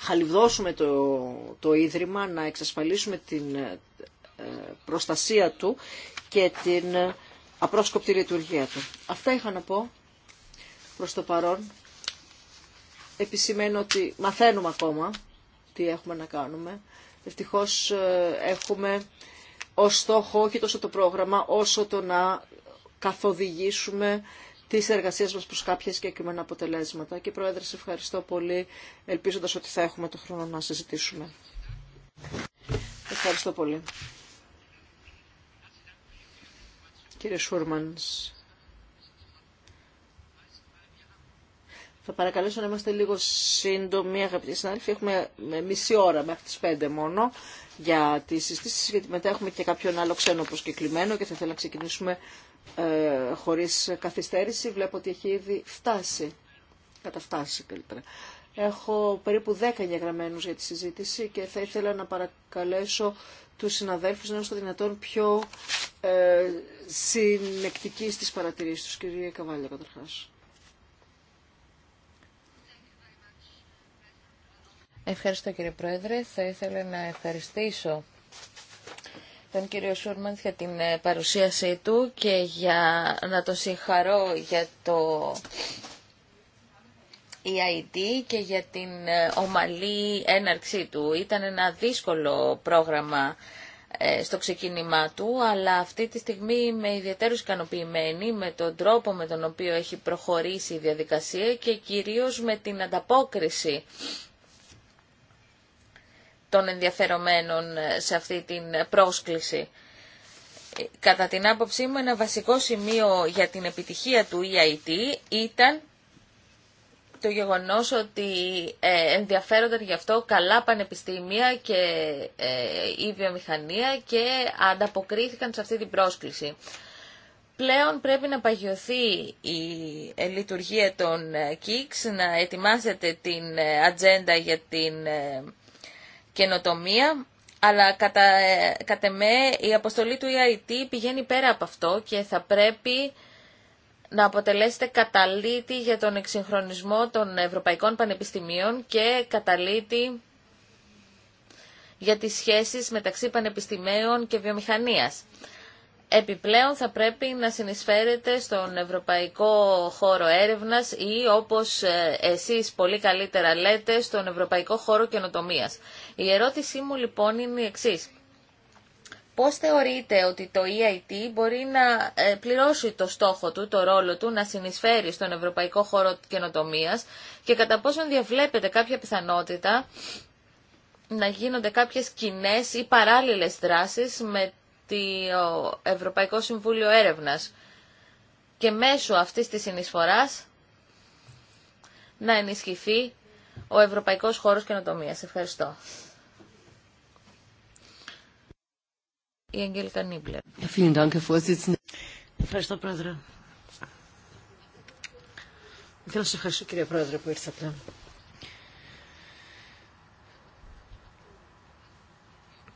χαλιβδώσουμε το, το Ίδρυμα, να εξασφαλίσουμε την ε, προστασία του και την ε, απρόσκοπτη λειτουργία του. Αυτά είχα να πω προς το παρόν επισημαίνω ότι μαθαίνουμε ακόμα τι έχουμε να κάνουμε. Ευτυχώς ε, έχουμε ως στόχο όχι τόσο το πρόγραμμα όσο το να καθοδηγήσουμε τις εργασίες μας προς κάποια συγκεκριμένα αποτελέσματα. Και Πρόεδρε, σε ευχαριστώ πολύ, ελπίζοντας ότι θα έχουμε το χρόνο να συζητήσουμε. Ευχαριστώ πολύ. Κύριε Σούρμανς, Θα παρακαλέσω να είμαστε λίγο σύντομοι, αγαπητοί συνάδελφοι. Έχουμε ε, μισή ώρα μέχρι τι 5 μόνο για τις συζήτηση, γιατί μετά έχουμε και κάποιον άλλο ξένο προσκεκλημένο και θα ήθελα να ξεκινήσουμε ε, χωρίς καθυστέρηση. Βλέπω ότι έχει ήδη φτάσει, καταφτάσει καλύτερα. Έχω περίπου 10 εγγεγραμμένου για τη συζήτηση και θα ήθελα να παρακαλέσω του συναδέλφου να είναι στο δυνατόν πιο ε, συνεκτικοί στις παρατηρήσεις του. Κυρία Καβάλια, καταρχά. Ευχαριστώ κύριε Πρόεδρε. Θα ήθελα να ευχαριστήσω τον κύριο Σούρμαντ για την ε, παρουσίασή του και για να τον συγχαρώ για το EID και για την ε, ομαλή έναρξή του. Ήταν ένα δύσκολο πρόγραμμα ε, στο ξεκίνημά του, αλλά αυτή τη στιγμή είμαι ιδιαίτερως ικανοποιημένη με τον τρόπο με τον οποίο έχει προχωρήσει η διαδικασία και κυρίως με την ανταπόκριση των ενδιαφερομένων ε, σε αυτή την ε, πρόσκληση. Ε, κατά την άποψή μου ένα βασικό σημείο για την επιτυχία του EIT ήταν το γεγονός ότι ενδιαφέρονταν γι' αυτό καλά πανεπιστήμια και η βιομηχανία και ανταποκρίθηκαν σε αυτή την πρόσκληση. Πλέον πρέπει να παγιωθεί η λειτουργία των ΚΙΚΣ, να ετοιμάσετε την ατζέντα για την καινοτομία, αλλά κατά, κατά με η αποστολή του EIT πηγαίνει πέρα από αυτό και θα πρέπει να αποτελέσετε καταλήτη για τον εξυγχρονισμό των Ευρωπαϊκών Πανεπιστημίων και καταλήτη για τις σχέσεις μεταξύ πανεπιστημίων και βιομηχανίας. Επιπλέον θα πρέπει να συνεισφέρετε στον ευρωπαϊκό χώρο έρευνας ή όπως ε, εσείς πολύ καλύτερα λέτε στον ευρωπαϊκό χώρο καινοτομίας. Η ερώτησή μου λοιπόν είναι η εξή. Πώς θεωρείτε ότι το EIT μπορεί να ε, πληρώσει το στόχο του, το ρόλο του, να συνεισφέρει στον ευρωπαϊκό χώρο καινοτομίας και κατά πόσον διαβλέπετε κάποια πιθανότητα να γίνονται κάποιες κοινέ ή παράλληλες δράσεις με το Ευρωπαϊκό Συμβούλιο Έρευνας και μέσω αυτής της συνεισφοράς να ενισχυθεί ο Ευρωπαϊκός Χώρος Καινοτομίας. Ευχαριστώ. η Αγγέλικα Νίμπλερ. Ευχαριστώ, Πρόεδρε. Θέλω να ευχαριστώ, κύριε Πρόεδρε, που ήρθατε.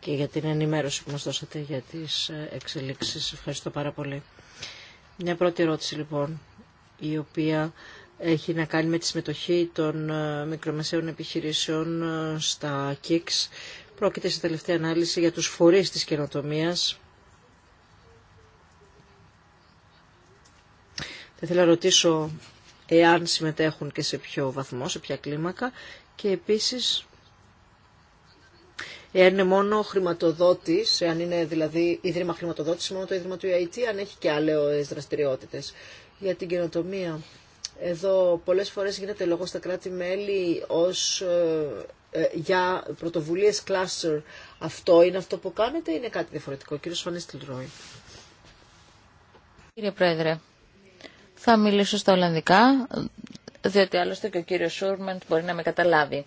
και για την ενημέρωση που μας δώσατε για τις ε, εξελίξεις. Ευχαριστώ πάρα πολύ. Μια πρώτη ερώτηση λοιπόν, η οποία έχει να κάνει με τη συμμετοχή των ε, μικρομεσαίων επιχειρήσεων ε, στα ΚΙΚΣ Πρόκειται σε τελευταία ανάλυση για τους φορείς της καινοτομίας. Θα ήθελα να ρωτήσω εάν συμμετέχουν και σε ποιο βαθμό, σε ποια κλίμακα και επίσης εάν είναι μόνο χρηματοδότης, εάν είναι δηλαδή ίδρυμα χρηματοδότηση μόνο το ίδρυμα του EIT, αν έχει και άλλες δραστηριότητες για την καινοτομία. Εδώ πολλές φορές γίνεται λόγο στα κράτη-μέλη ως ε, ε, για πρωτοβουλίες cluster. Αυτό είναι αυτό που κάνετε ή είναι κάτι διαφορετικό. Κύριε Σφανής Ρόι. Κύριε Πρόεδρε, θα μιλήσω στα Ολλανδικά, διότι άλλωστε και ο κύριος Σούρμεντ μπορεί να με καταλάβει.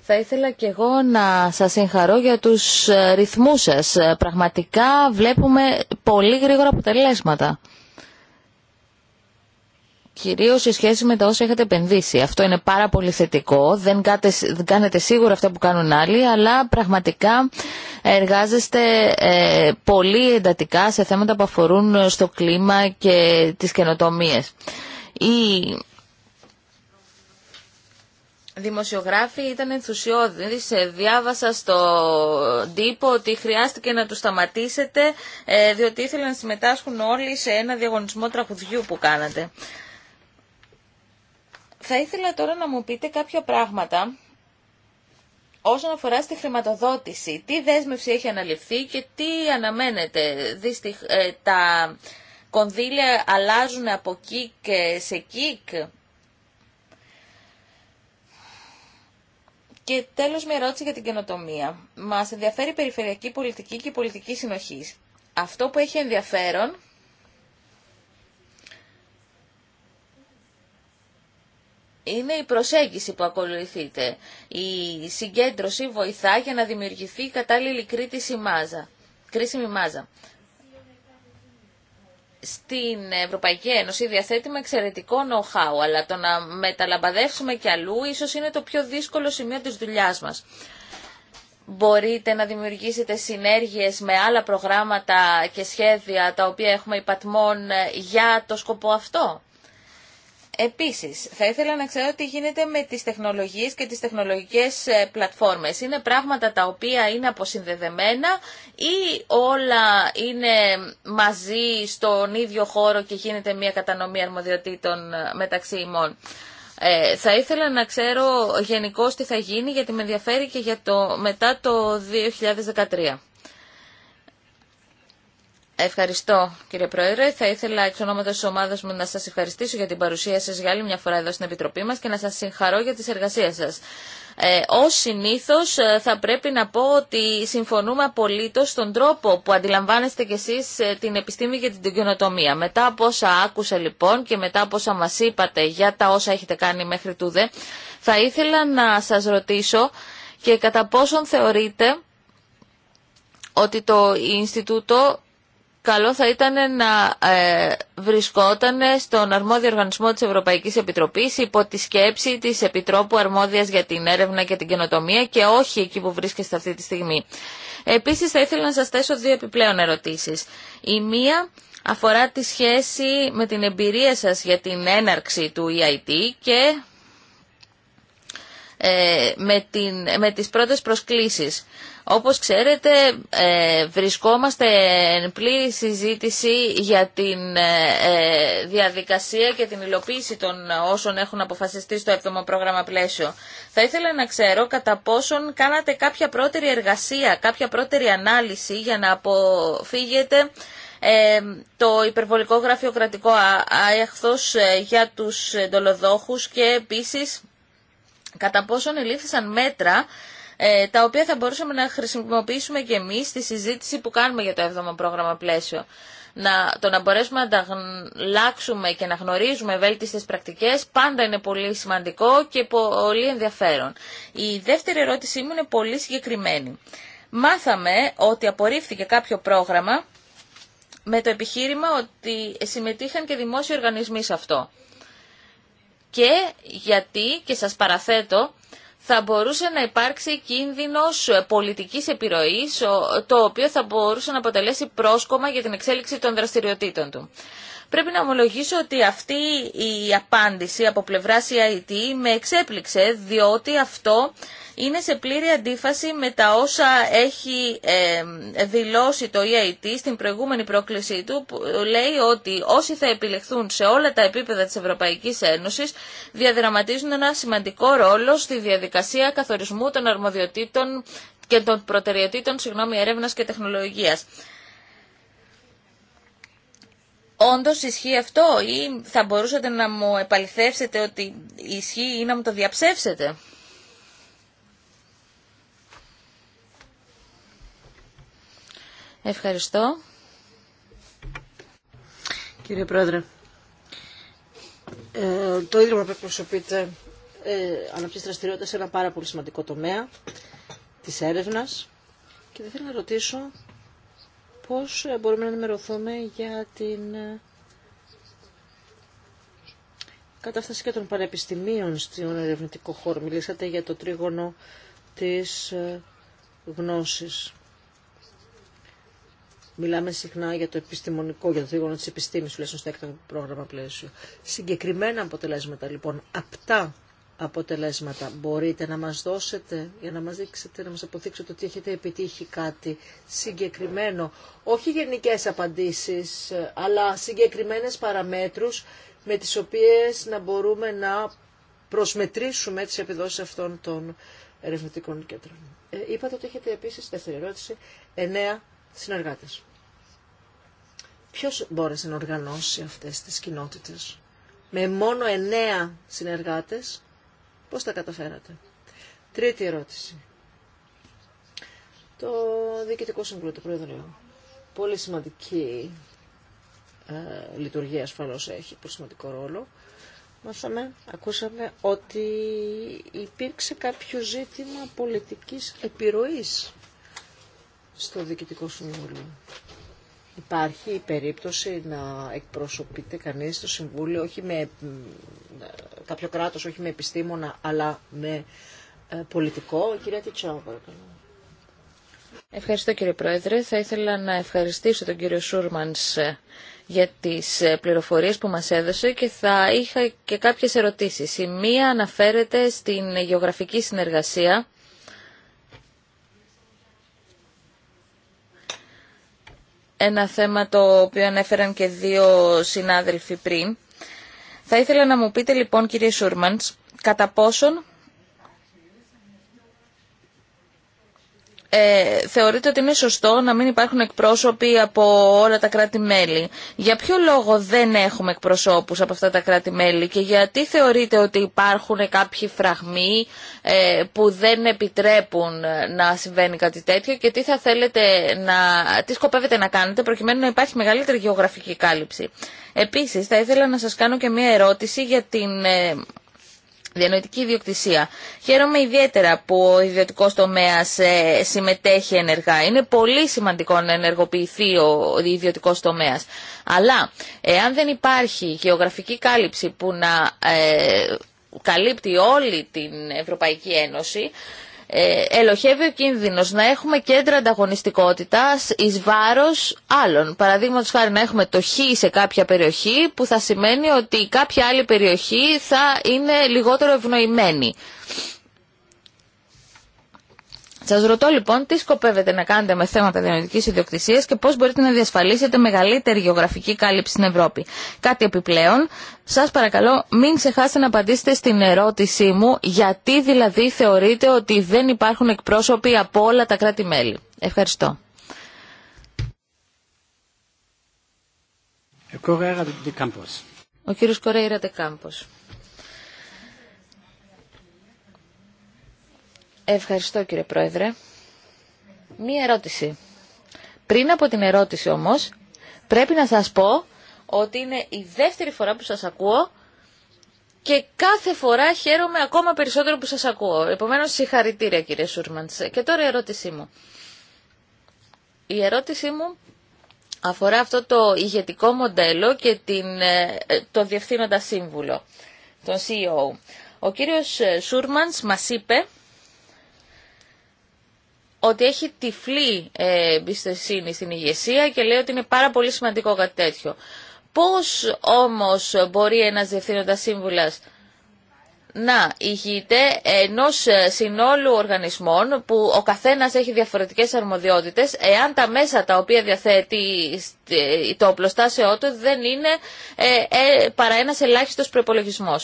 Θα ήθελα και εγώ να σας συγχαρώ για τους ε, ρυθμούς σας. Ε, πραγματικά βλέπουμε πολύ γρήγορα αποτελέσματα κυρίως σε σχέση με τα όσα έχετε επενδύσει. Αυτό είναι πάρα πολύ θετικό, δεν κάνετε σίγουρα αυτά που κάνουν άλλοι, αλλά πραγματικά εργάζεστε ε, πολύ εντατικά σε θέματα που αφορούν στο κλίμα και τις καινοτομίες. Η δημοσιογράφοι ήταν ενθουσιώδης. Διάβασα στο τύπο ότι χρειάστηκε να του σταματήσετε ε, διότι ήθελαν να συμμετάσχουν όλοι σε ένα διαγωνισμό τραγουδιού που κάνατε. Θα ήθελα τώρα να μου πείτε κάποια πράγματα όσον αφορά στη χρηματοδότηση. Τι δέσμευση έχει αναλυφθεί και τι αναμένεται. Δυστυχ, ε, τα κονδύλια αλλάζουν από κικ σε κικ. Και τέλος μια ερώτηση για την καινοτομία. Μας ενδιαφέρει η περιφερειακή πολιτική και η πολιτική συνοχής. Αυτό που έχει ενδιαφέρον είναι η προσέγγιση που ακολουθείτε. Η συγκέντρωση βοηθά για να δημιουργηθεί η κατάλληλη μάζα, κρίσιμη μάζα. Στην Ευρωπαϊκή Ένωση διαθέτουμε εξαιρετικό know-how, αλλά το να μεταλαμπαδεύσουμε κι αλλού ίσως είναι το πιο δύσκολο σημείο της δουλειάς μας. Μπορείτε να δημιουργήσετε συνέργειες με άλλα προγράμματα και σχέδια τα οποία έχουμε υπατμών για το σκοπό αυτό. Επίσης, θα ήθελα να ξέρω τι γίνεται με τις τεχνολογίες και τις τεχνολογικές ε, πλατφόρμες. Είναι πράγματα τα οποία είναι αποσυνδεδεμένα ή όλα είναι μαζί στον ίδιο χώρο και γίνεται μια κατανομή αρμοδιοτήτων ε, μεταξύ ημών. Ε, θα ήθελα να ξέρω γενικώ τι θα γίνει γιατί με ενδιαφέρει και για το, μετά το 2013. Ευχαριστώ κύριε Πρόεδρε. Θα ήθελα εξ ονόματο τη ομάδα μου να σα ευχαριστήσω για την παρουσία σα για άλλη μια φορά εδώ στην Επιτροπή μα και να σα συγχαρώ για τι εργασίε σα. Ε, Ω συνήθω ε, θα πρέπει να πω ότι συμφωνούμε απολύτω στον τρόπο που αντιλαμβάνεστε κι εσεί ε, την επιστήμη και την καινοτομία. Μετά από όσα άκουσα λοιπόν και μετά από όσα μα είπατε για τα όσα έχετε κάνει μέχρι τούδε, θα ήθελα να σα ρωτήσω και κατά πόσον θεωρείτε ότι το Ινστιτούτο καλό θα ήταν να ε, βρισκόταν στον αρμόδιο οργανισμό της Ευρωπαϊκής Επιτροπής υπό τη σκέψη της Επιτρόπου Αρμόδιας για την Έρευνα και την Καινοτομία και όχι εκεί που βρίσκεστε αυτή τη στιγμή. Επίσης θα ήθελα να σας θέσω δύο επιπλέον ερωτήσεις. Η μία αφορά τη σχέση με την εμπειρία σας για την έναρξη του EIT και ε, με, την, με τις πρώτες προσκλήσεις. Όπως ξέρετε, ε, βρισκόμαστε εν πλήρη συζήτηση για την ε, ε, διαδικασία και την υλοποίηση των όσων έχουν αποφασιστεί στο 7ο πρόγραμμα πλαίσιο. Θα ήθελα να ξέρω κατά πόσον κάνατε κάποια πρώτερη εργασία, κάποια πρώτερη ανάλυση για να αποφύγετε το υπερβολικό γραφειοκρατικό ε, για τους εντολοδόχους και επίσης κατά πόσον ελήφθησαν μέτρα ε, τα οποία θα μπορούσαμε να χρησιμοποιήσουμε και εμείς στη συζήτηση που κάνουμε για το 7ο πρόγραμμα πλαίσιο. Να, το να μπορέσουμε να τα αλλάξουμε και να γνωρίζουμε βέλτιστες πρακτικές πάντα είναι πολύ σημαντικό και πολύ ενδιαφέρον. Η δεύτερη ερώτησή μου είναι πολύ συγκεκριμένη. Μάθαμε ότι απορρίφθηκε κάποιο πρόγραμμα με το επιχείρημα ότι συμμετείχαν και δημόσιοι οργανισμοί σε αυτό. Και γιατί, και σας παραθέτω, θα μπορούσε να υπάρξει κίνδυνος πολιτικής επιρροής, το οποίο θα μπορούσε να αποτελέσει πρόσκομα για την εξέλιξη των δραστηριοτήτων του. Πρέπει να ομολογήσω ότι αυτή η απάντηση από πλευρά CIT με εξέπληξε, διότι αυτό είναι σε πλήρη αντίφαση με τα όσα έχει ε, δηλώσει το EIT στην προηγούμενη πρόκλησή του που λέει ότι όσοι θα επιλεχθούν σε όλα τα επίπεδα της Ευρωπαϊκής Ένωσης διαδραματίζουν ένα σημαντικό ρόλο στη διαδικασία καθορισμού των αρμοδιοτήτων και των προτεραιοτήτων συγγνώμη, έρευνας και τεχνολογίας. Όντω ισχύει αυτό ή θα μπορούσατε να μου επαληθεύσετε ότι ισχύει ή να μου το διαψεύσετε. Ευχαριστώ. Κύριε Πρόεδρε, ε, το Ίδρυμα που εκπροσωπείται ε, αναπτύσσει δραστηριότητα σε ένα πάρα πολύ σημαντικό τομέα της έρευνας και θα ήθελα να ρωτήσω πώς ε, μπορούμε να ενημερωθούμε για την ε, κατάσταση και των πανεπιστημίων στον ερευνητικό χώρο. Μιλήσατε για το τρίγωνο της γνώσης. Μιλάμε συχνά για το επιστημονικό, για το τρίγωνο τη επιστήμη, τουλάχιστον στο έκτακτο πρόγραμμα πλαίσιο. Συγκεκριμένα αποτελέσματα λοιπόν, απτά αποτελέσματα μπορείτε να μας δώσετε για να μας δείξετε, να μας αποδείξετε ότι έχετε επιτύχει κάτι συγκεκριμένο. Όχι γενικές απαντήσεις, αλλά συγκεκριμένες παραμέτρους με τις οποίες να μπορούμε να προσμετρήσουμε τις επιδόσεις αυτών των ερευνητικών κέντρων. Ε, είπατε ότι έχετε επίσης, δεύτερη ερώτηση, εννέα συνεργάτες. Ποιος μπόρεσε να οργανώσει αυτές τις κοινότητες με μόνο εννέα συνεργάτες, πώς τα καταφέρατε. Τρίτη ερώτηση. Το Διοικητικό Συμβούλιο, του Προεδρείου. πολύ σημαντική ε, λειτουργία ασφαλώς έχει, πολύ σημαντικό ρόλο. Μάθαμε, ακούσαμε ότι υπήρξε κάποιο ζήτημα πολιτικής επιρροής στο Διοικητικό Συμβούλιο. Υπάρχει η περίπτωση να εκπροσωπείται κανείς στο Συμβούλιο, όχι με κάποιο κράτος, όχι με επιστήμονα, αλλά με ε, πολιτικό. Κυρία Τιτσάου, παρακαλώ. Ευχαριστώ κύριε Πρόεδρε. Θα ήθελα να ευχαριστήσω τον κύριο Σούρμανς ε, για τις ε, πληροφορίες που μας έδωσε και θα είχα και κάποιες ερωτήσεις. Η μία αναφέρεται στην γεωγραφική συνεργασία ένα θέμα το οποίο ανέφεραν και δύο συνάδελφοι πριν. Θα ήθελα να μου πείτε λοιπόν κύριε Σούρμαντς κατά πόσον ε, θεωρείτε ότι είναι σωστό να μην υπάρχουν εκπρόσωποι από όλα τα κράτη-μέλη. Για ποιο λόγο δεν έχουμε εκπροσώπους από αυτά τα κράτη-μέλη και γιατί θεωρείτε ότι υπάρχουν κάποιοι φραγμοί ε, που δεν επιτρέπουν ε, να συμβαίνει κάτι τέτοιο και τι θα θέλετε να, τι σκοπεύετε να κάνετε προκειμένου να υπάρχει μεγαλύτερη γεωγραφική κάλυψη. Επίσης, θα ήθελα να σας κάνω και μία ερώτηση για την... Ε, Διανοητική ιδιοκτησία. Χαίρομαι ιδιαίτερα που ο ιδιωτικό τομέα ε, συμμετέχει ενεργά. Είναι πολύ σημαντικό να ενεργοποιηθεί ο ιδιωτικό τομέα. Αλλά εάν δεν υπάρχει γεωγραφική κάλυψη που να ε, καλύπτει όλη την Ευρωπαϊκή Ένωση, ε, ελοχεύει ο κίνδυνος να έχουμε κέντρα ανταγωνιστικότητας ει βάρο άλλων. Παραδείγματο χάρη να έχουμε το χ σε κάποια περιοχή που θα σημαίνει ότι κάποια άλλη περιοχή θα είναι λιγότερο ευνοημένη. Σα ρωτώ λοιπόν τι σκοπεύετε να κάνετε με θέματα διανοητικής ιδιοκτησία και πώς μπορείτε να διασφαλίσετε μεγαλύτερη γεωγραφική κάλυψη στην Ευρώπη. Κάτι επιπλέον, σας παρακαλώ μην ξεχάσετε να απαντήσετε στην ερώτησή μου γιατί δηλαδή θεωρείτε ότι δεν υπάρχουν εκπρόσωποι από όλα τα κράτη-μέλη. Ευχαριστώ. Ο κύριος Κορέιρα Τεκάμπος. Ευχαριστώ κύριε Πρόεδρε. Μία ερώτηση. Πριν από την ερώτηση όμως, πρέπει να σας πω ότι είναι η δεύτερη φορά που σας ακούω και κάθε φορά χαίρομαι ακόμα περισσότερο που σας ακούω. Επομένως, συγχαρητήρια κύριε Σούρμαντς. Και τώρα η ερώτησή μου. Η ερώτησή μου αφορά αυτό το ηγετικό μοντέλο και την, ε, το διευθύνοντα σύμβουλο, τον CEO. Ο κύριος ε, Σούρμαντς μας είπε ότι έχει τυφλή ε, εμπιστοσύνη στην ηγεσία και λέει ότι είναι πάρα πολύ σημαντικό κάτι τέτοιο. Πώς όμως μπορεί ένας διευθύνοντας σύμβουλας να ηγείται ενός ε, συνόλου οργανισμών που ο καθένας έχει διαφορετικές αρμοδιότητες εάν τα μέσα τα οποία διαθέτει ε, το οπλοστάσεό του δεν είναι παρά ένας ελάχιστος προπολογισμό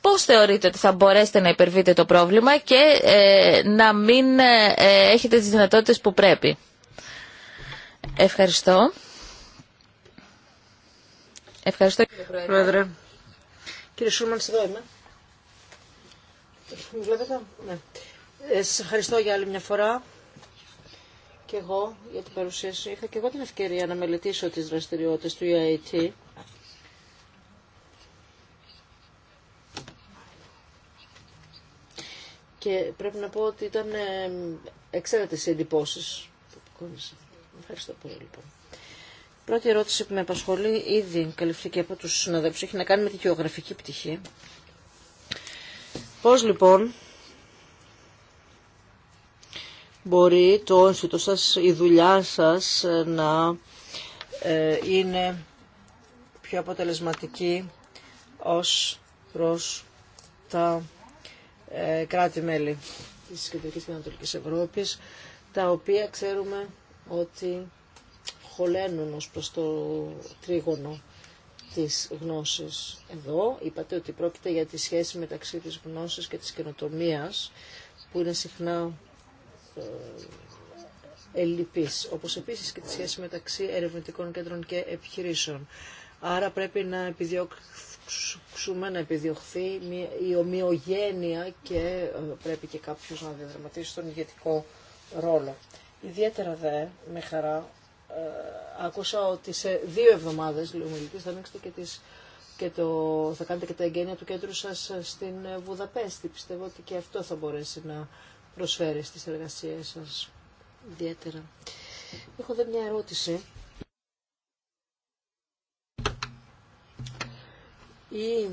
πώς θεωρείτε ότι θα μπορέσετε να υπερβείτε το πρόβλημα και ε, να μην ε, έχετε τις δυνατότητες που πρέπει. Ευχαριστώ. Ευχαριστώ κύριε Πρόεδρε. Πρόεδρε. Κύριε Σούρμαντς, εδώ είμαι. Ναι. Ε, σας ευχαριστώ για άλλη μια φορά και εγώ για την παρουσίαση. Είχα και εγώ την ευκαιρία να μελετήσω τις δραστηριότητες του EIT και πρέπει να πω ότι ήταν ε, εξαίρετε οι εντυπώσει που Ευχαριστώ πολύ λοιπόν. πρώτη ερώτηση που με απασχολεί ήδη καλυφθήκε από του συναδέλφου Έχει να κάνει με τη γεωγραφική πτυχή. Πώς λοιπόν μπορεί το όνσιτο σας, η δουλειά σας ε, να ε, είναι πιο αποτελεσματική ως προς τα ε, κράτη-μέλη της Κεντρικής και Ανατολικής Ευρώπης, τα οποία ξέρουμε ότι χωλένουν ως προς το τρίγωνο της γνώσης εδώ. Είπατε ότι πρόκειται για τη σχέση μεταξύ της γνώσης και της καινοτομία, που είναι συχνά ε, ελλειπής, όπως επίσης και τη σχέση μεταξύ ερευνητικών κέντρων και επιχειρήσεων. Άρα πρέπει να επιδιώκουμε... Ξούμε να επιδιωχθεί η ομοιογένεια και ε, πρέπει και κάποιος να διαδραματίσει τον ηγετικό ρόλο. Ιδιαίτερα δε, με χαρά, ε, άκουσα ότι σε δύο εβδομάδες, λέει θα ανοίξετε και, και το, θα κάνετε και τα εγγένεια του κέντρου σας ε, στην Βουδαπέστη. Πιστεύω ότι και αυτό θα μπορέσει να προσφέρει στις εργασίες σας ιδιαίτερα. Έχω δε μια ερώτηση Η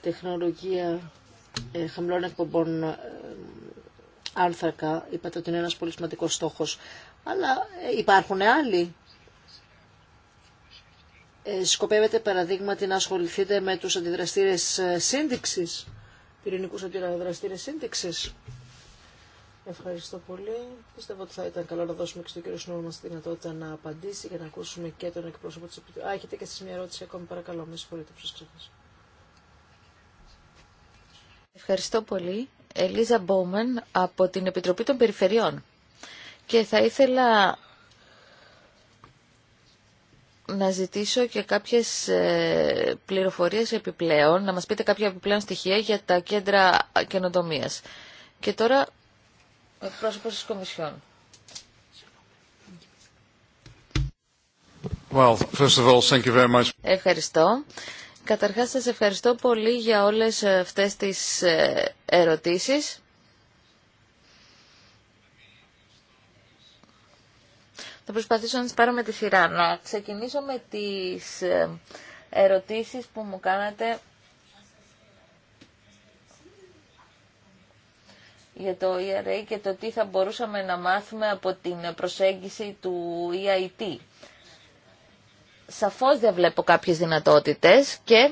τεχνολογία ε, χαμηλών εκπομπών ε, άνθρακα, είπατε ότι είναι ένας πολύ σημαντικός στόχος, αλλά ε, υπάρχουν άλλοι. σκοπεύετε παραδείγματι να ασχοληθείτε με τους αντιδραστήρες σύνδεξης, πυρηνικούς αντιδραστήρες σύνδεξης. Ευχαριστώ πολύ. Πιστεύω ότι θα ήταν καλό να δώσουμε και στον κύριο Σνόρμα τη δυνατότητα να απαντήσει για να ακούσουμε και τον εκπρόσωπο τη Επιτροπή. Α, έχετε και εσεί μια ερώτηση ακόμη, παρακαλώ. Με συγχωρείτε, Ευχαριστώ πολύ. Ελίζα Μπόμεν από την Επιτροπή των Περιφερειών. Και θα ήθελα να ζητήσω και κάποιες ε, πληροφορίες επιπλέον, να μας πείτε κάποια επιπλέον στοιχεία για τα κέντρα καινοτομία. Και τώρα Well, first of all, thank you very much. Ευχαριστώ. Καταρχάς σας ευχαριστώ πολύ για όλες αυτές τις ε, ερωτήσεις. Θα προσπαθήσω να τις πάρω με τη σειρά. Να ξεκινήσω με τις ε, ερωτήσεις που μου κάνατε για το ERA και το τι θα μπορούσαμε να μάθουμε από την προσέγγιση του EIT. Σαφώς δεν βλέπω κάποιες δυνατότητες και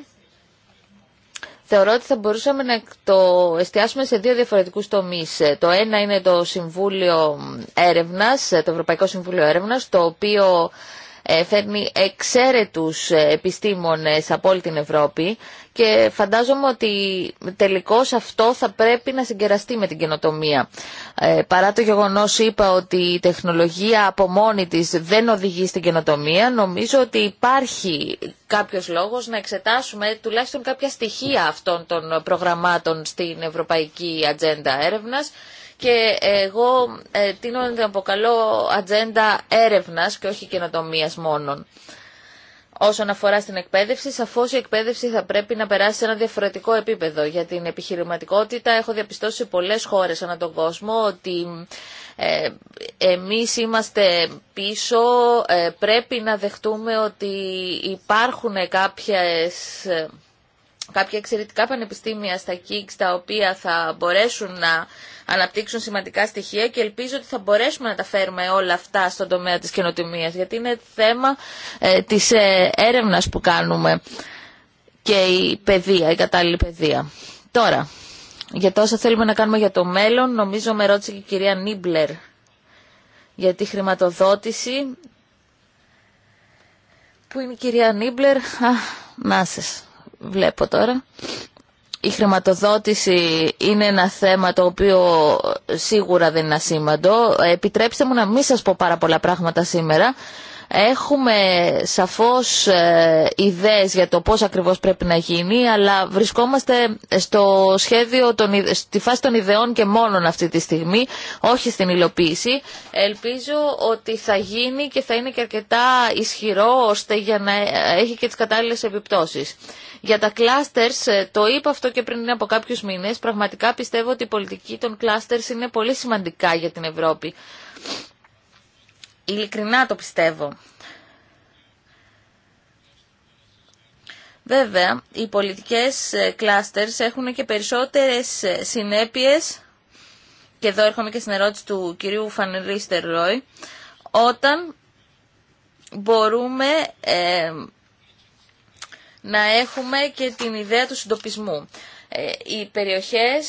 θεωρώ ότι θα μπορούσαμε να το εστιάσουμε σε δύο διαφορετικούς τομείς. Το ένα είναι το Συμβούλιο Έρευνας, το Ευρωπαϊκό Συμβούλιο Έρευνας, το οποίο ε, φέρνει εξαίρετους ε, επιστήμονες από όλη την Ευρώπη και φαντάζομαι ότι τελικώς αυτό θα πρέπει να συγκεραστεί με την καινοτομία. Ε, παρά το γεγονός είπα ότι η τεχνολογία από μόνη της δεν οδηγεί στην καινοτομία, νομίζω ότι υπάρχει κάποιος λόγος να εξετάσουμε τουλάχιστον κάποια στοιχεία αυτών των προγραμμάτων στην Ευρωπαϊκή Ατζέντα Έρευνας και εγώ ε, τίνω να την αποκαλώ ατζέντα έρευνας και όχι καινοτομίας μόνον. Όσον αφορά στην εκπαίδευση, σαφώ η εκπαίδευση θα πρέπει να περάσει σε ένα διαφορετικό επίπεδο. Για την επιχειρηματικότητα έχω διαπιστώσει σε πολλέ χώρε ανά τον κόσμο ότι ε, εμείς είμαστε πίσω, ε, πρέπει να δεχτούμε ότι υπάρχουν κάποιες ε, κάποια εξαιρετικά πανεπιστήμια στα ΚΙΚΣ τα οποία θα μπορέσουν να αναπτύξουν σημαντικά στοιχεία και ελπίζω ότι θα μπορέσουμε να τα φέρουμε όλα αυτά στον τομέα της καινοτομίας γιατί είναι θέμα ε, της ε, έρευνας που κάνουμε και η παιδεία, η κατάλληλη παιδεία. Τώρα, για τόσα θέλουμε να κάνουμε για το μέλλον, νομίζω με ρώτησε και η κυρία Νίμπλερ για τη χρηματοδότηση. Πού είναι η κυρία Νίμπλερ? Α, να βλέπω τώρα. Η χρηματοδότηση είναι ένα θέμα το οποίο σίγουρα δεν είναι ασήμαντο. Ε, επιτρέψτε μου να μην σας πω πάρα πολλά πράγματα σήμερα. Έχουμε σαφώς ε, ιδέες για το πώς ακριβώς πρέπει να γίνει, αλλά βρισκόμαστε στο σχέδιο, των, στη φάση των ιδεών και μόνον αυτή τη στιγμή, όχι στην υλοποίηση. Ελπίζω ότι θα γίνει και θα είναι και αρκετά ισχυρό, ώστε για να έχει και τις κατάλληλες επιπτώσεις. Για τα κλάστερς, το είπα αυτό και πριν από κάποιους μήνες, πραγματικά πιστεύω ότι η πολιτική των clusters είναι πολύ σημαντικά για την Ευρώπη. Ειλικρινά το πιστεύω. Βέβαια, οι πολιτικές κλάστερς έχουν και περισσότερες ε, συνέπειες, και εδώ έρχομαι και στην ερώτηση του κυρίου Φανερίστερ Ρόι, όταν μπορούμε ε, να έχουμε και την ιδέα του συντοπισμού. Ε, οι περιοχές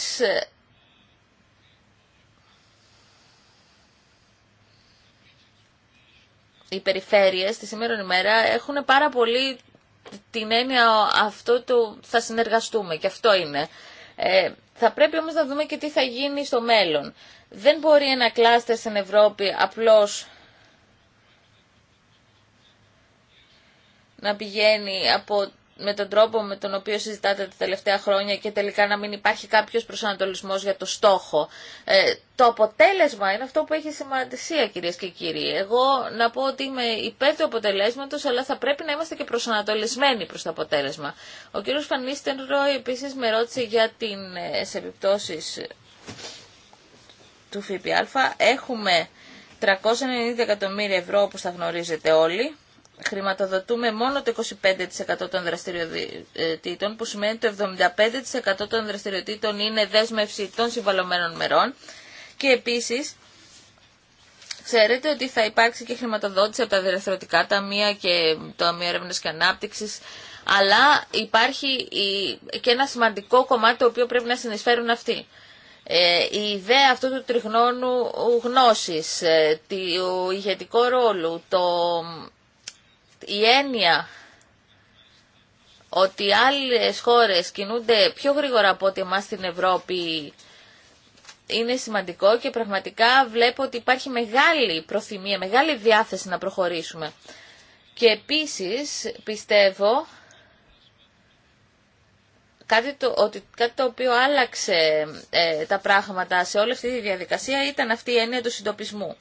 οι περιφέρειες τη σήμερα ημέρα έχουν πάρα πολύ την έννοια αυτό του θα συνεργαστούμε και αυτό είναι. Ε, θα πρέπει όμως να δούμε και τι θα γίνει στο μέλλον. Δεν μπορεί ένα κλάστερ στην Ευρώπη απλώς να πηγαίνει από με τον τρόπο με τον οποίο συζητάτε τα τελευταία χρόνια και τελικά να μην υπάρχει κάποιος προσανατολισμός για το στόχο. Ε, το αποτέλεσμα είναι αυτό που έχει σημασία κυρίες και κύριοι. Εγώ να πω ότι είμαι υπέρ του αποτελέσματος αλλά θα πρέπει να είμαστε και προσανατολισμένοι προς το αποτέλεσμα. Ο κύριος Φανίστεν Ρόι επίσης με ρώτησε για τι ε, επιπτώσεις του ΦΠΑ. Έχουμε 390 εκατομμύρια ευρώ όπως θα γνωρίζετε όλοι χρηματοδοτούμε μόνο το 25% των δραστηριοτήτων, που σημαίνει το 75% των δραστηριοτήτων είναι δέσμευση των συμβαλωμένων μερών. Και επίσης, ξέρετε ότι θα υπάρξει και χρηματοδότηση από τα διευθυντικά ταμεία και το Ταμείο Έρευνας και Ανάπτυξης, αλλά υπάρχει και ένα σημαντικό κομμάτι το οποίο πρέπει να συνεισφέρουν αυτοί. Ε, η ιδέα αυτού του τριγνώνου γνώσης, ε, του ηγετικού ρόλου, το η έννοια ότι άλλες χώρες κινούνται πιο γρήγορα από ότι εμάς στην Ευρώπη είναι σημαντικό και πραγματικά βλέπω ότι υπάρχει μεγάλη προθυμία, μεγάλη διάθεση να προχωρήσουμε. Και επίσης πιστεύω κάτι το, ότι κάτι το οποίο άλλαξε ε, τα πράγματα σε όλη αυτή τη διαδικασία ήταν αυτή η έννοια του συντοπισμού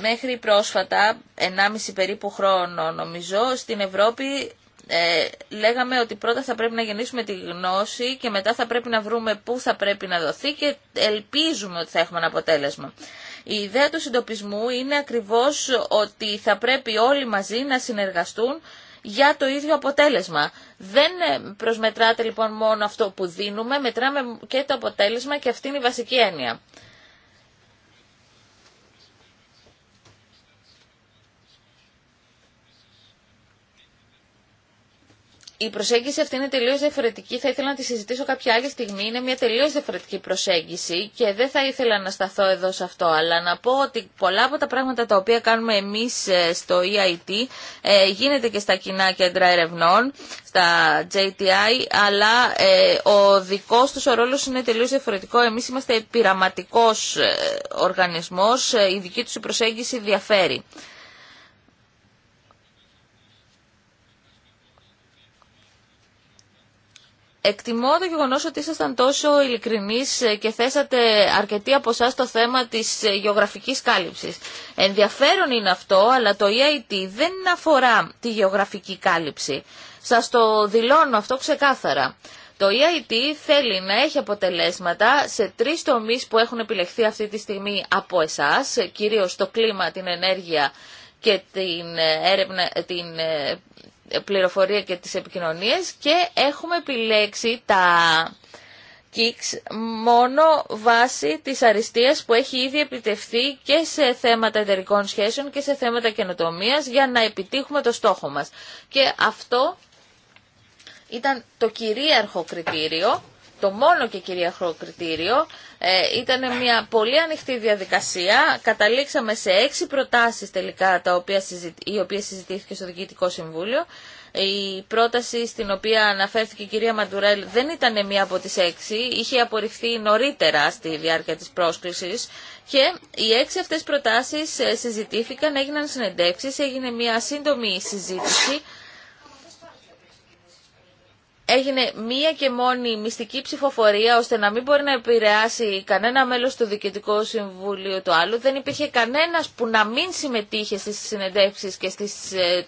μέχρι πρόσφατα, 1,5 περίπου χρόνο νομίζω, στην Ευρώπη ε, λέγαμε ότι πρώτα θα πρέπει να γεννήσουμε τη γνώση και μετά θα πρέπει να βρούμε πού θα πρέπει να δοθεί και ελπίζουμε ότι θα έχουμε ένα αποτέλεσμα. Η ιδέα του συντοπισμού είναι ακριβώς ότι θα πρέπει όλοι μαζί να συνεργαστούν για το ίδιο αποτέλεσμα. Δεν ε, προσμετράτε λοιπόν μόνο αυτό που δίνουμε, μετράμε και το αποτέλεσμα και αυτή είναι η βασική έννοια. η προσέγγιση αυτή είναι τελείω διαφορετική. Θα ήθελα να τη συζητήσω κάποια άλλη στιγμή. Είναι μια τελείω διαφορετική προσέγγιση και δεν θα ήθελα να σταθώ εδώ σε αυτό. Αλλά να πω ότι πολλά από τα πράγματα τα οποία κάνουμε εμεί ε, στο EIT ε, γίνεται και στα κοινά κέντρα ερευνών, στα JTI, αλλά ε, ο δικό του ο ρόλο είναι τελείω διαφορετικό. Εμεί είμαστε πειραματικό οργανισμό, η δική του προσέγγιση διαφέρει. Εκτιμώ το γεγονό ότι ήσασταν τόσο ειλικρινεί ε, και θέσατε αρκετοί από εσά το θέμα της ε, γεωγραφική κάλυψης. Ενδιαφέρον είναι αυτό, αλλά το EIT δεν αφορά τη γεωγραφική κάλυψη. Σα το δηλώνω αυτό ξεκάθαρα. Το EIT θέλει να έχει αποτελέσματα σε τρει τομεί που έχουν επιλεχθεί αυτή τη στιγμή από εσά, ε, κυρίω το κλίμα, την ενέργεια και την, έρευνα, την πληροφορία και τις επικοινωνίες και έχουμε επιλέξει τα ΚΙΚΣ μόνο βάσει της αριστείας που έχει ήδη επιτευχθεί και σε θέματα εταιρικών σχέσεων και σε θέματα καινοτομίας για να επιτύχουμε το στόχο μας. Και αυτό ήταν το κυρίαρχο κριτήριο το μόνο και κυριαρχό κριτήριο ε, ήταν μια πολύ ανοιχτή διαδικασία. Καταλήξαμε σε έξι προτάσεις τελικά τα οποία οι οποίες συζητήθηκε στο Διοικητικό Συμβούλιο. Η πρόταση στην οποία αναφέρθηκε η κυρία Μαντουρέλ δεν ήταν μία από τις έξι, είχε απορριφθεί νωρίτερα στη διάρκεια της πρόσκλησης και οι έξι αυτές προτάσεις ε, συζητήθηκαν, έγιναν συνεντεύξεις, έγινε μία σύντομη συζήτηση έγινε μία και μόνη μυστική ψηφοφορία ώστε να μην μπορεί να επηρεάσει κανένα μέλος του Διοικητικού Συμβουλίου του άλλου. Δεν υπήρχε κανένας που να μην συμμετείχε στις συνεντεύξεις και στις ε,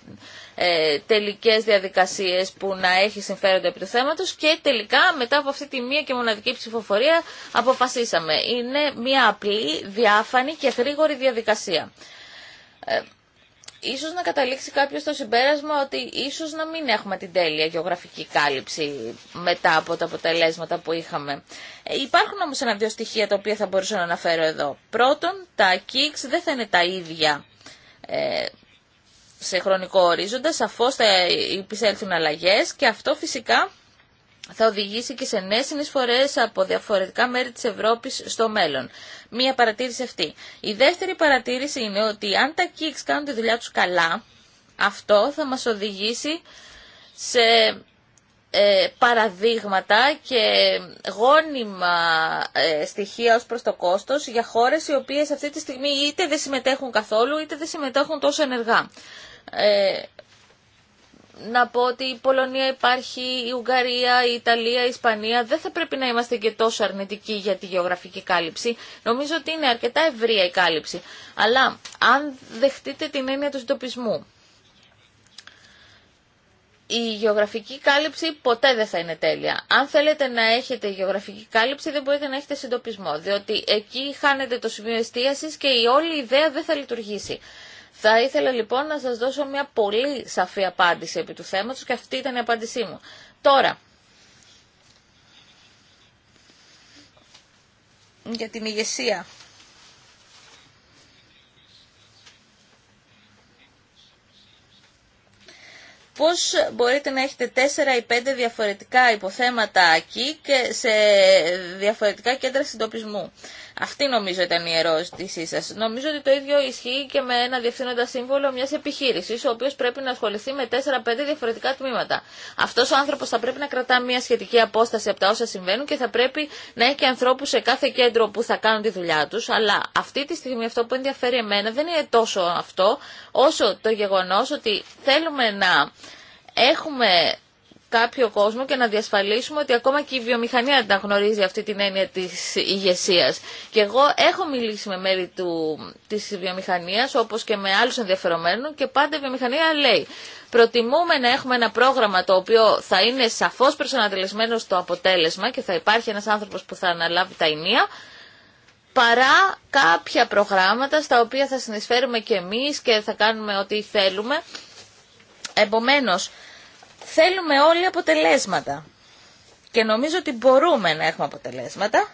ε, τελικές διαδικασίες που να έχει συμφέροντα επί του θέματος και τελικά μετά από αυτή τη μία και μοναδική ψηφοφορία αποφασίσαμε. Είναι μία απλή, διάφανη και γρήγορη διαδικασία. Ε, ίσως να καταλήξει κάποιος στο συμπέρασμα ότι ίσως να μην έχουμε την τέλεια γεωγραφική κάλυψη μετά από τα αποτελέσματα που είχαμε. Ε, υπάρχουν όμως ένα-δύο στοιχεία τα οποία θα μπορούσα να αναφέρω εδώ. Πρώτον, τα kicks δεν θα είναι τα ίδια ε, σε χρονικό ορίζοντα, σαφώς θα υπησέλθουν αλλαγές και αυτό φυσικά θα οδηγήσει και σε νέες συνεισφορές από διαφορετικά μέρη της Ευρώπης στο μέλλον μία παρατήρηση αυτή. Η δεύτερη παρατήρηση είναι ότι αν τα kicks κάνουν τη δουλειά τους καλά, αυτό θα μας οδηγήσει σε ε, παραδείγματα και γόνιμα ε, στοιχεία ως προς το κόστος για χώρες οι οποίες αυτή τη στιγμή είτε δεν συμμετέχουν καθόλου είτε δεν συμμετέχουν τόσο ενεργά. Ε, να πω ότι η Πολωνία υπάρχει, η Ουγγαρία, η Ιταλία, η Ισπανία. Δεν θα πρέπει να είμαστε και τόσο αρνητικοί για τη γεωγραφική κάλυψη. Νομίζω ότι είναι αρκετά ευρεία η κάλυψη. Αλλά αν δεχτείτε την έννοια του συντοπισμού, η γεωγραφική κάλυψη ποτέ δεν θα είναι τέλεια. Αν θέλετε να έχετε γεωγραφική κάλυψη, δεν μπορείτε να έχετε συντοπισμό, διότι εκεί χάνετε το σημείο εστίαση και η όλη ιδέα δεν θα λειτουργήσει. Θα ήθελα λοιπόν να σας δώσω μια πολύ σαφή απάντηση επί του θέματος και αυτή ήταν η απάντησή μου. Τώρα, για την ηγεσία. Πώς μπορείτε να έχετε τέσσερα ή πέντε διαφορετικά υποθέματα εκεί και σε διαφορετικά κέντρα συντοπισμού. Αυτή νομίζω ήταν η ερώτησή σα. Νομίζω ότι το ίδιο ισχύει και με ένα διευθύνοντα σύμβολο μια επιχείρηση, ο οποίο πρέπει να ασχοληθεί με 4-5 διαφορετικά τμήματα. Αυτό ο άνθρωπο θα πρέπει να κρατά μια σχετική απόσταση από τα όσα συμβαίνουν και θα πρέπει να έχει ανθρώπου σε κάθε κέντρο που θα κάνουν τη δουλειά του. Αλλά αυτή τη στιγμή αυτό που ενδιαφέρει εμένα δεν είναι τόσο αυτό, όσο το γεγονό ότι θέλουμε να έχουμε κάποιο κόσμο και να διασφαλίσουμε ότι ακόμα και η βιομηχανία τα δεν γνωρίζει αυτή την έννοια της ηγεσία. Και εγώ έχω μιλήσει με μέρη του, της βιομηχανίας όπως και με άλλους ενδιαφερομένους και πάντα η βιομηχανία λέει προτιμούμε να έχουμε ένα πρόγραμμα το οποίο θα είναι σαφώς προσανατελεσμένο στο αποτέλεσμα και θα υπάρχει ένας άνθρωπος που θα αναλάβει τα ενία παρά κάποια προγράμματα στα οποία θα συνεισφέρουμε και εμείς και θα κάνουμε ό,τι θέλουμε. Επομένως, Θέλουμε όλοι αποτελέσματα. Και νομίζω ότι μπορούμε να έχουμε αποτελέσματα.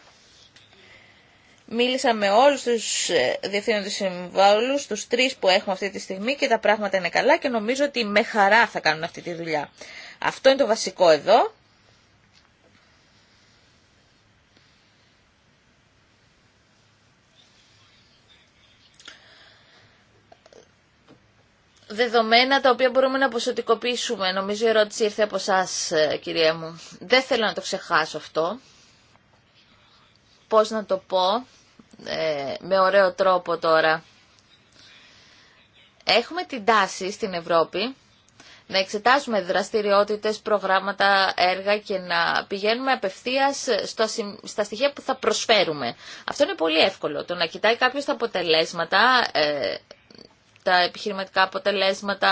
Μίλησα με όλους τους ε, διευθύνοντες συμβάλλους, τους τρεις που έχουμε αυτή τη στιγμή και τα πράγματα είναι καλά και νομίζω ότι με χαρά θα κάνουν αυτή τη δουλειά. Αυτό είναι το βασικό εδώ. δεδομένα τα οποία μπορούμε να ποσοτικοποιήσουμε. Νομίζω η ερώτηση ήρθε από εσά, ε, κυρία μου. Δεν θέλω να το ξεχάσω αυτό. Πώς να το πω ε, με ωραίο τρόπο τώρα. Έχουμε την τάση στην Ευρώπη να εξετάζουμε δραστηριότητες, προγράμματα, έργα και να πηγαίνουμε απευθείας στα στοιχεία που θα προσφέρουμε. Αυτό είναι πολύ εύκολο. Το να κοιτάει κάποιος τα αποτελέσματα ε, τα επιχειρηματικά αποτελέσματα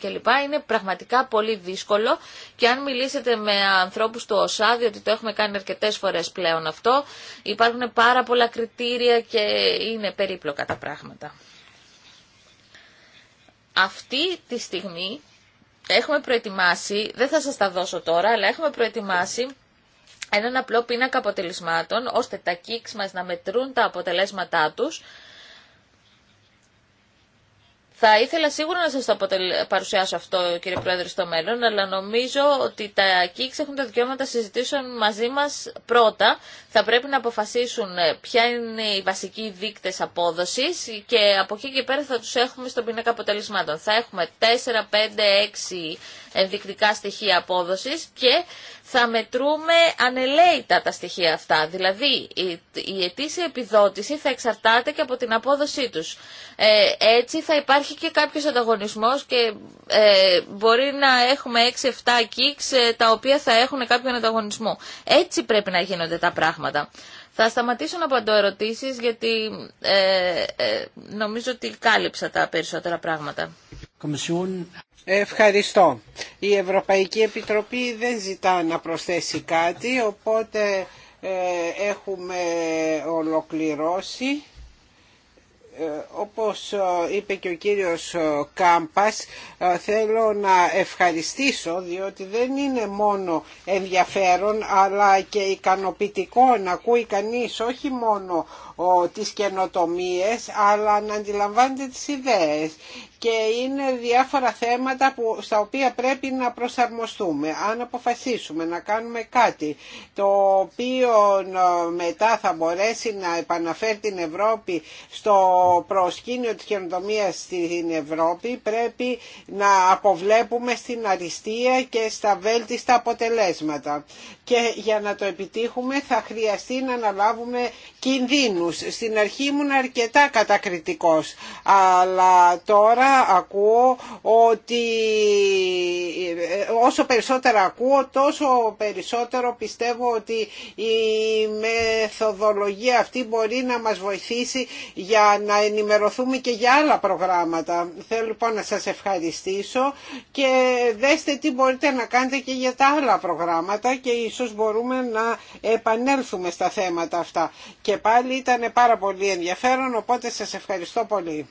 κλπ. Είναι πραγματικά πολύ δύσκολο και αν μιλήσετε με ανθρώπους του ΟΣΑ, διότι το έχουμε κάνει αρκετές φορές πλέον αυτό, υπάρχουν πάρα πολλά κριτήρια και είναι περίπλοκα τα πράγματα. Αυτή τη στιγμή έχουμε προετοιμάσει, δεν θα σας τα δώσω τώρα, αλλά έχουμε προετοιμάσει έναν απλό πίνακα αποτελεσμάτων, ώστε τα κίξ μας να μετρούν τα αποτελέσματά τους θα ήθελα σίγουρα να σας το παρουσιάσω αυτό, κύριε Πρόεδρε, στο μέλλον, αλλά νομίζω ότι τα ΚΙΚΣ έχουν τα δικαιώματα συζητήσεων μαζί μας πρώτα. Θα πρέπει να αποφασίσουν ε, ποια είναι οι βασικοί δείκτες απόδοσης και από εκεί και πέρα θα τους έχουμε στον πίνακα αποτελεσμάτων. Θα έχουμε 4, 5, 6 ενδεικτικά στοιχεία απόδοσης και θα μετρούμε ανελαίητα τα στοιχεία αυτά. Δηλαδή, η ετήσια επιδότηση θα εξαρτάται και από την απόδοσή τους. Ε, έτσι θα υπάρχει και κάποιος ανταγωνισμός και ε, μπορεί να έχουμε 6-7 κίξ ε, τα οποία θα έχουν κάποιον ανταγωνισμό. Έτσι πρέπει να γίνονται τα πράγματα. Θα σταματήσω να απαντώ ερωτήσεις γιατί νομίζω ότι κάλυψα τα περισσότερα πράγματα. Ευχαριστώ. Η Ευρωπαϊκή Επιτροπή δεν ζητά να προσθέσει κάτι, οπότε ε, έχουμε ολοκληρώσει ε, όπως ε, είπε και ο κύριος Κάμπας θέλω να ευχαριστήσω διότι δεν είναι μόνο ενδιαφέρον αλλά και ικανοποιητικό να ακούει κανείς όχι μόνο τις καινοτομίες αλλά να αντιλαμβάνεται τις ιδέες και είναι διάφορα θέματα που, στα οποία πρέπει να προσαρμοστούμε. Αν αποφασίσουμε να κάνουμε κάτι το οποίο ε, μετά θα μπορέσει να επαναφέρει την Ευρώπη στο προσκήνιο της καινοτομίας στην Ευρώπη πρέπει να αποβλέπουμε στην αριστεία και στα βέλτιστα αποτελέσματα. Και για να το επιτύχουμε θα χρειαστεί να αναλάβουμε κινδύνους. Στην αρχή ήμουν αρκετά κατακριτικός, αλλά τώρα ακούω ότι ε, όσο περισσότερα ακούω τόσο περισσότερο πιστεύω ότι η μεθοδολογία αυτή μπορεί να μας βοηθήσει για να ενημερωθούμε και για άλλα προγράμματα. Θέλω λοιπόν να σας ευχαριστήσω και δέστε τι μπορείτε να κάνετε και για τα άλλα προγράμματα και ίσως μπορούμε να επανέλθουμε στα θέματα αυτά και πάλι ήταν πάρα πολύ ενδιαφέρον οπότε σας ευχαριστώ πολύ.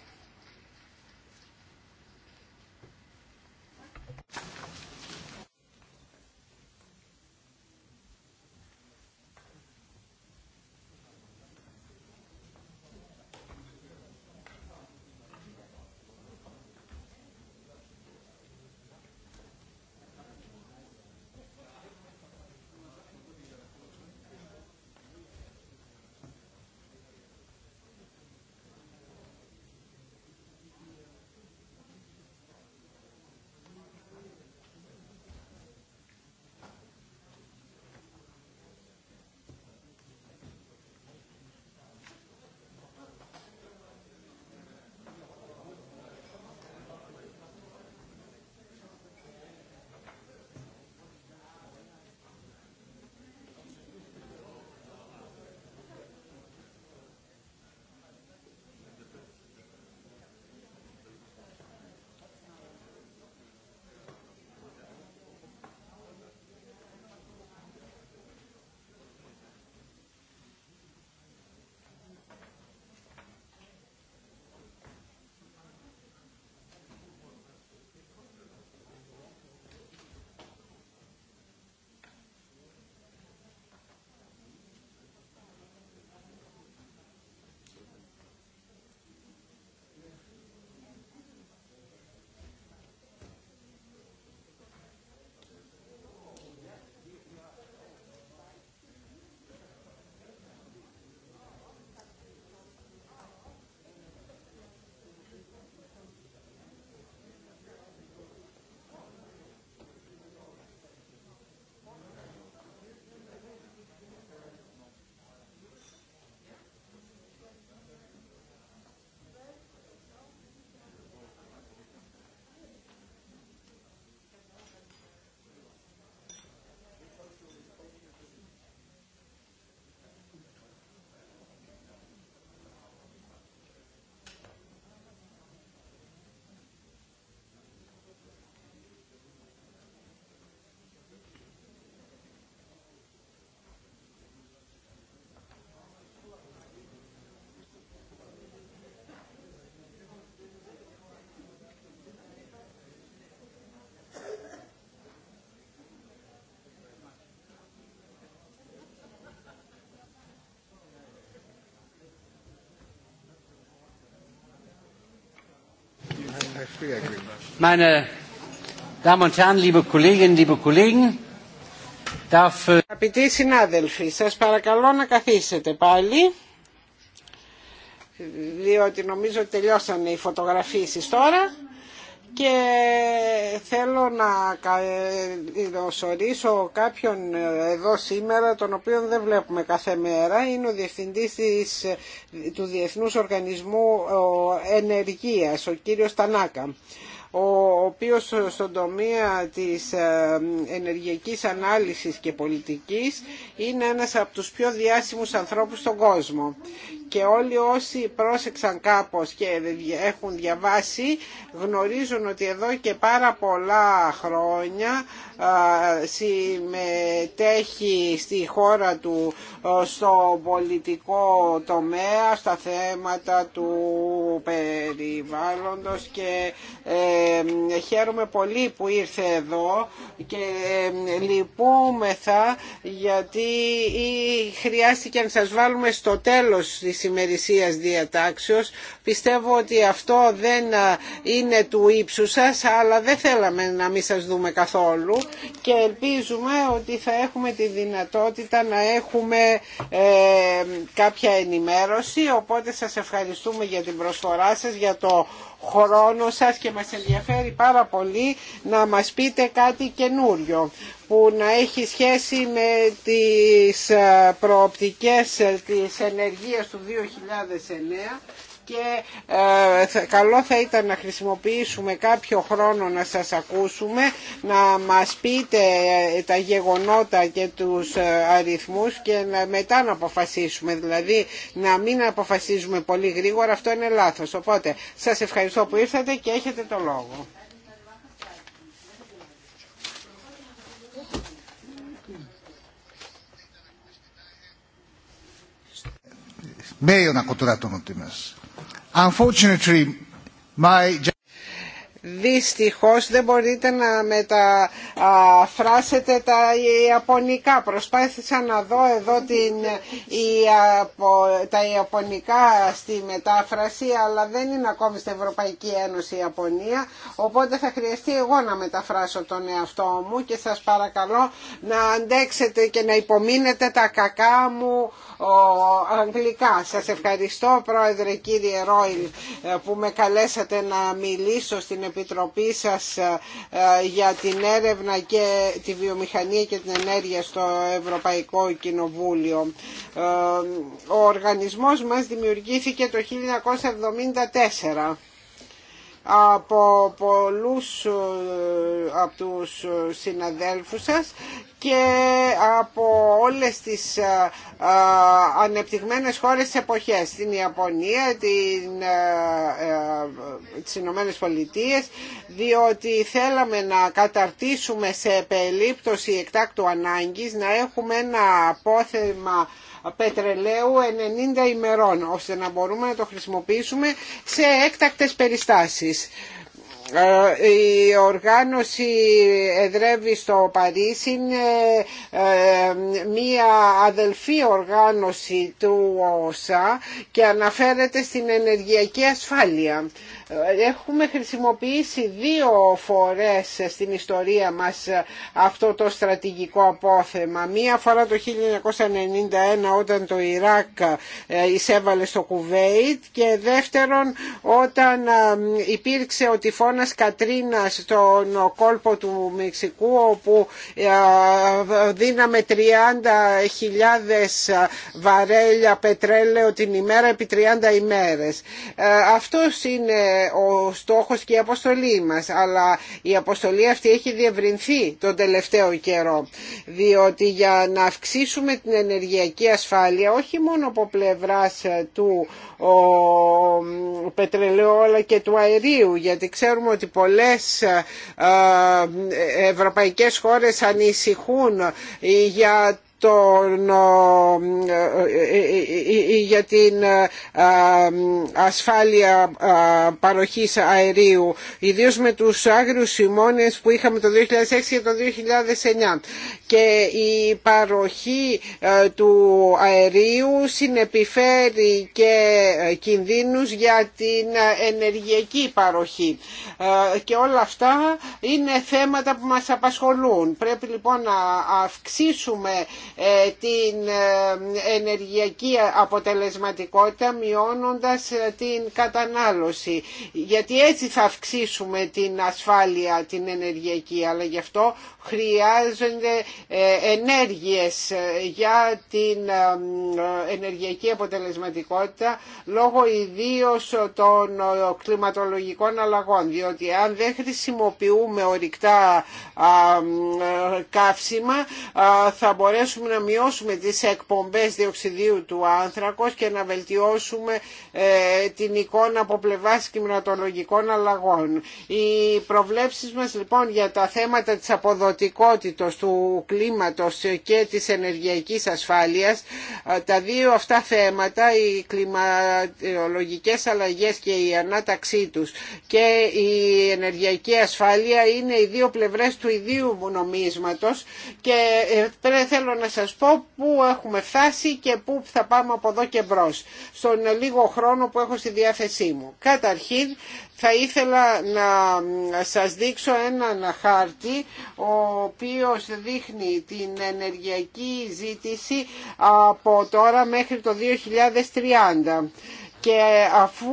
Meine Damen und äh, συνάδελφοι, σας παρακαλώ να καθίσετε πάλι, διότι νομίζω τελειώσαν οι φωτογραφίσεις τώρα και θέλω να καλωσορίσω κάποιον εδώ σήμερα τον οποίο δεν βλέπουμε κάθε μέρα είναι ο Διευθυντής του Διεθνούς Οργανισμού Ενεργείας, ο κύριος Τανάκα ο οποίος στον τομέα της ε, ενεργειακής ανάλυσης και πολιτικής είναι ένας από τους πιο διάσημους ανθρώπους στον κόσμο και όλοι όσοι πρόσεξαν κάπως και έχουν διαβάσει γνωρίζουν ότι εδώ και πάρα πολλά χρόνια συμμετέχει στη χώρα του στο πολιτικό τομέα, στα θέματα του περιβάλλοντος και χαίρομαι πολύ που ήρθε εδώ και λυπούμεθα γιατί ε, χρειάστηκε να σας βάλουμε στο τέλος της ημερησίας διατάξεως. Πιστεύω ότι αυτό δεν είναι του ύψου σας, αλλά δεν θέλαμε να μην σας δούμε καθόλου και ελπίζουμε ότι θα έχουμε τη δυνατότητα να έχουμε ε, κάποια ενημέρωση, οπότε σας ευχαριστούμε για την προσφορά σας, για το χρόνο σας και μας ενδιαφέρει πάρα πολύ να μας πείτε κάτι καινούριο που να έχει σχέση με τις ε, προοπτικές ε, της ενεργείας του 2009 και ε, καλό θα ήταν να χρησιμοποιήσουμε κάποιο χρόνο να σας ακούσουμε, να μας πείτε ε, τα γεγονότα και τους ε, αριθμούς και μετά να αποφασίσουμε. Δηλαδή να μην αποφασίζουμε πολύ γρήγορα, αυτό είναι λάθος. Οπότε σας ευχαριστώ που ήρθατε και έχετε το λόγο. Δυστυχώς δεν μπορείτε να μεταφράσετε τα Ιαπωνικά. Προσπάθησα να δω εδώ την, τα Ιαπωνικά στη μετάφραση, αλλά δεν είναι ακόμη στην Ευρωπαϊκή Ένωση η Ιαπωνία, οπότε θα χρειαστεί εγώ να μεταφράσω τον εαυτό μου και σας παρακαλώ να αντέξετε και να υπομείνετε τα κακά μου αγγλικά. Σας ευχαριστώ πρόεδρε κύριε Ρόιλ που με καλέσατε να μιλήσω στην Επιτροπή σας ε, για την έρευνα και τη βιομηχανία και την ενέργεια στο Ευρωπαϊκό Κοινοβούλιο. Ε, ο οργανισμός μας δημιουργήθηκε το 1974 από πολλούς ε, από τους ε, συναδέλφους σας και από όλες τις ε, ανεπτυγμένες χώρες της εποχές, την Ιαπωνία, την, τις Ηνωμένε Πολιτείες, διότι θέλαμε να καταρτήσουμε σε περίπτωση εκτάκτου ανάγκης να έχουμε ένα απόθεμα πετρελαίου 90 ημερών ώστε να μπορούμε να το χρησιμοποιήσουμε σε έκτακτες περιστάσεις. Ε, η οργάνωση εδρεύει στο Παρίσι, είναι ε, μία αδελφή οργάνωση του ΟΣΑ και αναφέρεται στην ενεργειακή ασφάλεια. Έχουμε χρησιμοποιήσει δύο φορές στην ιστορία μας αυτό το στρατηγικό απόθεμα. Μία φορά το 1991 όταν το Ιράκ ε, εισέβαλε στο Κουβέιτ και δεύτερον όταν ε, υπήρξε ο τυφώνας Κατρίνα στον κόλπο του Μεξικού όπου ε, δίναμε 30.000 βαρέλια πετρέλαιο την ημέρα επί 30 ημέρες. Αυτός είναι ο στόχος και η αποστολή μας αλλά η αποστολή αυτή έχει διευρυνθεί τον τελευταίο καιρό διότι για να αυξήσουμε την ενεργειακή ασφάλεια όχι μόνο από πλευράς ε, του ο, πετρελαίου και του αερίου γιατί ξέρουμε ότι πολλές ε, ε, ευρωπαϊκές χώρες ανησυχούν για ε, ε, ε, για την ασφάλεια παροχής αερίου ιδίως με τους άγριους σημώνες που είχαμε το 2006 και το 2009 και η παροχή του αερίου συνεπιφέρει και κινδύνους για την ενεργειακή παροχή και όλα αυτά είναι θέματα που μας απασχολούν πρέπει λοιπόν να αυξήσουμε ε, την ε, ενεργειακή αποτελεσματικότητα μειώνοντας ε, την κατανάλωση. Γιατί έτσι θα αυξήσουμε την ασφάλεια την ενεργειακή, αλλά γι' αυτό χρειάζονται ενέργειες για την ενεργειακή αποτελεσματικότητα λόγω ιδίως των κλιματολογικών αλλαγών. Διότι αν δεν χρησιμοποιούμε ορυκτά καύσιμα θα μπορέσουμε να μειώσουμε τις εκπομπές διοξιδίου του άνθρακος και να βελτιώσουμε ε, την εικόνα από πλευράς κυμνατολογικών αλλαγών. Οι προβλέψεις μας λοιπόν για τα θέματα της αποδοτικότητας του κλίματος και της ενεργειακής ασφάλειας, ε, τα δύο αυτά θέματα, οι κλιματολογικές αλλαγές και η ανάταξή τους και η ενεργειακή ασφάλεια είναι οι δύο πλευρές του ιδίου νομίσματος και ε, θέλω να σας πω πού έχουμε φτάσει και πού θα πάμε από εδώ και μπρο στον λίγο χρόνο που έχω στη διάθεσή μου. Καταρχήν θα ήθελα να σας δείξω έναν χάρτη ο οποίος δείχνει την ενεργειακή ζήτηση από τώρα μέχρι το 2030 και αφού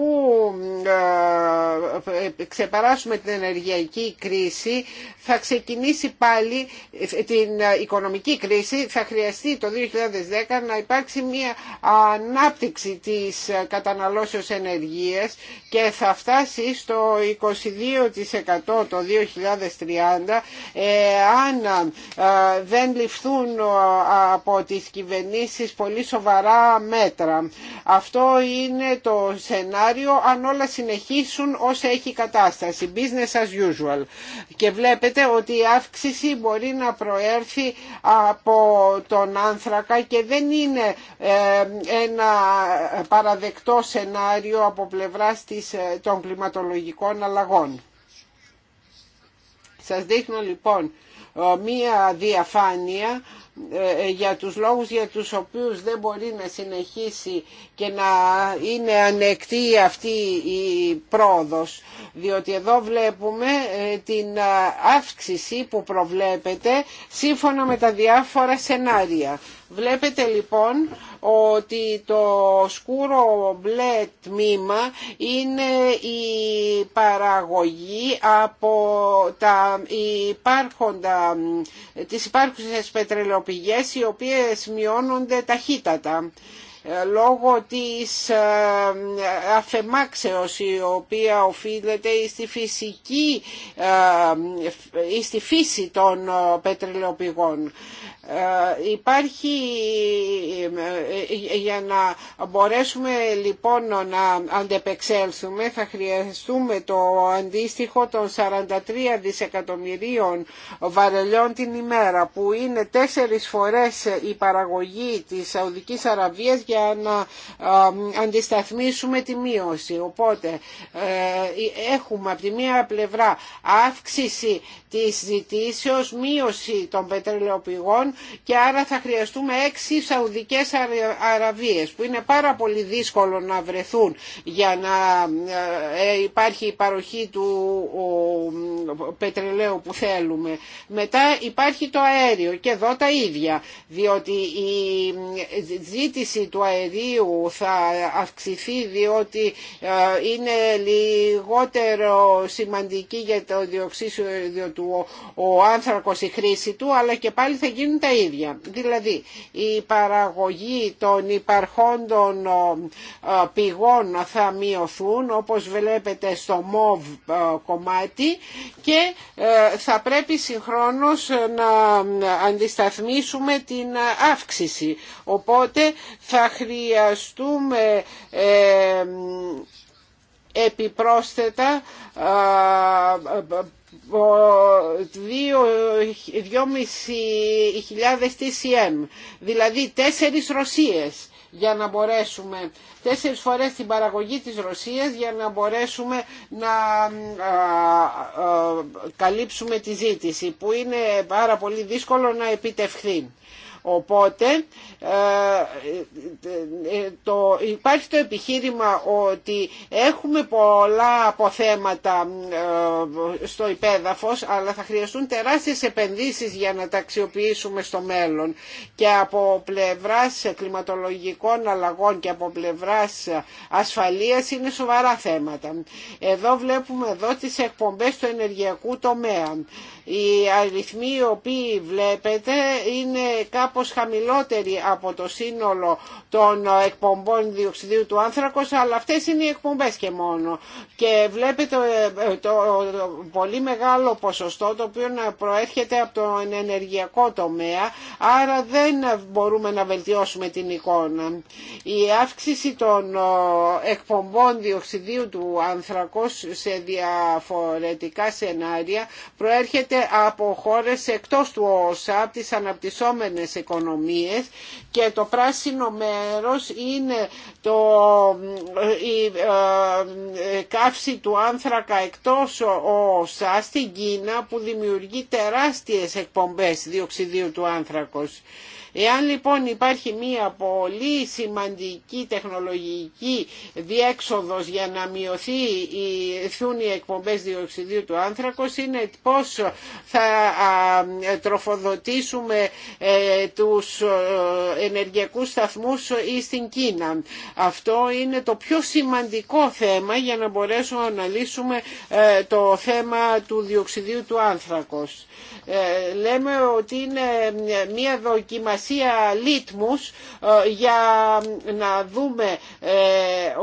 ε, ξεπεράσουμε την ενεργειακή κρίση θα ξεκινήσει πάλι ε, την ε, οικονομική κρίση θα χρειαστεί το 2010 να υπάρξει μια ανάπτυξη της καταναλώσεως ενεργείας και θα φτάσει στο 22% το 2030 αν δεν ληφθούν από τις κυβερνήσεις πολύ σοβαρά μέτρα. Αυτό είναι το σενάριο αν όλα συνεχίσουν ως έχει κατάσταση, business as usual. Και βλέπετε ότι η αύξηση μπορεί να προέρθει από τον άνθρακα και δεν είναι ε, ένα παραδεκτό σενάριο από πλευράς ε, των κλιματολογικών αλλαγών. Σας δείχνω λοιπόν ε, μία διαφάνεια ε, ε, για τους λόγους για τους οποίους δεν μπορεί να συνεχίσει και να είναι ανεκτή αυτή η πρόοδος διότι εδώ βλέπουμε ε, την αύξηση που προβλέπεται σύμφωνα με τα διάφορα σενάρια. Βλέπετε λοιπόν ότι το σκούρο μπλε τμήμα είναι η παραγωγή από τα υπάρχοντα, τις υπάρχουσες πετρελοπηγές οι οποίες μειώνονται ταχύτατα ε, λόγω της ε, αφεμάξεως η οποία οφείλεται στη, φυσική, ε, στη φύση των πετρελαιοπηγών. Ε, υπάρχει ε, για να μπορέσουμε λοιπόν να αντεπεξέλθουμε θα χρειαστούμε το αντίστοιχο των 43 δισεκατομμυρίων βαρελιών την ημέρα που είναι τέσσερις φορές η παραγωγή της Σαουδικής Αραβίας για να ε, αντισταθμίσουμε τη μείωση. Οπότε έχουμε από τη μία πλευρά αύξηση της ζητήσεως, μείωση των πετρελαιοπηγών και άρα θα χρειαστούμε έξι Σαουδικές Αραβίες που είναι πάρα πολύ δύσκολο να βρεθούν για να ε, ε, υπάρχει η παροχή του πετρελαίου που θέλουμε. Μετά υπάρχει το αέριο και εδώ τα ίδια διότι η ζήτηση του αερίου θα αυξηθεί διότι ε, είναι λιγότερο σημαντική για το διοξίσιο του ο άνθρακος η χρήση του αλλά και πάλι θα γίνουν τα ίδια. Δηλαδή η παραγωγή των υπαρχόντων πηγών θα μειωθούν όπως βλέπετε στο μοβ κομμάτι και ε, θα πρέπει συγχρόνως να αντισταθμίσουμε την αύξηση. Οπότε θα χρειαστούμε ε, επιπρόσθετα 2.500 TCM, δηλαδή τέσσερις Ρωσίες για να μπορέσουμε τέσσερις φορές την παραγωγή της Ρωσίας για να μπορέσουμε να καλύψουμε τη ζήτηση που είναι πάρα πολύ δύσκολο να επιτευχθεί. Οπότε ε, ε, υπάρχει το επιχείρημα ότι έχουμε πολλά αποθέματα ε, στο υπέδαφος αλλά θα χρειαστούν τεράστιες επενδύσεις για να τα αξιοποιήσουμε στο μέλλον και από πλευράς κλιματολογικών αλλαγών και από πλευράς ασφαλείας είναι σοβαρά θέματα. Εδώ βλέπουμε εδώ τις εκπομπές του ενεργειακού τομέα. Οι αριθμοί οι οποίοι βλέπετε είναι κάπως χαμηλότεροι από το σύνολο των εκπομπών διοξιδίου του άνθρακος, αλλά αυτές είναι οι εκπομπές και μόνο. Και βλέπετε ε, ε, το πολύ μεγάλο ποσοστό το οποίο προέρχεται από τον ενεργειακό τομέα, άρα δεν μπορούμε να βελτιώσουμε την εικόνα. Η αύξηση των ε, εκπομπών διοξιδίου του άνθρακος σε διαφορετικά σενάρια προέρχεται από χώρες εκτός του ΩΣΑ, από τις αναπτυσσόμενες οικονομίες και το πράσινο μέρος είναι το, η ε, ε, καύση του άνθρακα εκτός ΩΣΑ στην Κίνα που δημιουργεί τεράστιες εκπομπές διοξιδίου του άνθρακος. Εάν λοιπόν υπάρχει μία πολύ σημαντική τεχνολογική διέξοδος για να μειωθεί η οι εκπομπές διοξιδίου του άνθρακος είναι πώς θα τροφοδοτήσουμε ε, τους ε, ενεργειακούς σταθμούς ή στην Κίνα. Αυτό είναι το πιο σημαντικό θέμα για να μπορέσουμε να λύσουμε ε, το θέμα του διοξιδίου του άνθρακος. Λέμε ότι είναι μία δοκιμασία διαδικασία λίτμους ε, για να δούμε ε,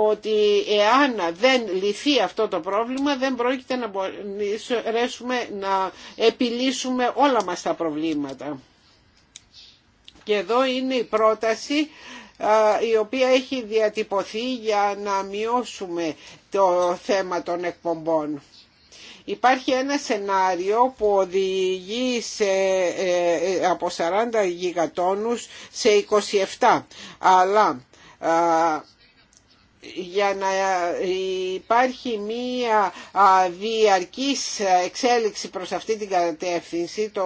ότι εάν δεν λυθεί αυτό το πρόβλημα δεν πρόκειται να μπορέσουμε να επιλύσουμε όλα μας τα προβλήματα. Και εδώ είναι η πρόταση ε, η οποία έχει διατυπωθεί για να μειώσουμε το θέμα των εκπομπών. Υπάρχει ένα σενάριο που οδηγεί σε, ε, ε, από 40 γιγατόνους σε 27, αλλά για να υπάρχει μία διαρκής εξέλιξη προς αυτή την κατεύθυνση το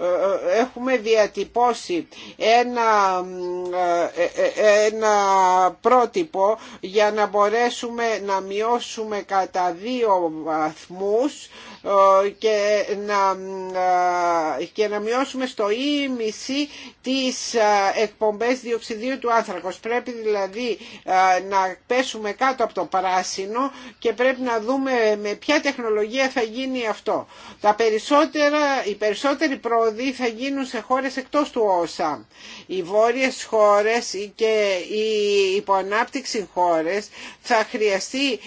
ε, ε, έχουμε διατυπώσει ένα, ε, ένα πρότυπο για να μπορέσουμε να μειώσουμε κατά δύο βαθμούς και να, ε, και μειώσουμε στο ίμιση τις ε, εκπομπές διοξιδίου του άνθρακος. Πρέπει δηλαδή ε, να πέσουμε κάτω από το πράσινο και πρέπει να δούμε με ποια τεχνολογία θα γίνει αυτό. Τα περισσότερα, οι περισσότεροι πρόοδοι θα γίνουν σε χώρες εκτός του ΩΣΑ. Οι βόρειες χώρες και οι υποανάπτυξη χώρες θα χρειαστεί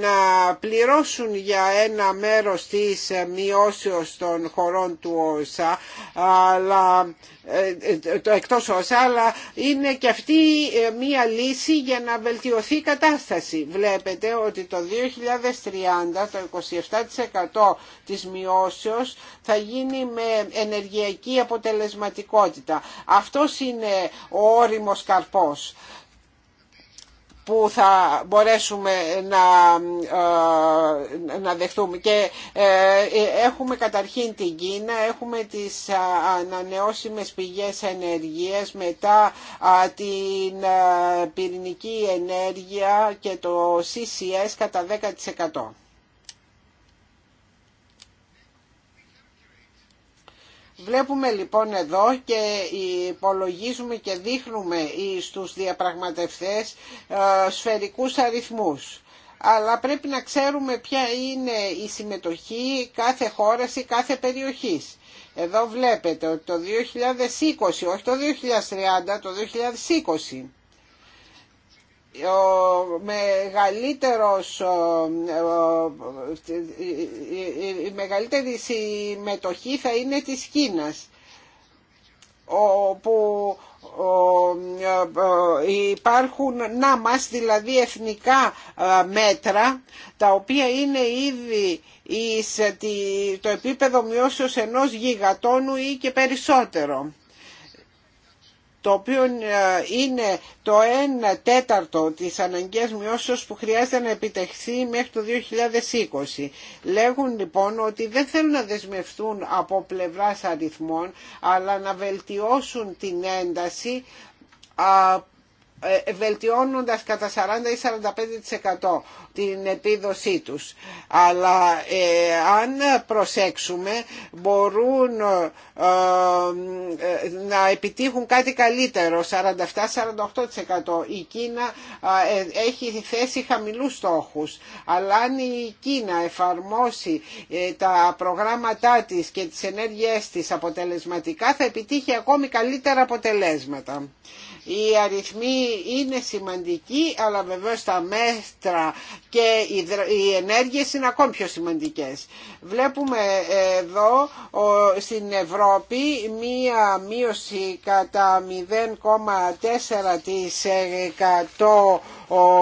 να πληρώσουν για ένα μέρος της ε, μειώσεως των χωρών του ΩΣΑ αλλά, ε, ε, εκτός ΩΣΑ αλλά είναι και αυτή μία λύση για να βελτιωθεί η κατάσταση. Βλέπετε ότι το 2030 το 27% της μειώσεως θα γίνει με ενεργειακή αποτελεσματικότητα. Αυτός είναι ο όριμος καρπός που θα μπορέσουμε να, ε, να δεχτούμε. Και ε, έχουμε καταρχήν την Κίνα, έχουμε τις ανανεώσιμες πηγές ενεργείας, μετά την ε, πυρηνική ενέργεια και το CCS κατά 10%. Βλέπουμε λοιπόν εδώ και υπολογίζουμε και δείχνουμε στους διαπραγματευτές ε, σφαιρικούς αριθμούς αλλά πρέπει να ξέρουμε ποια είναι η συμμετοχή κάθε χώρας ή κάθε περιοχής. Εδώ βλέπετε ότι το 2020, όχι το 2030, το 2020 ο μεγαλύτερος, η μεγαλύτερη συμμετοχή θα είναι της Κίνας όπου υπάρχουν να μας δηλαδή εθνικά μέτρα τα οποία είναι ήδη εις το επίπεδο μειώσεως ενός γιγατόνου ή και περισσότερο το οποίο ε, είναι το 1 τέταρτο της αναγκαίας μειώσεως που χρειάζεται να επιτευχθεί μέχρι το 2020. Λέγουν λοιπόν ότι δεν θέλουν να δεσμευτούν από πλευράς αριθμών αλλά να βελτιώσουν την ένταση ε, βελτιώνοντας κατά 40 ή 45% την επίδοσή τους. Αλλά ε, αν προσέξουμε μπορούν ε, να επιτύχουν κάτι καλύτερο, 47-48%. Η Κίνα έχει θέσει χαμηλούς στόχους, αλλά αν η Κίνα εφαρμόσει τα προγράμματά της και τις ενέργειές της αποτελεσματικά θα επιτύχει ακόμη καλύτερα αποτελέσματα. Οι αριθμοί είναι σημαντικοί, αλλά βεβαίως τα μέτρα και οι ενέργειες είναι ακόμη πιο σημαντικές. Βλέπουμε ε, εδώ στην Ευρώπη μία μείωση κατά 0,4%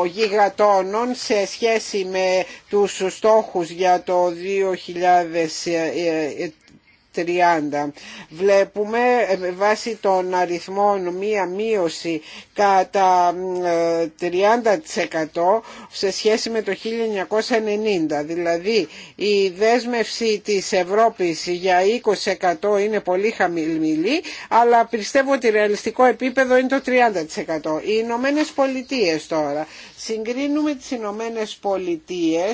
γιγατόνων σε σχέση με τους στόχους για το 2000 30. Βλέπουμε ε, με βάση των αριθμών μία μείωση κατά 30% ε, σε σχέση με το 1990. Δηλαδή η δέσμευση της Ευρώπης για 20% είναι πολύ χαμηλή, αλλά πιστεύω ότι ρεαλιστικό επίπεδο είναι το 30%. Οι Ηνωμένε Πολιτείε τώρα. Συγκρίνουμε τις Ηνωμένε Πολιτείε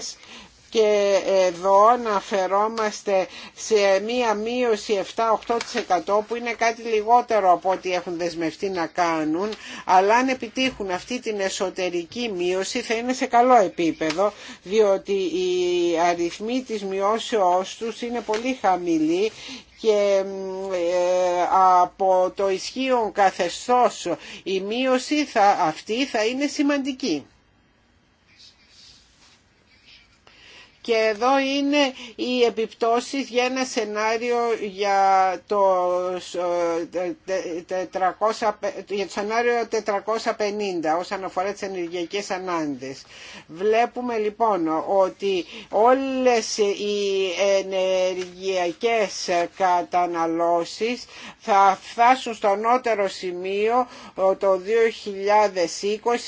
και εδώ αναφερόμαστε σε μία μείωση 7-8% που είναι κάτι λιγότερο από ό,τι έχουν δεσμευτεί να κάνουν αλλά αν επιτύχουν αυτή την εσωτερική μείωση θα είναι σε καλό επίπεδο διότι οι αριθμοί της μειώσεώς τους είναι πολύ χαμηλοί και ε, από το ισχύον καθεστώς η μείωση θα, αυτή θα είναι σημαντική. Και εδώ είναι οι επιπτώσεις για ένα σενάριο για το, ε, για το σενάριο 450 όσον αφορά τις ενεργειακές ανάγκες. Βλέπουμε λοιπόν ότι όλες οι ενεργειακές καταναλώσεις θα φτάσουν στο νότερο σημείο ε, το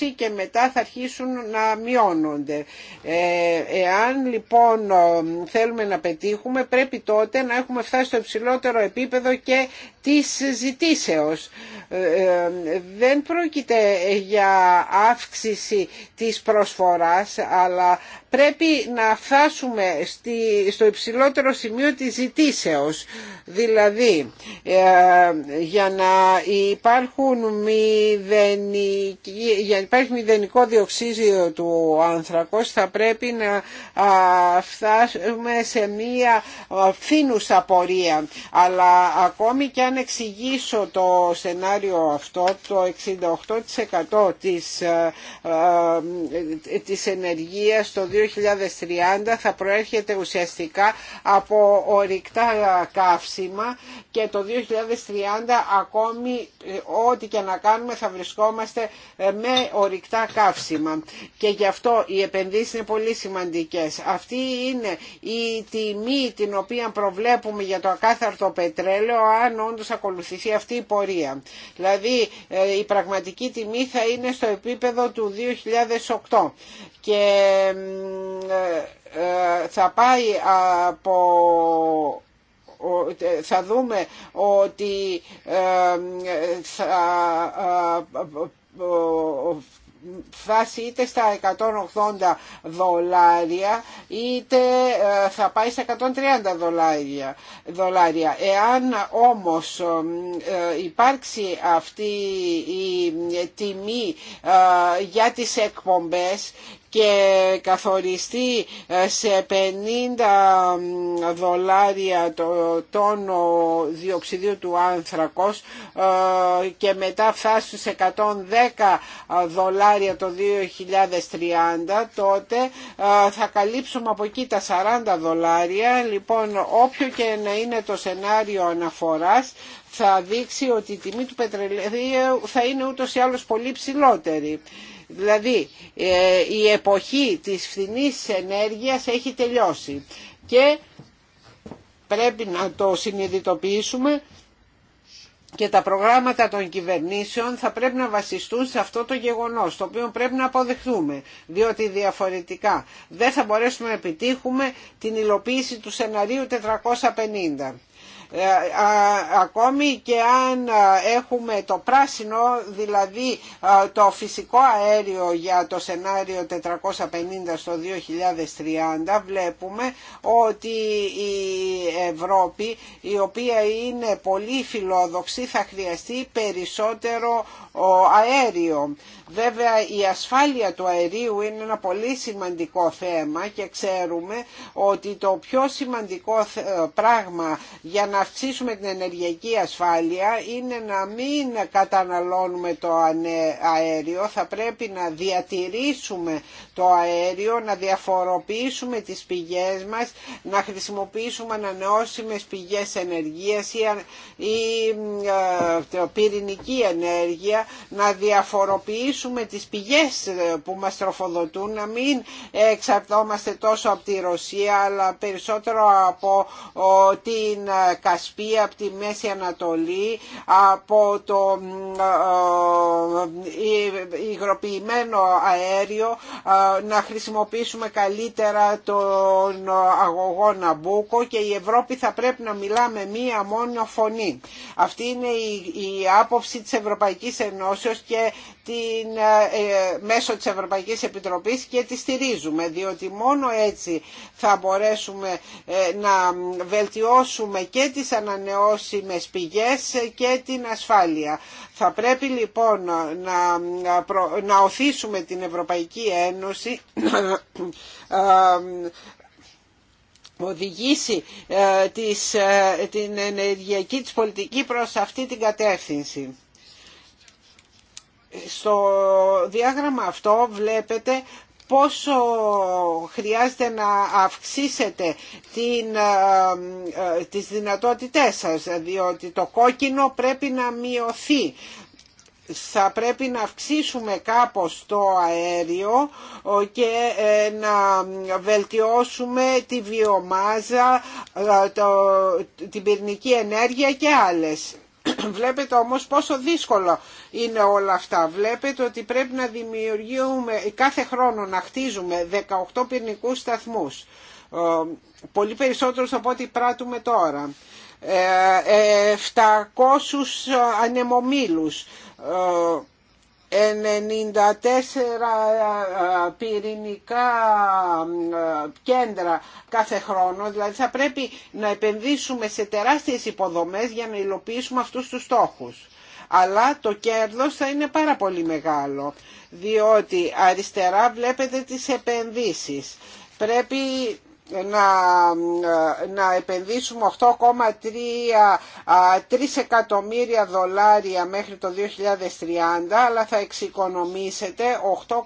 2020 και μετά θα αρχίσουν να μειώνονται. Ε, εάν λοιπόν λοιπόν ε, θέλουμε να πετύχουμε πρέπει τότε να έχουμε φτάσει στο υψηλότερο επίπεδο και της ζητήσεως. Ε, ε, δεν πρόκειται για αύξηση της προσφοράς, αλλά πρέπει να φτάσουμε στο υψηλότερο σημείο της ζητήσεως. Δηλαδή, ε, για να, υπάρχουν για υπάρχει μηδενικό διοξίδιο του άνθρακος, θα πρέπει να φτάσουμε σε μία φθήνουσα πορεία. Αλλά ακόμη και αν εξηγήσω το σενάριο αυτό, το 68% της, ε, ε, ε, της ενεργείας το 2030 θα προέρχεται ουσιαστικά από ορυκτά καύσιμα και το 2030 ακόμη ό,τι και να κάνουμε θα βρισκόμαστε με ορυκτά καύσιμα και γι' αυτό οι επενδύσεις είναι πολύ σημαντικές. Αυτή είναι η τιμή την οποία προβλέπουμε για το ακάθαρτο πετρέλαιο αν όντως ακολουθηθεί αυτή η πορεία. Δηλαδή ε, η πραγματική τιμή θα είναι στο επίπεδο του 2008 και ε, ε, θα πάει από θα δούμε ότι θα φτάσει είτε στα 180 δολάρια είτε ε, θα πάει στα 130 δολάρια. δολάρια. Εάν όμως ε, υπάρξει αυτή η τιμή ε, για τις εκπομπές και καθοριστεί ε, σε 50 δολάρια το τόνο διοξιδίου του άνθρακος ε, και μετά φτάσει στους 110 δολάρια το 2030 τότε ε, θα καλύψουμε από εκεί τα 40 δολάρια λοιπόν όποιο και να είναι το σενάριο αναφοράς θα δείξει ότι η τιμή του πετρελαίου θα είναι ούτως ή άλλως πολύ ψηλότερη. Δηλαδή ε, η εποχή της φθηνής ενέργειας έχει τελειώσει και πρέπει να το συνειδητοποιήσουμε και τα προγράμματα των κυβερνήσεων θα πρέπει να βασιστούν σε αυτό το γεγονός το οποίο πρέπει να αποδεχθούμε διότι διαφορετικά δεν θα μπορέσουμε να επιτύχουμε την υλοποίηση του σεναρίου 450. Ε, ακόμη και αν έχουμε το πράσινο, δηλαδή το φυσικό αέριο για το σενάριο 450 στο 2030, βλέπουμε ότι η Ευρώπη, η οποία είναι πολύ φιλόδοξη, θα χρειαστεί περισσότερο αέριο. Βέβαια η ασφάλεια του αερίου είναι ένα πολύ σημαντικό θέμα και ξέρουμε ότι το πιο σημαντικό ε, πράγμα για να αυξήσουμε την ενεργειακή ασφάλεια είναι να μην καταναλώνουμε το αέριο, θα πρέπει να διατηρήσουμε το αέριο, να διαφοροποιήσουμε τις πηγές μας, να χρησιμοποιήσουμε ανανεώσιμες πηγές ενεργείας ή, ή ε, πυρηνική ενέργεια, να διαφοροποιήσουμε αναλύσουμε τις πηγές ε, που μας τροφοδοτούν, να μην εξαρτώμαστε τόσο από τη Ρωσία αλλά περισσότερο από την ε, Κασπία, από τη Μέση Ανατολή, από το ε, υγροποιημένο αέριο, να χρησιμοποιήσουμε καλύτερα τον αγωγό Ναμπούκο και η Ευρώπη θα πρέπει να μιλά με μία μόνο φωνή. Αυτή είναι η άποψη της Ευρωπαϊκής Ενώσεως και την ε, ε, μέσω της Ευρωπαϊκής Επιτροπής και τη στηρίζουμε διότι μόνο έτσι θα μπορέσουμε ε, να βελτιώσουμε και τις ανανεώσιμες πηγές και την ασφάλεια. Θα πρέπει λοιπόν να, οθήσουμε την Ευρωπαϊκή Ένωση (coughs) οδηγήσει της, την ενεργειακή της πολιτική προς αυτή την κατεύθυνση. Στο διάγραμμα αυτό βλέπετε πόσο χρειάζεται να αυξήσετε την, ε, ε, τις δυνατότητές σας, διότι το κόκκινο πρέπει να μειωθεί θα πρέπει να αυξήσουμε κάπως το αέριο και ε, να βελτιώσουμε τη βιομάζα, την πυρηνική ενέργεια και άλλες. (clears throat) Βλέπετε όμως πόσο δύσκολο είναι όλα αυτά. Βλέπετε ότι πρέπει να δημιουργούμε κάθε χρόνο να χτίζουμε 18 πυρνικούς σταθμούς. Ε, πολύ περισσότερους από ό,τι πράττουμε τώρα. 700 ε, ανεμομήλους. Ε, 94 ε, πυρηνικά ε, κέντρα κάθε χρόνο, δηλαδή θα πρέπει να επενδύσουμε σε τεράστιες υποδομές για να υλοποιήσουμε αυτούς τους στόχους. Αλλά το κέρδος θα είναι πάρα πολύ μεγάλο, διότι αριστερά βλέπετε τις επενδύσεις. Πρέπει να, να επενδύσουμε 8,3 εκατομμύρια δολάρια μέχρι το 2030 αλλά θα εξοικονομήσετε 8,6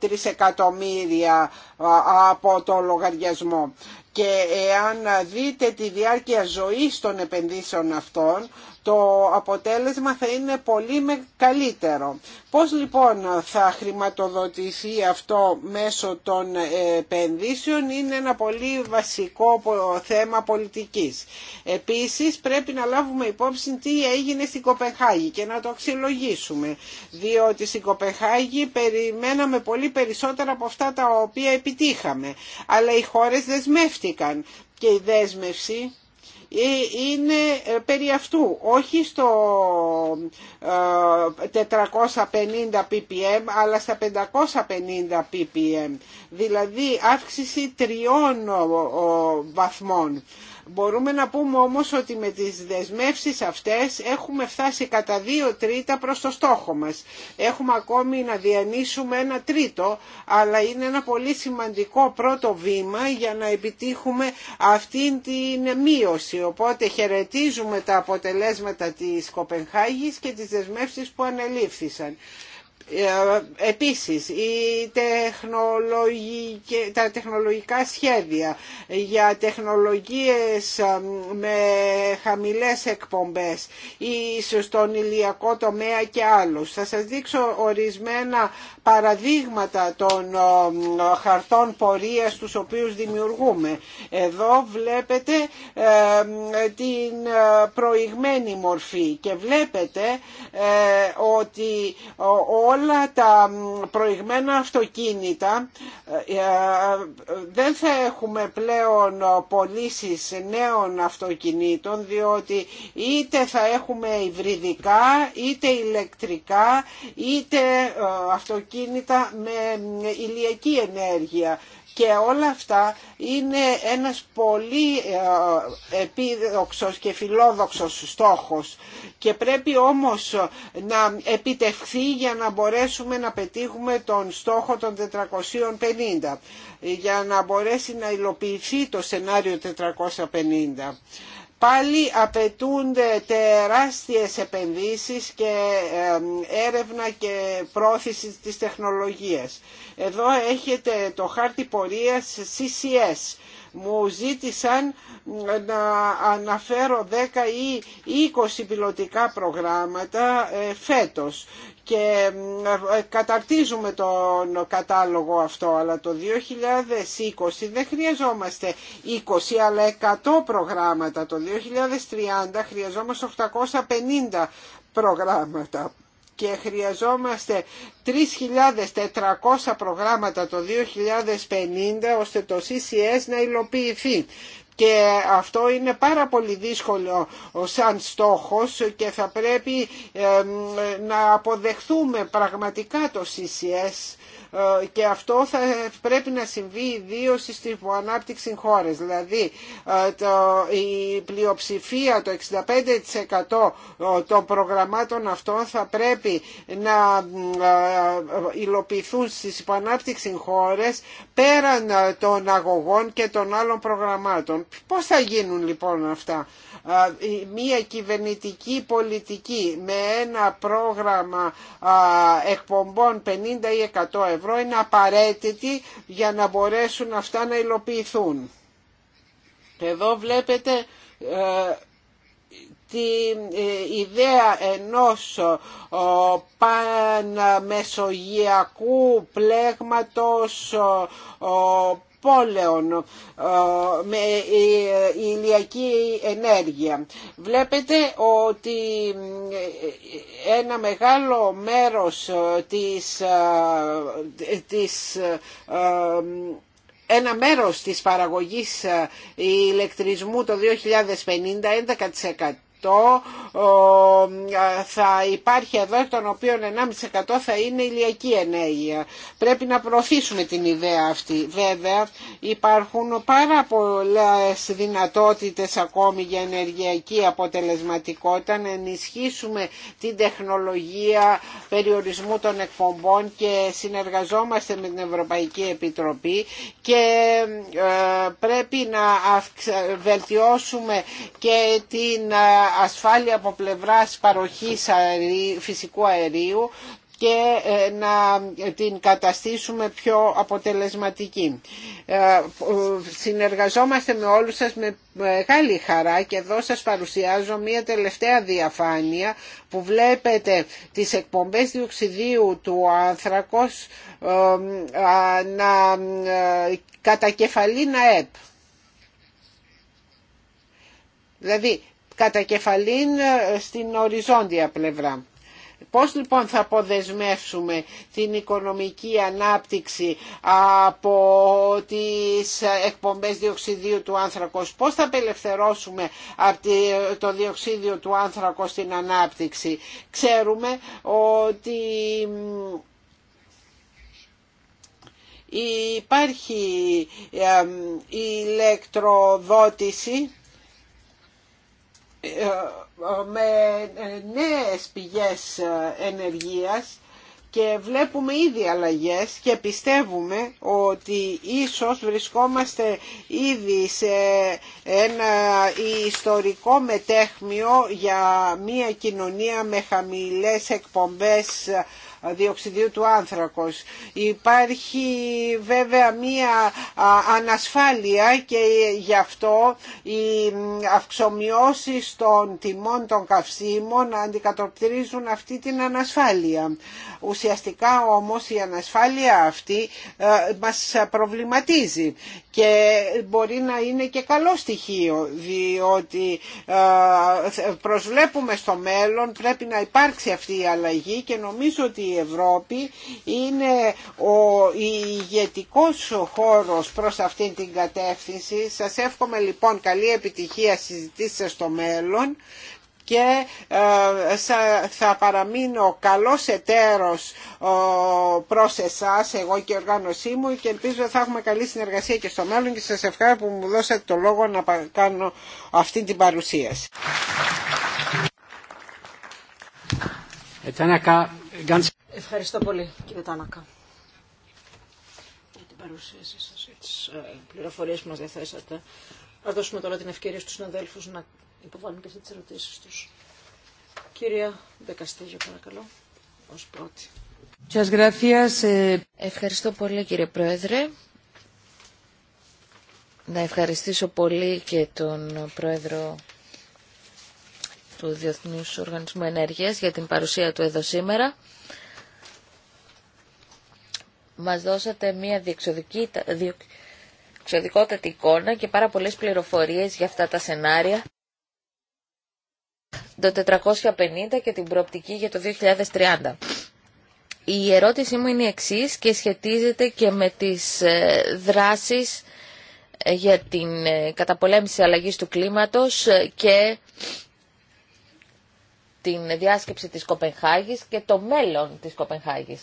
ε, εκατομμύρια ε, από το λογαριασμό. Και εάν δείτε τη διάρκεια ζωής των επενδύσεων αυτών το αποτέλεσμα θα είναι πολύ καλύτερο. Πώς λοιπόν θα χρηματοδοτηθεί αυτό μέσω των επενδύσεων είναι ένα πολύ βασικό θέμα πολιτικής. Επίσης πρέπει να λάβουμε υπόψη τι έγινε στην Κοπεχάγη και να το αξιολογήσουμε. Διότι στην Κοπεχάγη περιμέναμε πολύ περισσότερα από αυτά τα οποία επιτύχαμε. Αλλά οι χώρες δεσμεύτηκαν και η δέσμευση ε, είναι ε, περί αυτού, όχι στο 450 ε, ppm αλλά στα 550 ppm, δηλαδή αύξηση τριών βαθμών. Μπορούμε να πούμε όμως ότι με τις δεσμεύσεις αυτές έχουμε φτάσει κατά δύο τρίτα προς το στόχο μας. Έχουμε ακόμη να διανύσουμε ένα τρίτο, αλλά είναι ένα πολύ σημαντικό πρώτο βήμα για να επιτύχουμε αυτήν την μείωση. Οπότε χαιρετίζουμε τα αποτελέσματα της Κοπενχάγης και τις δεσμεύσεις που ανελήφθησαν. Ε, επίσης, η τα τεχνολογικά σχέδια για τεχνολογίες ε, με χαμηλές εκπομπές ή στον ηλιακό τομέα και άλλους. Θα σας δείξω ορισμένα παραδείγματα των ε, χαρτών πορείας τους οποίους δημιουργούμε. Εδώ βλέπετε την προηγμένη μορφή και βλέπετε ότι ο όλα τα προηγμένα αυτοκίνητα ε, ε, δεν θα έχουμε πλέον πωλήσει νέων αυτοκινήτων διότι είτε θα έχουμε υβριδικά είτε ηλεκτρικά είτε ε, αυτοκίνητα με ηλιακή ενέργεια και όλα αυτά είναι ένας πολύ ε, επίδοξος και φιλόδοξος στόχος και πρέπει όμως να επιτευχθεί για να μπορέσουμε να πετύχουμε τον στόχο των 450 για να μπορέσει να υλοποιηθεί το σενάριο 450. Πάλι απαιτούνται τεράστιες επενδύσεις και έρευνα και πρόθεση της τεχνολογίας. Εδώ έχετε το χάρτη πορείας CCS μου ζήτησαν να αναφέρω 10 ή 20 πιλωτικά προγράμματα ε, φέτος και ε, καταρτίζουμε τον κατάλογο αυτό αλλά το 2020 δεν χρειαζόμαστε 20 αλλά 100 προγράμματα το 2030 χρειαζόμαστε 850 προγράμματα και χρειαζόμαστε 3.400 προγράμματα το 2050 ώστε το CCS να υλοποιηθεί και αυτό είναι πάρα πολύ δύσκολο σαν στόχος και θα πρέπει να αποδεχθούμε πραγματικά το CCS ε, και αυτό θα πρέπει να συμβεί ιδίω στις τυποανάπτυξη χώρες. Δηλαδή ε, το, η πλειοψηφία, το 65% ε, των προγραμμάτων αυτών θα πρέπει να υλοποιηθούν στις υποανάπτυξη χώρες πέραν των αγωγών και των άλλων προγραμμάτων. Πώς θα γίνουν λοιπόν αυτά. Μία κυβερνητική πολιτική με ένα πρόγραμμα εκπομπών 50 ή 100 ευρώ ευρώ είναι απαραίτητη για να μπορέσουν αυτά να υλοποιηθούν. Εδώ βλέπετε ε, την ε, ιδέα ενός ε, πανμεσογειακού πλέγματος ε, πόλεων ε, με ε, ηλιακή ενέργεια. Βλέπετε ότι ε, ένα μεγάλο μέρος της, της ένα μέρος της παραγωγής ηλεκτρισμού το 2050, 11%, θα υπάρχει εδώ των οποίων 1,5% θα είναι ηλιακή ενέργεια. Πρέπει να προωθήσουμε την ιδέα αυτή. Βέβαια υπάρχουν πάρα πολλές δυνατότητες ακόμη για ενεργειακή αποτελεσματικότητα να ενισχύσουμε την τεχνολογία περιορισμού των εκπομπών και συνεργαζόμαστε με την Ευρωπαϊκή Επιτροπή και ε, πρέπει να βελτιώσουμε και την ε, ασφάλεια από πλευράς παροχής φυσικού αερίου και ε, να την καταστήσουμε πιο αποτελεσματική. Ε, ε, συνεργαζόμαστε με όλους σας με μεγάλη χαρά και εδώ σας παρουσιάζω μία τελευταία διαφάνεια που βλέπετε τις εκπομπές διοξιδίου του ανθρακός να κατακεφαλίνα επ Δηλαδή κατά κεφαλήν ε, στην οριζόντια πλευρά. Πώς λοιπόν θα αποδεσμεύσουμε την οικονομική ανάπτυξη από τις εκπομπές διοξιδίου του άνθρακος, πώς θα απελευθερώσουμε από το διοξίδιο του άνθρακος στην ανάπτυξη. Ξέρουμε ότι υπάρχει ε, ηλεκτροδότηση με ε, νέες πηγές ε, ενεργείας και βλέπουμε ήδη αλλαγές και πιστεύουμε ότι ίσως βρισκόμαστε ήδη σε ένα ιστορικό μετέχμιο για μια κοινωνία με χαμηλές εκπομπές διοξιδίου του άνθρακος. Υπάρχει βέβαια μία ανασφάλεια και γι' αυτό οι αυξομοιώσεις των τιμών των καυσίμων αντικατοπτρίζουν αυτή την ανασφάλεια. Ουσιαστικά όμως η ανασφάλεια αυτή ε, μας προβληματίζει και μπορεί να είναι και καλό στοιχείο διότι ε, προσβλέπουμε στο μέλλον πρέπει να υπάρξει αυτή η αλλαγή και νομίζω ότι η Ευρώπη είναι ο ηγετικός χώρος προς αυτήν την κατεύθυνση. Σας εύχομαι λοιπόν καλή επιτυχία συζητήσεις στο μέλλον και ε, θα παραμείνω καλός εταίρος προς εσάς, εγώ και η οργάνωσή μου και ελπίζω θα έχουμε καλή συνεργασία και στο μέλλον και σας ευχαριστώ που μου δώσατε το λόγο να κάνω αυτή την παρουσίαση. Ε, ευχαριστώ πολύ κύριε Τάνακα για την παρουσίαση σα τι ε, πληροφορίε που μας διαθέσατε. Θα δώσουμε τώρα την ευκαιρία στους συναδέλφου να υποβάλουν και Κυρία Δεκαστήγιο, παρακαλώ, ως πρώτη. Ε, Ευχαριστώ πολύ κύριε Πρόεδρε. Να ευχαριστήσω πολύ και τον Πρόεδρο του Διεθνούς Οργανισμού Ενέργειας για την παρουσία του εδώ σήμερα. Μας δώσατε μια διεξοδικότατη εικόνα και πάρα πολλές πληροφορίες για αυτά τα σενάρια το 450 και την προοπτική για το 2030. Η ερώτησή μου είναι η εξής και σχετίζεται και με τις ε, δράσεις ε, για την ε, καταπολέμηση αλλαγής του κλίματος και την διάσκεψη της Κοπενχάγης και το μέλλον της Κοπενχάγης.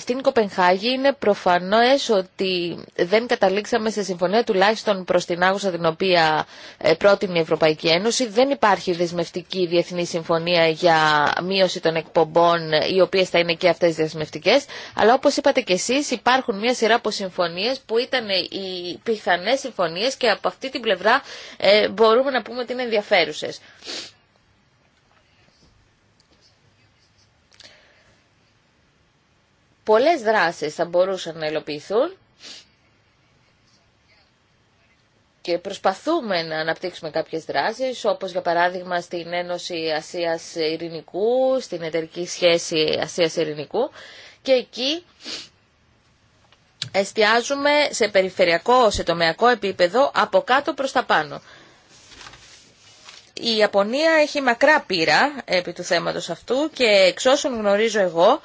Στην Κοπενχάγη είναι προφανές ότι δεν καταλήξαμε σε συμφωνία τουλάχιστον προς την άγουσα την οποία ε, πρότεινε η Ευρωπαϊκή Ένωση. Δεν υπάρχει δεσμευτική διεθνή συμφωνία για μείωση των εκπομπών ε, οι οποίες θα είναι και αυτές δεσμευτικές. Αλλά όπως είπατε και εσείς υπάρχουν μια σειρά από συμφωνίες που ήταν ε, οι πιθανές συμφωνίες και από αυτή την πλευρά μπορούμε να πούμε ότι είναι ενδιαφέρουσες. Πολλές δράσεις θα μπορούσαν να υλοποιηθούν και προσπαθούμε να αναπτύξουμε κάποιες δράσεις, όπως για παράδειγμα στην Ένωση Ασίας Ειρηνικού, στην εταιρική σχέση Ασίας Ειρηνικού και εκεί εστιάζουμε σε περιφερειακό, σε τομεακό επίπεδο από κάτω προς τα πάνω. Η Ιαπωνία έχει μακρά πείρα επί του θέματος αυτού και εξ όσων γνωρίζω εγώ,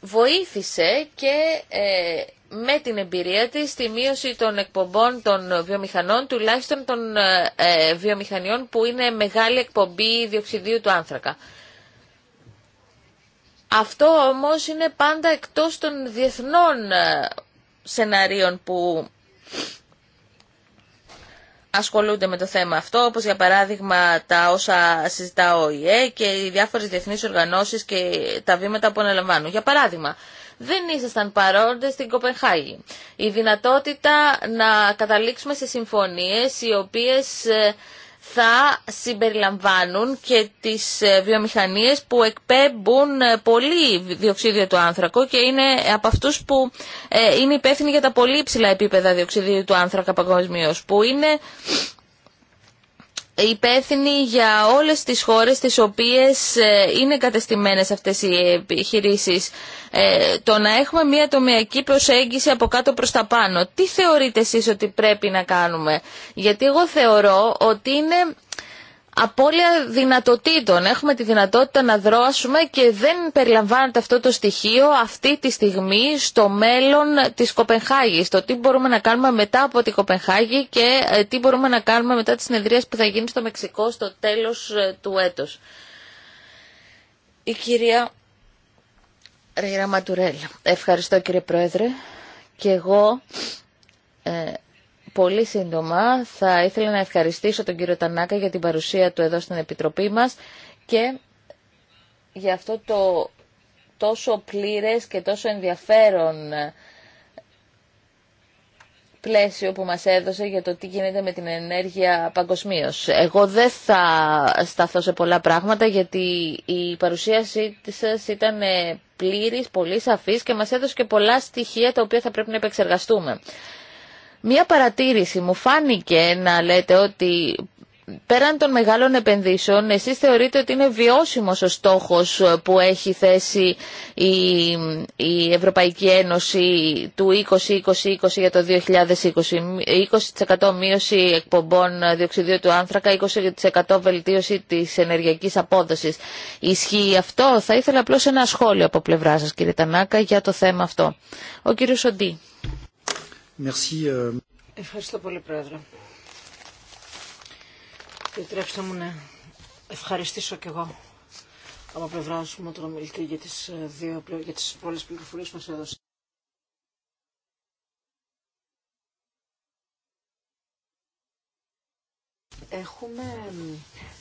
βοήθησε και ε, με την εμπειρία της στη μείωση των εκπομπών των βιομηχανών, τουλάχιστον των ε, ε, βιομηχανιών που είναι μεγάλη εκπομπή διοξιδίου του άνθρακα. Αυτό όμως είναι πάντα εκτός των διεθνών ε, σενάριων που ασχολούνται με το θέμα αυτό, όπως για παράδειγμα τα όσα συζητά ο ΙΕ και οι διάφορες διεθνείς οργανώσεις και τα βήματα που αναλαμβάνουν. Για παράδειγμα, δεν ήσασταν παρόντες στην Κοπενχάγη. Η δυνατότητα να καταλήξουμε σε συμφωνίες οι οποίες ε, θα συμπεριλαμβάνουν και τις ε, βιομηχανίες που εκπέμπουν ε, πολύ διοξίδιο του άνθρακο και είναι από αυτούς που ε, είναι υπεύθυνοι για τα πολύ υψηλά επίπεδα διοξιδίου του άνθρακα παγκοσμίω, που είναι υπεύθυνοι για όλες τις χώρες τις οποίες ε, είναι κατεστημένες αυτές οι επιχειρήσεις. Ε, το να έχουμε μια τομιακή προσέγγιση από κάτω προς τα πάνω. Τι θεωρείτε εσείς ότι πρέπει να κάνουμε. Γιατί εγώ θεωρώ ότι είναι απώλεια δυνατοτήτων. Έχουμε τη δυνατότητα να δρώσουμε και δεν περιλαμβάνεται αυτό το στοιχείο αυτή τη στιγμή στο μέλλον της Κοπενχάγης. Το τι μπορούμε να κάνουμε μετά από την Κοπενχάγη και ε, τι μπορούμε να κάνουμε μετά τις συνεδρίες που θα γίνει στο Μεξικό στο τέλος ε, του έτους. Η κυρία Ματουρέλ. Ευχαριστώ κύριε Πρόεδρε. Και εγώ ε, Πολύ σύντομα θα ήθελα να ευχαριστήσω τον κύριο Τανάκα για την παρουσία του εδώ στην Επιτροπή μας και για αυτό το τόσο πλήρες και τόσο ενδιαφέρον πλαίσιο που μας έδωσε για το τι γίνεται με την ενέργεια παγκοσμίω. Εγώ δεν θα σταθώ σε πολλά πράγματα γιατί η παρουσίασή σας ήταν ε, πλήρης, πολύ σαφής και μας έδωσε και πολλά στοιχεία τα οποία θα πρέπει να επεξεργαστούμε. Μία παρατήρηση μου φάνηκε να λέτε ότι πέραν των μεγάλων επενδύσεων, εσείς θεωρείτε ότι είναι βιώσιμος ο στόχος που έχει θέσει η, η Ευρωπαϊκή Ένωση του 2020 για το 2020, 20% μείωση εκπομπών διοξιδίου του άνθρακα, 20% βελτίωση της ενεργειακής απόδοσης. Ισχύει αυτό. Θα ήθελα απλώς ένα σχόλιο από πλευρά σας κύριε Τανάκα για το θέμα αυτό. Ο κύριος Σοντή. Euh, Ευχαριστώ πολύ, Πρόεδρε. Επιτρέψτε μου να ευχαριστήσω και εγώ από πλευρά τον ομιλητή για τις, ε, δύο, για τις πολλές πληροφορίες που μας έδωσε. Έχουμε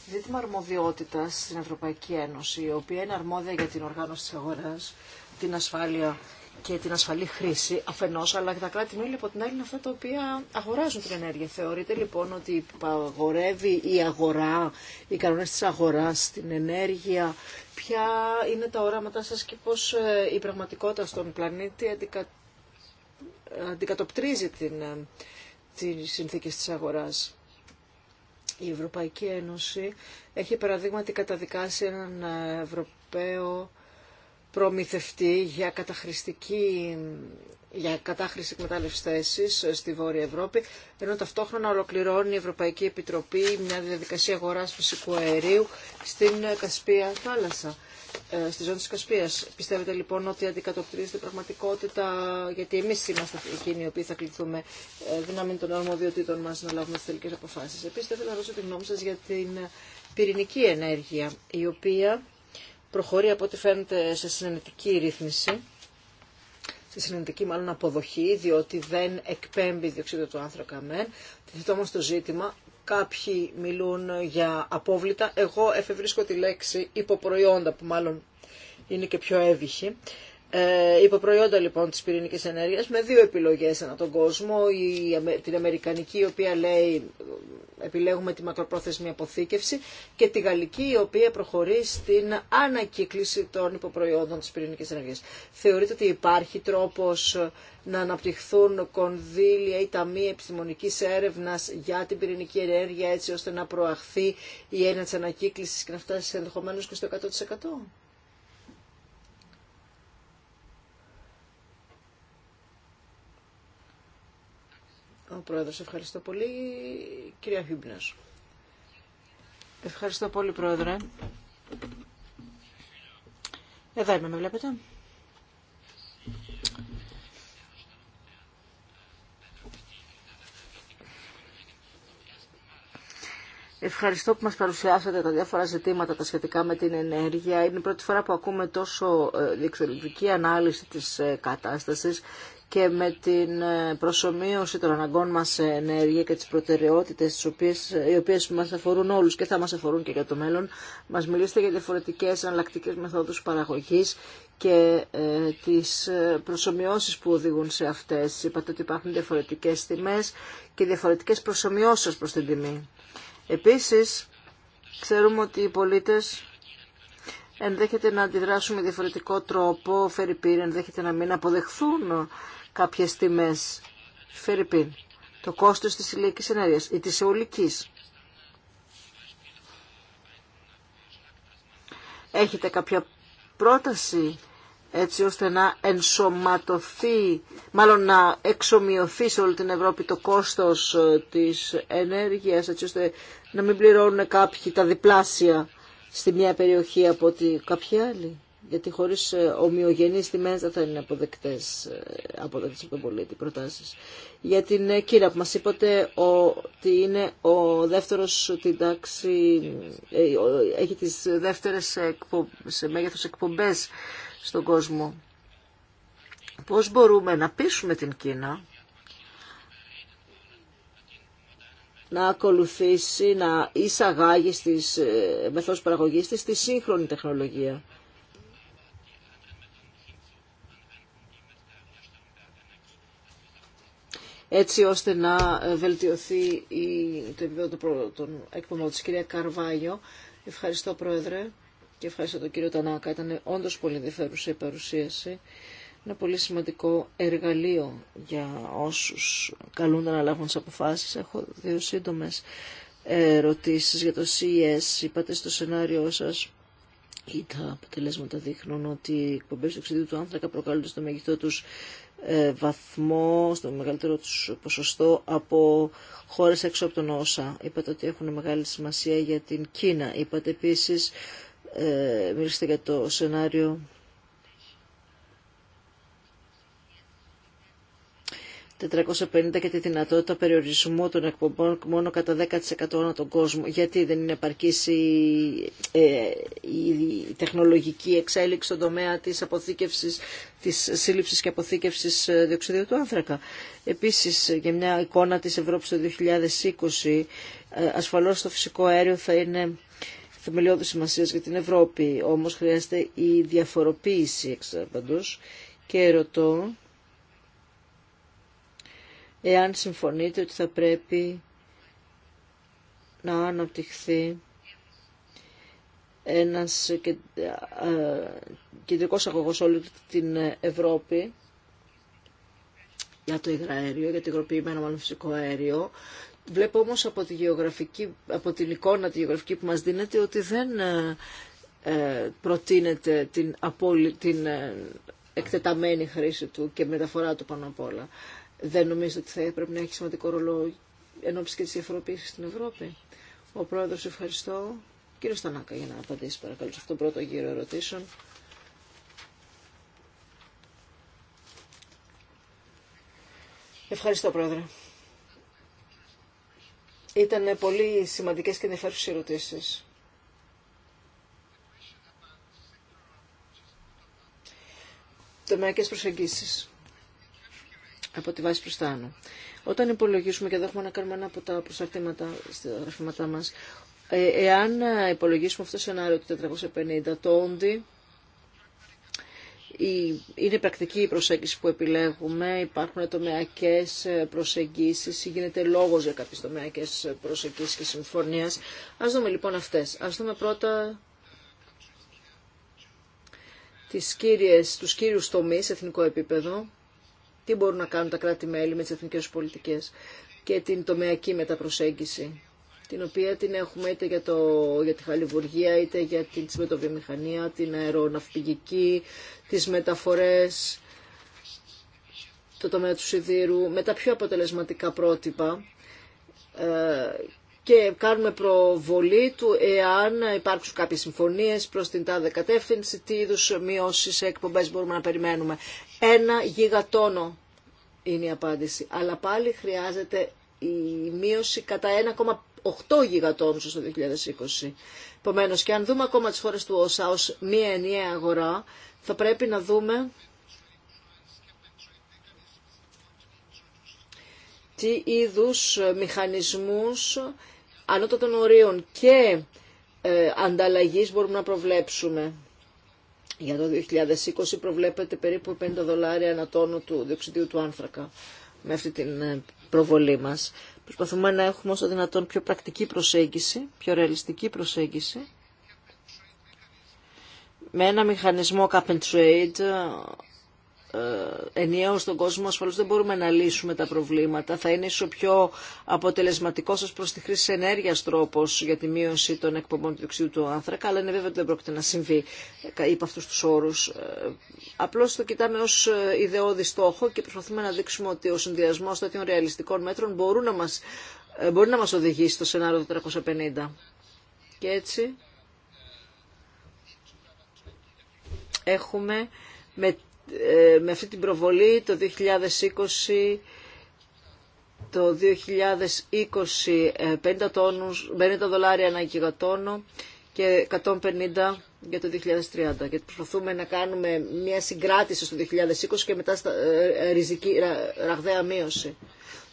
ζήτημα αρμοδιότητας στην Ευρωπαϊκή Ένωση, η οποία είναι αρμόδια για την οργάνωση της αγοράς, την ασφάλεια και την ασφαλή χρήση αφενός, αλλά και τα κράτη-μέλη από την άλλη είναι αυτά τα οποία αγοράζουν την ενέργεια. Θεωρείτε λοιπόν ότι αγορεύει η αγορά, οι κανόνε τη αγορά την ενέργεια, ποια είναι τα οράματά σα και πω ε, η πραγματικότητα στον πλανήτη αντικατοπτρίζει την... Ε, συνθήκε τη της αγοράς. Η Ευρωπαϊκή Ένωση έχει παραδείγματι καταδικάσει έναν ε, Ευρωπαίο προμηθευτεί για καταχρηστική για κατάχρηση εκμετάλλευση θέση στη Βόρεια Ευρώπη, ενώ ταυτόχρονα ολοκληρώνει η Ευρωπαϊκή Επιτροπή μια διαδικασία αγορά φυσικού αερίου στην Κασπία θάλασσα, ε, στη ζώνη τη Κασπία. Πιστεύετε λοιπόν ότι αντικατοπτρίζεται πραγματικότητα, γιατί εμεί είμαστε εκείνοι οι οποίοι θα κληθούμε ε, δυνάμει των αρμοδιοτήτων μα να λάβουμε τι τελικέ αποφάσει. Επίση, θα ήθελα να ρωτήσω τη γνώμη σα για την πυρηνική ενέργεια, η οποία προχωρεί από ό,τι φαίνεται σε συνενετική ρύθμιση, σε συνενετική μάλλον αποδοχή, διότι δεν εκπέμπει διοξείδιο του άνθρακα μεν. Θετώ όμως το ζήτημα, κάποιοι μιλούν για απόβλητα, εγώ εφευρίσκω τη λέξη υποπροϊόντα που μάλλον είναι και πιο εύυχη ε, υποπροϊόντα λοιπόν της πυρηνικής ενέργειας με δύο επιλογές ανά τον κόσμο. Η, την Αμερικανική η οποία λέει επιλέγουμε τη μακροπρόθεσμη αποθήκευση και τη Γαλλική η οποία προχωρεί στην ανακύκλωση των υποπροϊόντων της πυρηνικής ενέργειας. Θεωρείτε ότι υπάρχει τρόπος να αναπτυχθούν κονδύλια ή ταμεία επιστημονικής έρευνας για την πυρηνική ενέργεια έτσι ώστε να προαχθεί η έννοια της ανακύκλησης και να φτάσει ενδεχομένω και στο 100%. Ο Πρόεδρος, ευχαριστώ πολύ. Κυρία Χίμπνας. Ευχαριστώ πολύ, Πρόεδρε. Εδώ είμαι, με βλέπετε. Ευχαριστώ που μας παρουσιάσατε τα διάφορα ζητήματα τα σχετικά με την ενέργεια. Είναι η πρώτη φορά που ακούμε τόσο ε, διεξοδική ανάλυση της ε, κατάστασης και με την ε, προσωμείωση των αναγκών μας σε ενέργεια και τις προτεραιότητες τις οποίες, οι οποίες μας αφορούν όλους και θα μας αφορούν και για το μέλλον μας μιλήσετε για διαφορετικές εναλλακτικές μεθόδους παραγωγής και ε, τις ε, προσωμιώσεις που οδηγούν σε αυτές. Είπατε ότι υπάρχουν διαφορετικές τιμές και διαφορετικές προσωμιώσεις προς την τιμή. Επίσης, ξέρουμε ότι οι πολίτες ενδέχεται να αντιδράσουν με διαφορετικό τρόπο, φέρει πύρη, ενδέχεται να μην αποδεχθούν κάποιες τιμές. Φερρυπίν, το κόστος της ηλιακής ενέργειας ή της αιωλικής. Έχετε κάποια πρόταση έτσι ώστε να ενσωματωθεί, μάλλον να εξομοιωθεί σε όλη την Ευρώπη το κόστος ε, της ενέργειας, έτσι ώστε να μην πληρώνουν κάποιοι τα διπλάσια στη μια περιοχή από τη κάποια άλλη γιατί χωρίς ε, ομοιογενείς τιμές δεν θα είναι αποδεκτές, ε, αποδεκτές από τον πολίτη προτάσεις. Για την ε, κύρα που μας είπατε ότι είναι ο δεύτερος την τάξη, έχει τις δεύτερες εκπο, σε μέγεθος εκπομπές στον κόσμο. Πώς μπορούμε να πείσουμε την Κίνα να ακολουθήσει, να εισαγάγει στις μεθόδους παραγωγής της τη σύγχρονη τεχνολογία. έτσι ώστε να ε, βελτιωθεί το επίπεδο των εκπομπών της κυρία Καρβάγιο. Ευχαριστώ Πρόεδρε και ευχαριστώ τον κύριο Τανάκα. Ήταν όντως πολύ ενδιαφέρουσα η παρουσίαση. Ένα πολύ σημαντικό εργαλείο για όσους καλούνται να λάβουν τις αποφάσεις. Έχω δύο σύντομες ερωτήσεις για το CES. Είπατε στο σενάριό σας ή τα αποτελέσματα δείχνουν ότι οι εκπομπές του οξυδίου του άνθρακα προκαλούνται στο μεγιστό τους ε, βαθμό, στο μεγαλύτερο του ποσοστό από χώρε έξω από τον ΩΣΑ. Είπατε ότι έχουν μεγάλη σημασία για την Κίνα. Είπατε επίσης, ε, μίλησατε για το σενάριο 450 και τη δυνατότητα περιορισμού των εκπομπών μόνο κατά 10% ανά τον κόσμο. Γιατί δεν είναι επαρκή η, ε, η τεχνολογική εξέλιξη στον τομέα της αποθήκευσης, της σύλληψης και αποθήκευσης ε, διοξιδίου του άνθρακα. Επίσης, για μια εικόνα της Ευρώπης το 2020, ε, ασφαλώς το φυσικό αέριο θα είναι θεμελιώδη σημασία για την Ευρώπη. Όμω χρειάζεται η διαφοροποίηση εξαρπαντό. Και ρωτώ εάν συμφωνείτε ότι θα πρέπει να αναπτυχθεί ένας κεντρικός αγωγός όλη την Ευρώπη για το υγραέριο, για το υγροποιημένο μάλλον φυσικό αέριο. Βλέπω όμως από, τη γεωγραφική, από την εικόνα τη γεωγραφική που μας δίνεται ότι δεν ε, ε, προτείνεται την, απόλυ, την ε, εκτεταμένη χρήση του και μεταφορά του πάνω απ' όλα δεν νομίζω ότι θα έπρεπε να έχει σημαντικό ρόλο ενώπιση και τη διαφοροποίηση στην Ευρώπη. Ο πρόεδρο, ευχαριστώ. Κύριο Στανάκα, για να απαντήσει παρακαλώ σε αυτόν τον πρώτο γύρο ερωτήσεων. Ευχαριστώ, πρόεδρε. Ήταν πολύ σημαντικές και ενδιαφέρουσες ερωτήσεις. Τομεακές προσεγγίσεις από τη βάση προς τα άνω. Όταν υπολογίσουμε, και εδώ έχουμε να κάνουμε ένα από τα προσαρτήματα στα γραφήματά μας, ε, εάν υπολογίσουμε αυτό το σενάριο του 450, το όντι, είναι πρακτική η προσέγγιση που επιλέγουμε, υπάρχουν τομεακές προσεγγίσεις γίνεται λόγος για κάποιες τομεακές προσεγγίσεις και συμφωνίες. Ας δούμε λοιπόν αυτές. Ας δούμε πρώτα τις κύριες, τους κύριους τομείς εθνικό επίπεδο τι μπορούν να κάνουν τα κράτη-μέλη με τις εθνικές πολιτικές και την τομεακή μεταπροσέγγιση, την οποία την έχουμε είτε για, το, για τη χαλιβουργία, είτε για την τσιμετοβιομηχανία, την αεροναυπηγική, τις μεταφορές, το τομέα του σιδήρου, με τα πιο αποτελεσματικά πρότυπα ε, και κάνουμε προβολή του εάν υπάρξουν κάποιες συμφωνίες προς την τάδε κατεύθυνση, τι είδους μειώσεις σε εκπομπές μπορούμε να περιμένουμε. Ένα γιγατόνο είναι η απάντηση, αλλά πάλι χρειάζεται η μείωση κατά 1,8 γιγατόνους στο 2020. Επομένω, και αν δούμε ακόμα τις χώρες του ΩΣΑ ως μία ενιαία αγορά, θα πρέπει να δούμε τι είδους μηχανισμούς ανώτατων ορίων και ε, ανταλλαγής μπορούμε να προβλέψουμε. Για το 2020 προβλέπεται περίπου 50 δολάρια ένα τόνο του διοξιδίου του άνθρακα με αυτή την ε, προβολή μας. Προσπαθούμε να έχουμε όσο δυνατόν πιο πρακτική προσέγγιση, πιο ρεαλιστική προσέγγιση με ένα μηχανισμό cap and trade ε, ενιαίο στον κόσμο, ασφαλώς δεν μπορούμε να λύσουμε τα προβλήματα. Θα είναι ίσως πιο αποτελεσματικός ως προς τη χρήση ενέργειας τρόπος για τη μείωση των εκπομπών του διοξιδίου του άνθρακα, αλλά είναι βέβαιο ότι δεν πρόκειται να συμβεί ε, υπ' αυτούς τους όρους. Ε, απλώς το κοιτάμε ως ιδεώδη στόχο και προσπαθούμε να δείξουμε ότι ο συνδυασμός τέτοιων ρεαλιστικών μέτρων μπορεί να μας, μπορεί να μας οδηγήσει στο σενάριο 350 Και έτσι έχουμε με ε, με αυτή την προβολή το 2020 το 2020 50, ε, τόνους, 50 δολάρια ανά γιγατόνο και 150 για το 2030. Γιατί προσπαθούμε να κάνουμε μια συγκράτηση στο 2020 και μετά στα, ε, ριζική, ραγδαία μείωση.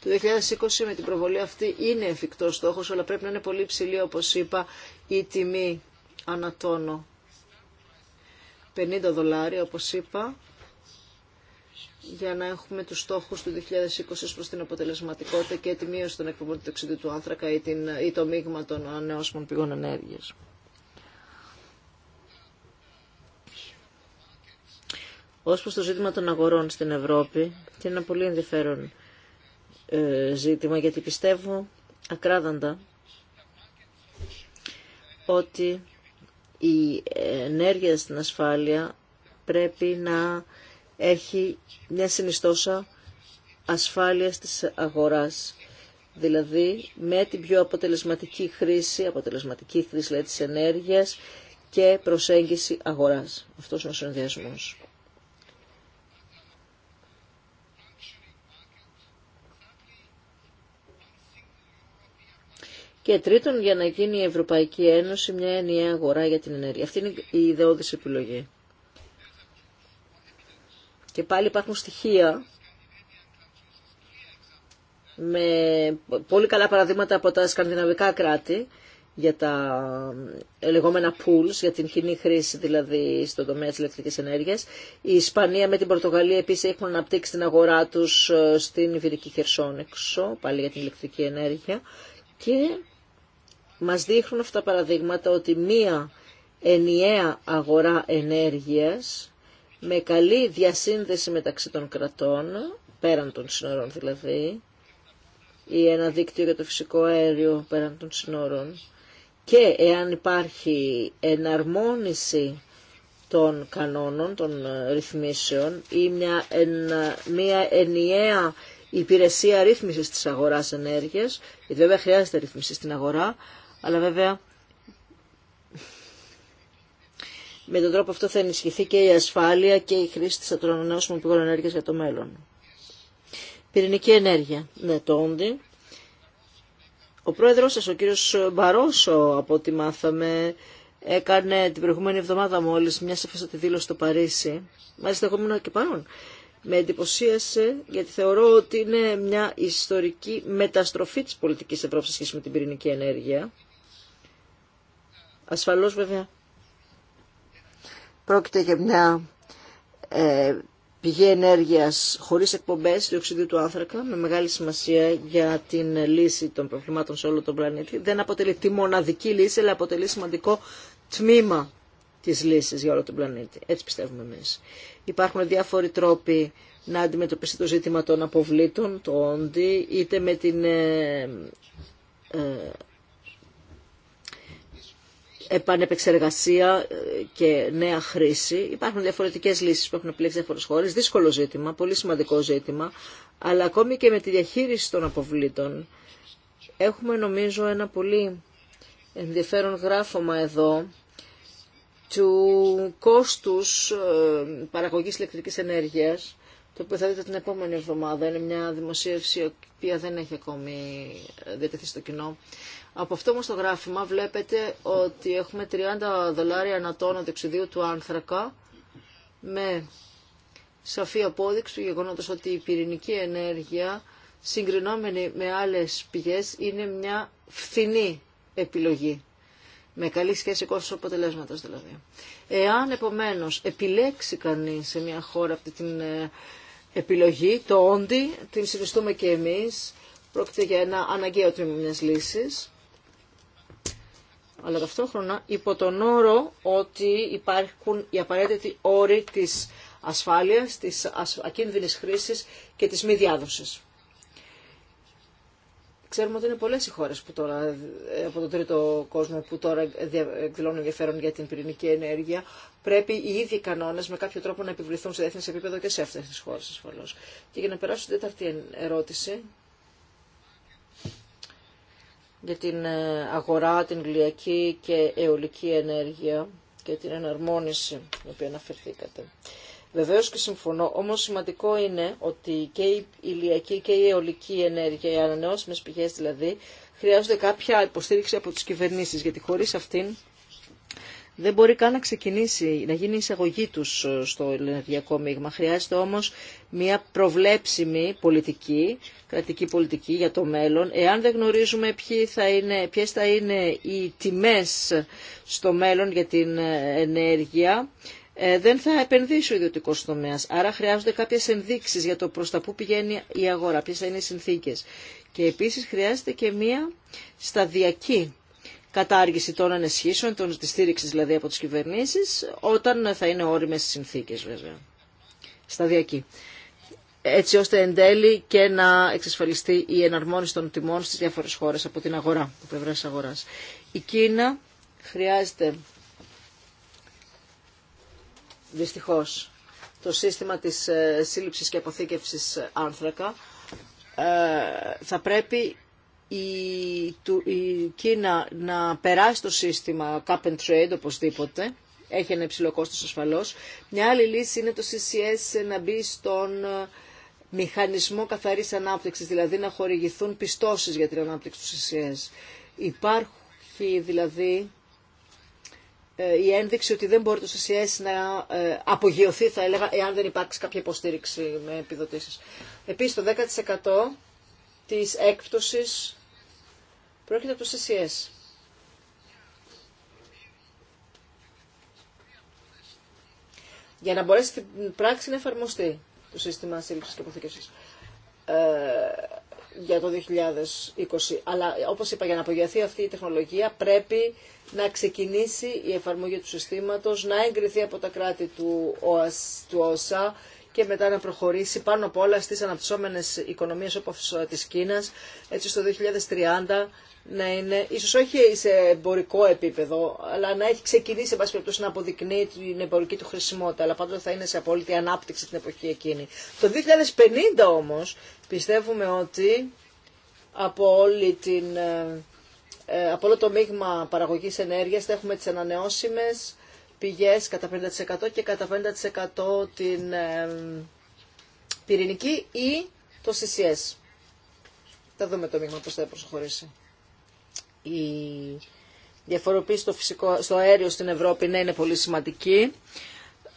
Το 2020 με την προβολή αυτή είναι εφικτός στόχος, αλλά πρέπει να είναι πολύ ψηλή, όπως είπα, η τιμή ανατόνο. 50 δολάρια, όπως είπα, για να έχουμε τους στόχους του 2020 προς την αποτελεσματικότητα και τη μείωση των εκπομπών του του άνθρακα ή, την, ή το μείγμα των ανεώσιμων πηγών ενέργειας. Ως προς το ζήτημα των αγορών στην Ευρώπη, και είναι ένα πολύ ενδιαφέρον ε, ζήτημα, γιατί πιστεύω ακράδαντα ότι η ενέργεια στην ασφάλεια πρέπει να έχει μια συνιστόσα ασφάλειας της αγοράς. Δηλαδή με την πιο αποτελεσματική χρήση, αποτελεσματική χρήση δηλαδή, της ενέργειας και προσέγγιση αγοράς. Αυτός είναι ο συνδυασμός. Και τρίτον, για να γίνει η Ευρωπαϊκή Ένωση μια ενιαία αγορά για την ενέργεια. Αυτή είναι η ιδεώδης επιλογή. Και πάλι υπάρχουν στοιχεία με πολύ καλά παραδείγματα από τα σκανδιναβικά κράτη για τα λεγόμενα pools, για την κοινή χρήση δηλαδή στον τομέα της ηλεκτρικής ενέργειας. Η Ισπανία με την Πορτογαλία επίσης έχουν αναπτύξει την αγορά τους ε, στην Ιβηρική Χερσόνεξο, πάλι για την ηλεκτρική ενέργεια. Και μας δείχνουν αυτά τα παραδείγματα ότι μία ενιαία αγορά ενέργειας με καλή διασύνδεση μεταξύ των κρατών, πέραν των σύνορων δηλαδή, ή ένα δίκτυο για το φυσικό αέριο πέραν των σύνορων, και εάν υπάρχει εναρμόνιση των κανόνων, των ε, ρυθμίσεων ή μια, μια ενιαία υπηρεσία ρύθμισης της αγοράς ενέργειας, γιατί βέβαια χρειάζεται ρύθμιση στην αγορά, αλλά βέβαια Με τον τρόπο αυτό θα ενισχυθεί και η ασφάλεια και η χρήση τη ανανεώσιμων πηγών ενέργεια για το μέλλον. Πυρηνική ενέργεια. Ναι, το όντι. Ο πρόεδρος σας, ο κύριος Μπαρόσο, από ό,τι μάθαμε, έκανε την προηγούμενη εβδομάδα μόλις μια σαφέστατη δήλωση στο Παρίσι. Μάλιστα, εγώ ήμουν και παρόν. Με εντυπωσίασε, γιατί θεωρώ ότι είναι μια ιστορική μεταστροφή της πολιτικής Ευρώπης σχέση με την πυρηνική ενέργεια. Ασφαλώς, βέβαια, Πρόκειται για μια ε, πηγή ενέργειας χωρίς εκπομπές διοξιδίου του άνθρακα με μεγάλη σημασία για την λύση των προβλημάτων σε όλο τον πλανήτη. Δεν αποτελεί τη μοναδική λύση, αλλά αποτελεί σημαντικό τμήμα της λύσης για όλο τον πλανήτη. Έτσι πιστεύουμε εμείς. Υπάρχουν διάφοροι τρόποι να αντιμετωπιστεί το ζήτημα των αποβλήτων, το όντι, είτε με την ε, ε, επανεπεξεργασία ε, και νέα χρήση. Υπάρχουν διαφορετικές λύσεις που έχουν επιλέξει διάφορε χώρε, Δύσκολο ζήτημα, πολύ σημαντικό ζήτημα. Αλλά ακόμη και με τη διαχείριση των αποβλήτων έχουμε νομίζω ένα πολύ ενδιαφέρον γράφωμα εδώ του κόστους ε, παραγωγής ηλεκτρικής ενέργειας το οποίο θα δείτε την επόμενη εβδομάδα. Είναι μια δημοσίευση η οποία δεν έχει ακόμη ε, διατεθεί στο κοινό. Από αυτό όμως το γράφημα βλέπετε ότι έχουμε 30 δολάρια ανατόνα δεξιδίου του άνθρακα με σαφή απόδειξη του γεγονότος ότι η πυρηνική ενέργεια συγκρινόμενη με άλλες πηγές είναι μια φθηνή επιλογή. Με καλή σχέση κόστος αποτελέσματος δηλαδή. Εάν επομένως επιλέξει κανείς σε μια χώρα αυτή την ε, επιλογή, το όντι, την συνιστούμε και εμείς. Πρόκειται για ένα αναγκαίο τμήμα μια λύση. Αλλά ταυτόχρονα υπό τον όρο ότι υπάρχουν οι απαραίτητοι όροι της ασφάλειας, της ακίνδυνης χρήσης και της μη διάδοσης. Ξέρουμε ότι είναι πολλές οι χώρες που τώρα, ε, από τον τρίτο κόσμο που τώρα εκδηλώνουν ενδιαφέρον για την πυρηνική ενέργεια. Πρέπει οι ίδιοι κανόνες με κάποιο τρόπο να επιβληθούν σε διεθνέ επίπεδο και σε αυτέ τι χώρε ασφαλώ. Και για να περάσω στην τέταρτη ερώτηση για την ε, αγορά, την γλυακή και αιωλική ενέργεια και την εναρμόνιση, την οποία αναφερθήκατε. Βεβαίω και συμφωνώ, όμω σημαντικό είναι ότι και η ηλιακή και η αιωλική ενέργεια, οι ανανεώσιμε πηγέ δηλαδή, χρειάζονται κάποια υποστήριξη από τι κυβερνήσει, γιατί χωρί αυτήν δεν μπορεί καν να ξεκινήσει, να γίνει η εισαγωγή τους ε, στο ενεργειακό μείγμα. Χρειάζεται όμως μια προβλέψιμη πολιτική, κρατική πολιτική για το μέλλον. Εάν δεν γνωρίζουμε ποιε θα είναι, είναι οι τιμέ στο μέλλον για την ε, ενέργεια, ε, δεν θα επενδύσει ο ιδιωτικό τομέα. Άρα χρειάζονται κάποιε ενδείξει για το προ τα που πηγαίνει η αγορά, ποιε θα είναι οι συνθήκε. Και επίση χρειάζεται και μία σταδιακή κατάργηση των ανεσχήσεων, των, στήριξη δηλαδή από τι κυβερνήσει, όταν θα είναι όριμε οι συνθήκες βέβαια, σταδιακή. Έτσι ώστε εν τέλει και να εξασφαλιστεί η εναρμόνιση των τιμών στι διάφορε χώρε από την αγορά, από πλευρά τη αγορά. Η Κίνα χρειάζεται δυστυχώς το σύστημα της ε, σύλληψης και αποθήκευσης άνθρακα ε, θα πρέπει η, του, η Κίνα να περάσει το σύστημα cap and trade οπωσδήποτε. Έχει ένα υψηλό κόστος ασφαλώς. Μια άλλη λύση είναι το CCS να μπει στον ε, μηχανισμό καθαρής ανάπτυξης, δηλαδή να χορηγηθούν πιστώσεις για την ανάπτυξη του CCS. Υπάρχει δηλαδή ε, η ένδειξη ότι δεν μπορεί το CCS να ε, απογειωθεί, θα έλεγα, εάν δεν υπάρξει κάποια υποστήριξη με επιδοτήσεις. Επίσης, το 10% της έκπτωσης πρόκειται από το CCS. Για να μπορέσει στην πράξη να εφαρμοστεί το σύστημα σύλληψης και αποθήκευσης. Ε, για το 2020. Αλλά όπως είπα, για να απογειωθεί αυτή η τεχνολογία πρέπει να ξεκινήσει η εφαρμογή του συστήματος, να εγκριθεί από τα κράτη του ΟΣΑ, και μετά να προχωρήσει πάνω απ' όλα στις αναπτυσσόμενες οικονομίες όπως ε, της Κίνας, έτσι στο 2030 να είναι, ίσως όχι σε εμπορικό επίπεδο, αλλά να έχει ξεκινήσει σε να αποδεικνύει την εμπορική του χρησιμότητα, αλλά πάντοτε θα είναι σε απόλυτη ανάπτυξη την εποχή εκείνη. Το 2050 όμως πιστεύουμε ότι από όλη την... Ε, ε, από όλο το μείγμα παραγωγής ενέργειας θα έχουμε τις ανανεώσιμες, πηγές κατά 50% και κατά 50% την πυρηνική ή το CCS. Θα δούμε το μείγμα πώς θα προσχωρήσει. Η διαφοροποίηση στο, φυσικό, στο αέριο στην Ευρώπη ναι, είναι πολύ σημαντική.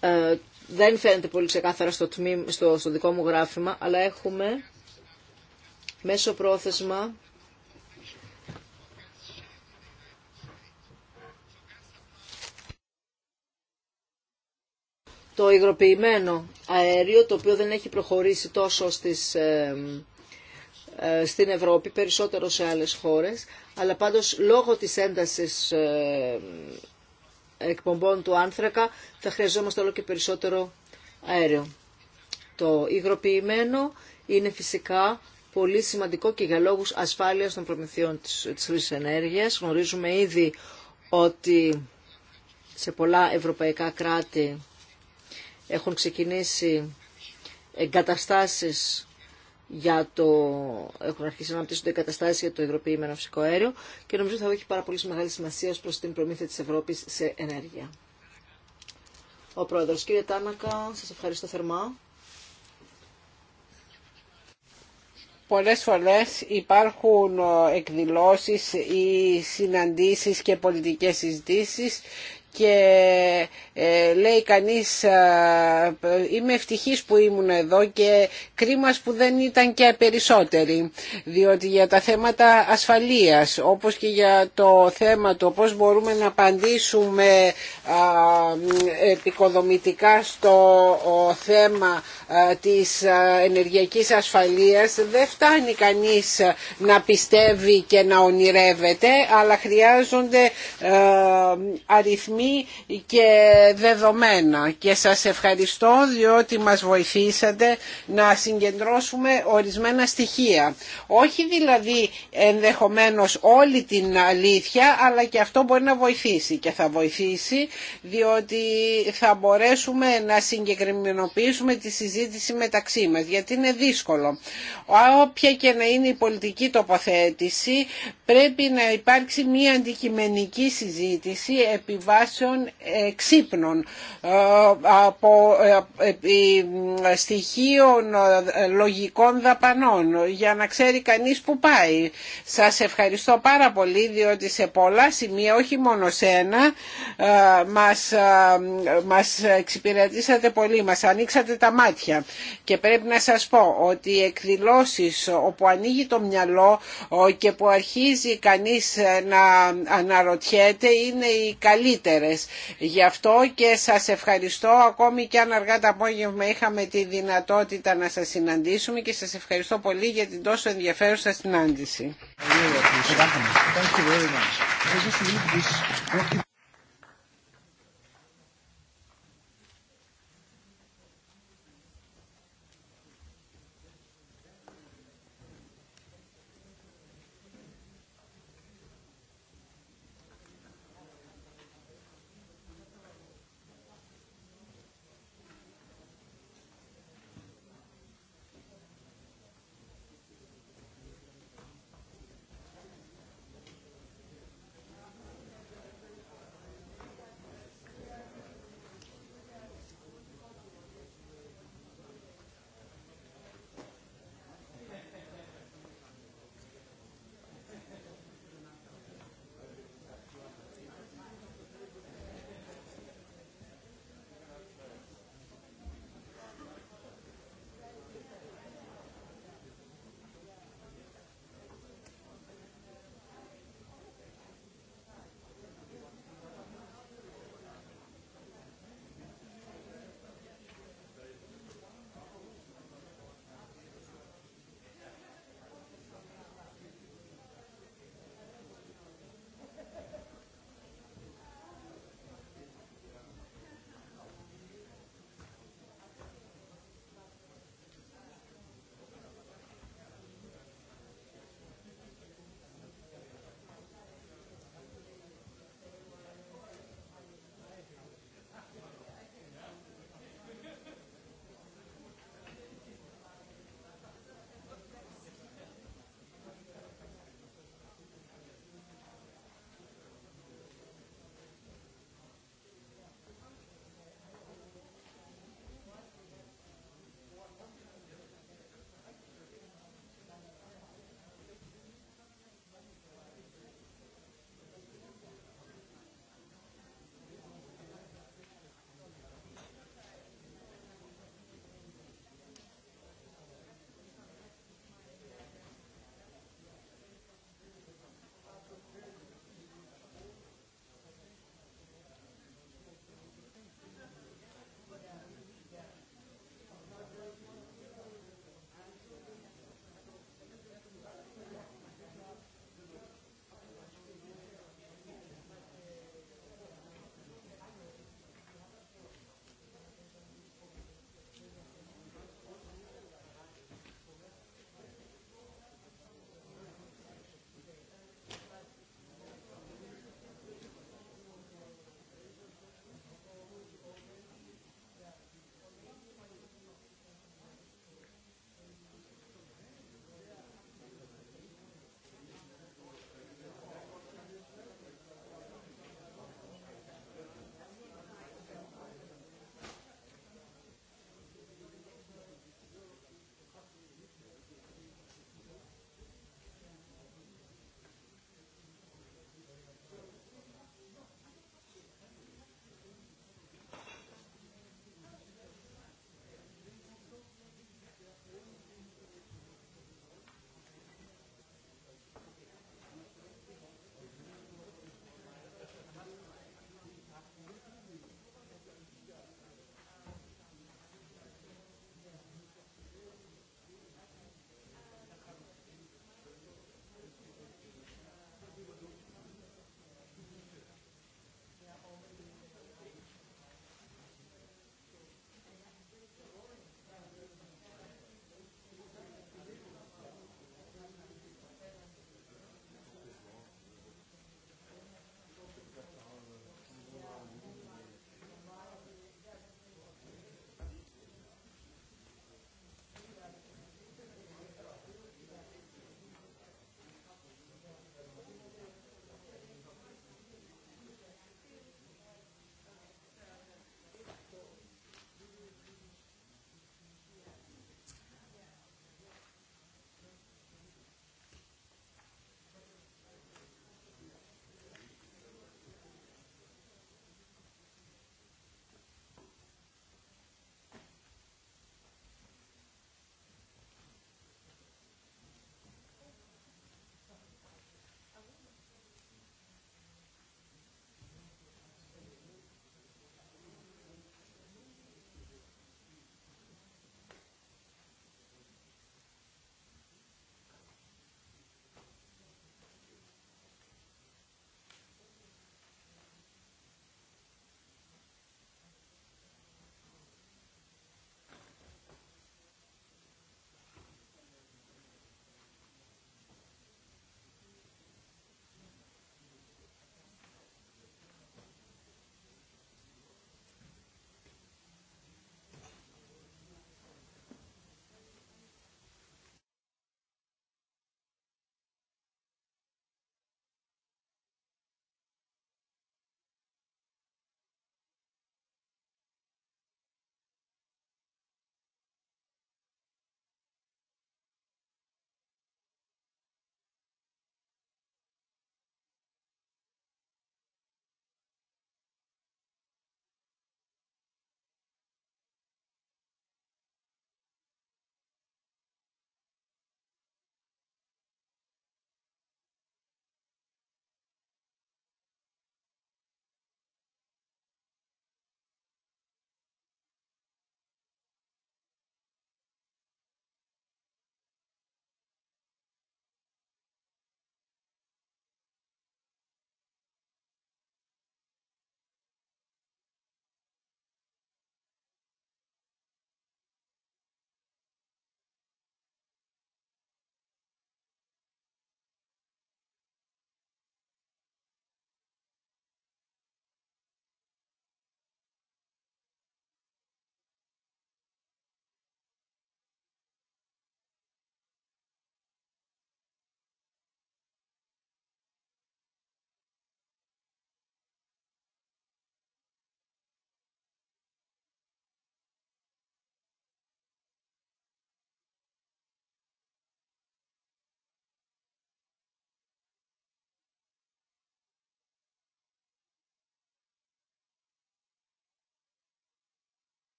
Ε, δεν φαίνεται πολύ ξεκάθαρα στο, τμή, στο, στο δικό μου γράφημα, αλλά έχουμε μέσω πρόθεσμα το υγροποιημένο αέριο, το οποίο δεν έχει προχωρήσει τόσο ε, στην Ευρώπη, περισσότερο σε άλλες χώρες, αλλά πάντως λόγω της έντασης εκπομπών του άνθρακα θα χρειαζόμαστε όλο και περισσότερο αέριο. Το υγροποιημένο είναι φυσικά πολύ σημαντικό και για λόγους ασφάλειας των προμηθειών της, της χρήσης ενέργειας. Γνωρίζουμε ήδη ότι σε πολλά ευρωπαϊκά κράτη έχουν ξεκινήσει εγκαταστάσεις για το... έχουν αρχίσει να αναπτύσσονται εγκαταστάσεις για το υδροποιημένο φυσικό αέριο και νομίζω θα έχει πάρα πολύ μεγάλη σημασία ως προς την προμήθεια της Ευρώπης σε ενέργεια. Ο Πρόεδρος. Κύριε Τάνακα, σας ευχαριστώ θερμά. Πολλές φορές υπάρχουν ε, εκδηλώσεις ή συναντήσεις και πολιτικές συζητήσεις και ε, λέει κανείς ε, είμαι ευτυχής που ήμουν εδώ και κρίμας που δεν ήταν και περισσότεροι διότι για τα θέματα ασφαλείας όπως και για το θέμα το πώς μπορούμε να απαντήσουμε επικοδομητικά στο θέμα της ενεργειακής ασφαλείας δεν φτάνει κανείς να πιστεύει και να ονειρεύεται αλλά χρειάζονται ε, αριθμοί και δεδομένα και σας ευχαριστώ διότι μας βοηθήσατε να συγκεντρώσουμε ορισμένα στοιχεία. Όχι δηλαδή ενδεχομένως όλη την αλήθεια αλλά και αυτό μπορεί να βοηθήσει και θα βοηθήσει διότι θα μπορέσουμε να συγκεκριμενοποιήσουμε τη συζήτηση μεταξύ μας γιατί είναι δύσκολο. Όποια και να είναι η πολιτική τοποθέτηση πρέπει να υπάρξει μια αντικειμενική συζήτηση επιβάσει απόψεων ξύπνων ε, από ε, ε, στοιχείων λογικών δαπανών για να ξέρει κανείς που πάει. Σας ευχαριστώ πάρα πολύ διότι σε πολλά σημεία, όχι μόνο σε ένα, μας, μας εξυπηρετήσατε πολύ, μας ανοίξατε τα μάτια και πρέπει να σας πω ότι οι εκδηλώσεις όπου ανοίγει το μυαλό και που αρχίζει κανείς να αναρωτιέται είναι οι καλύτερες Γι' αυτό και σας ευχαριστώ ακόμη και αν αργά το απόγευμα είχαμε τη δυνατότητα να σας συναντήσουμε και σας ευχαριστώ πολύ για την τόσο ενδιαφέρουσα συνάντηση.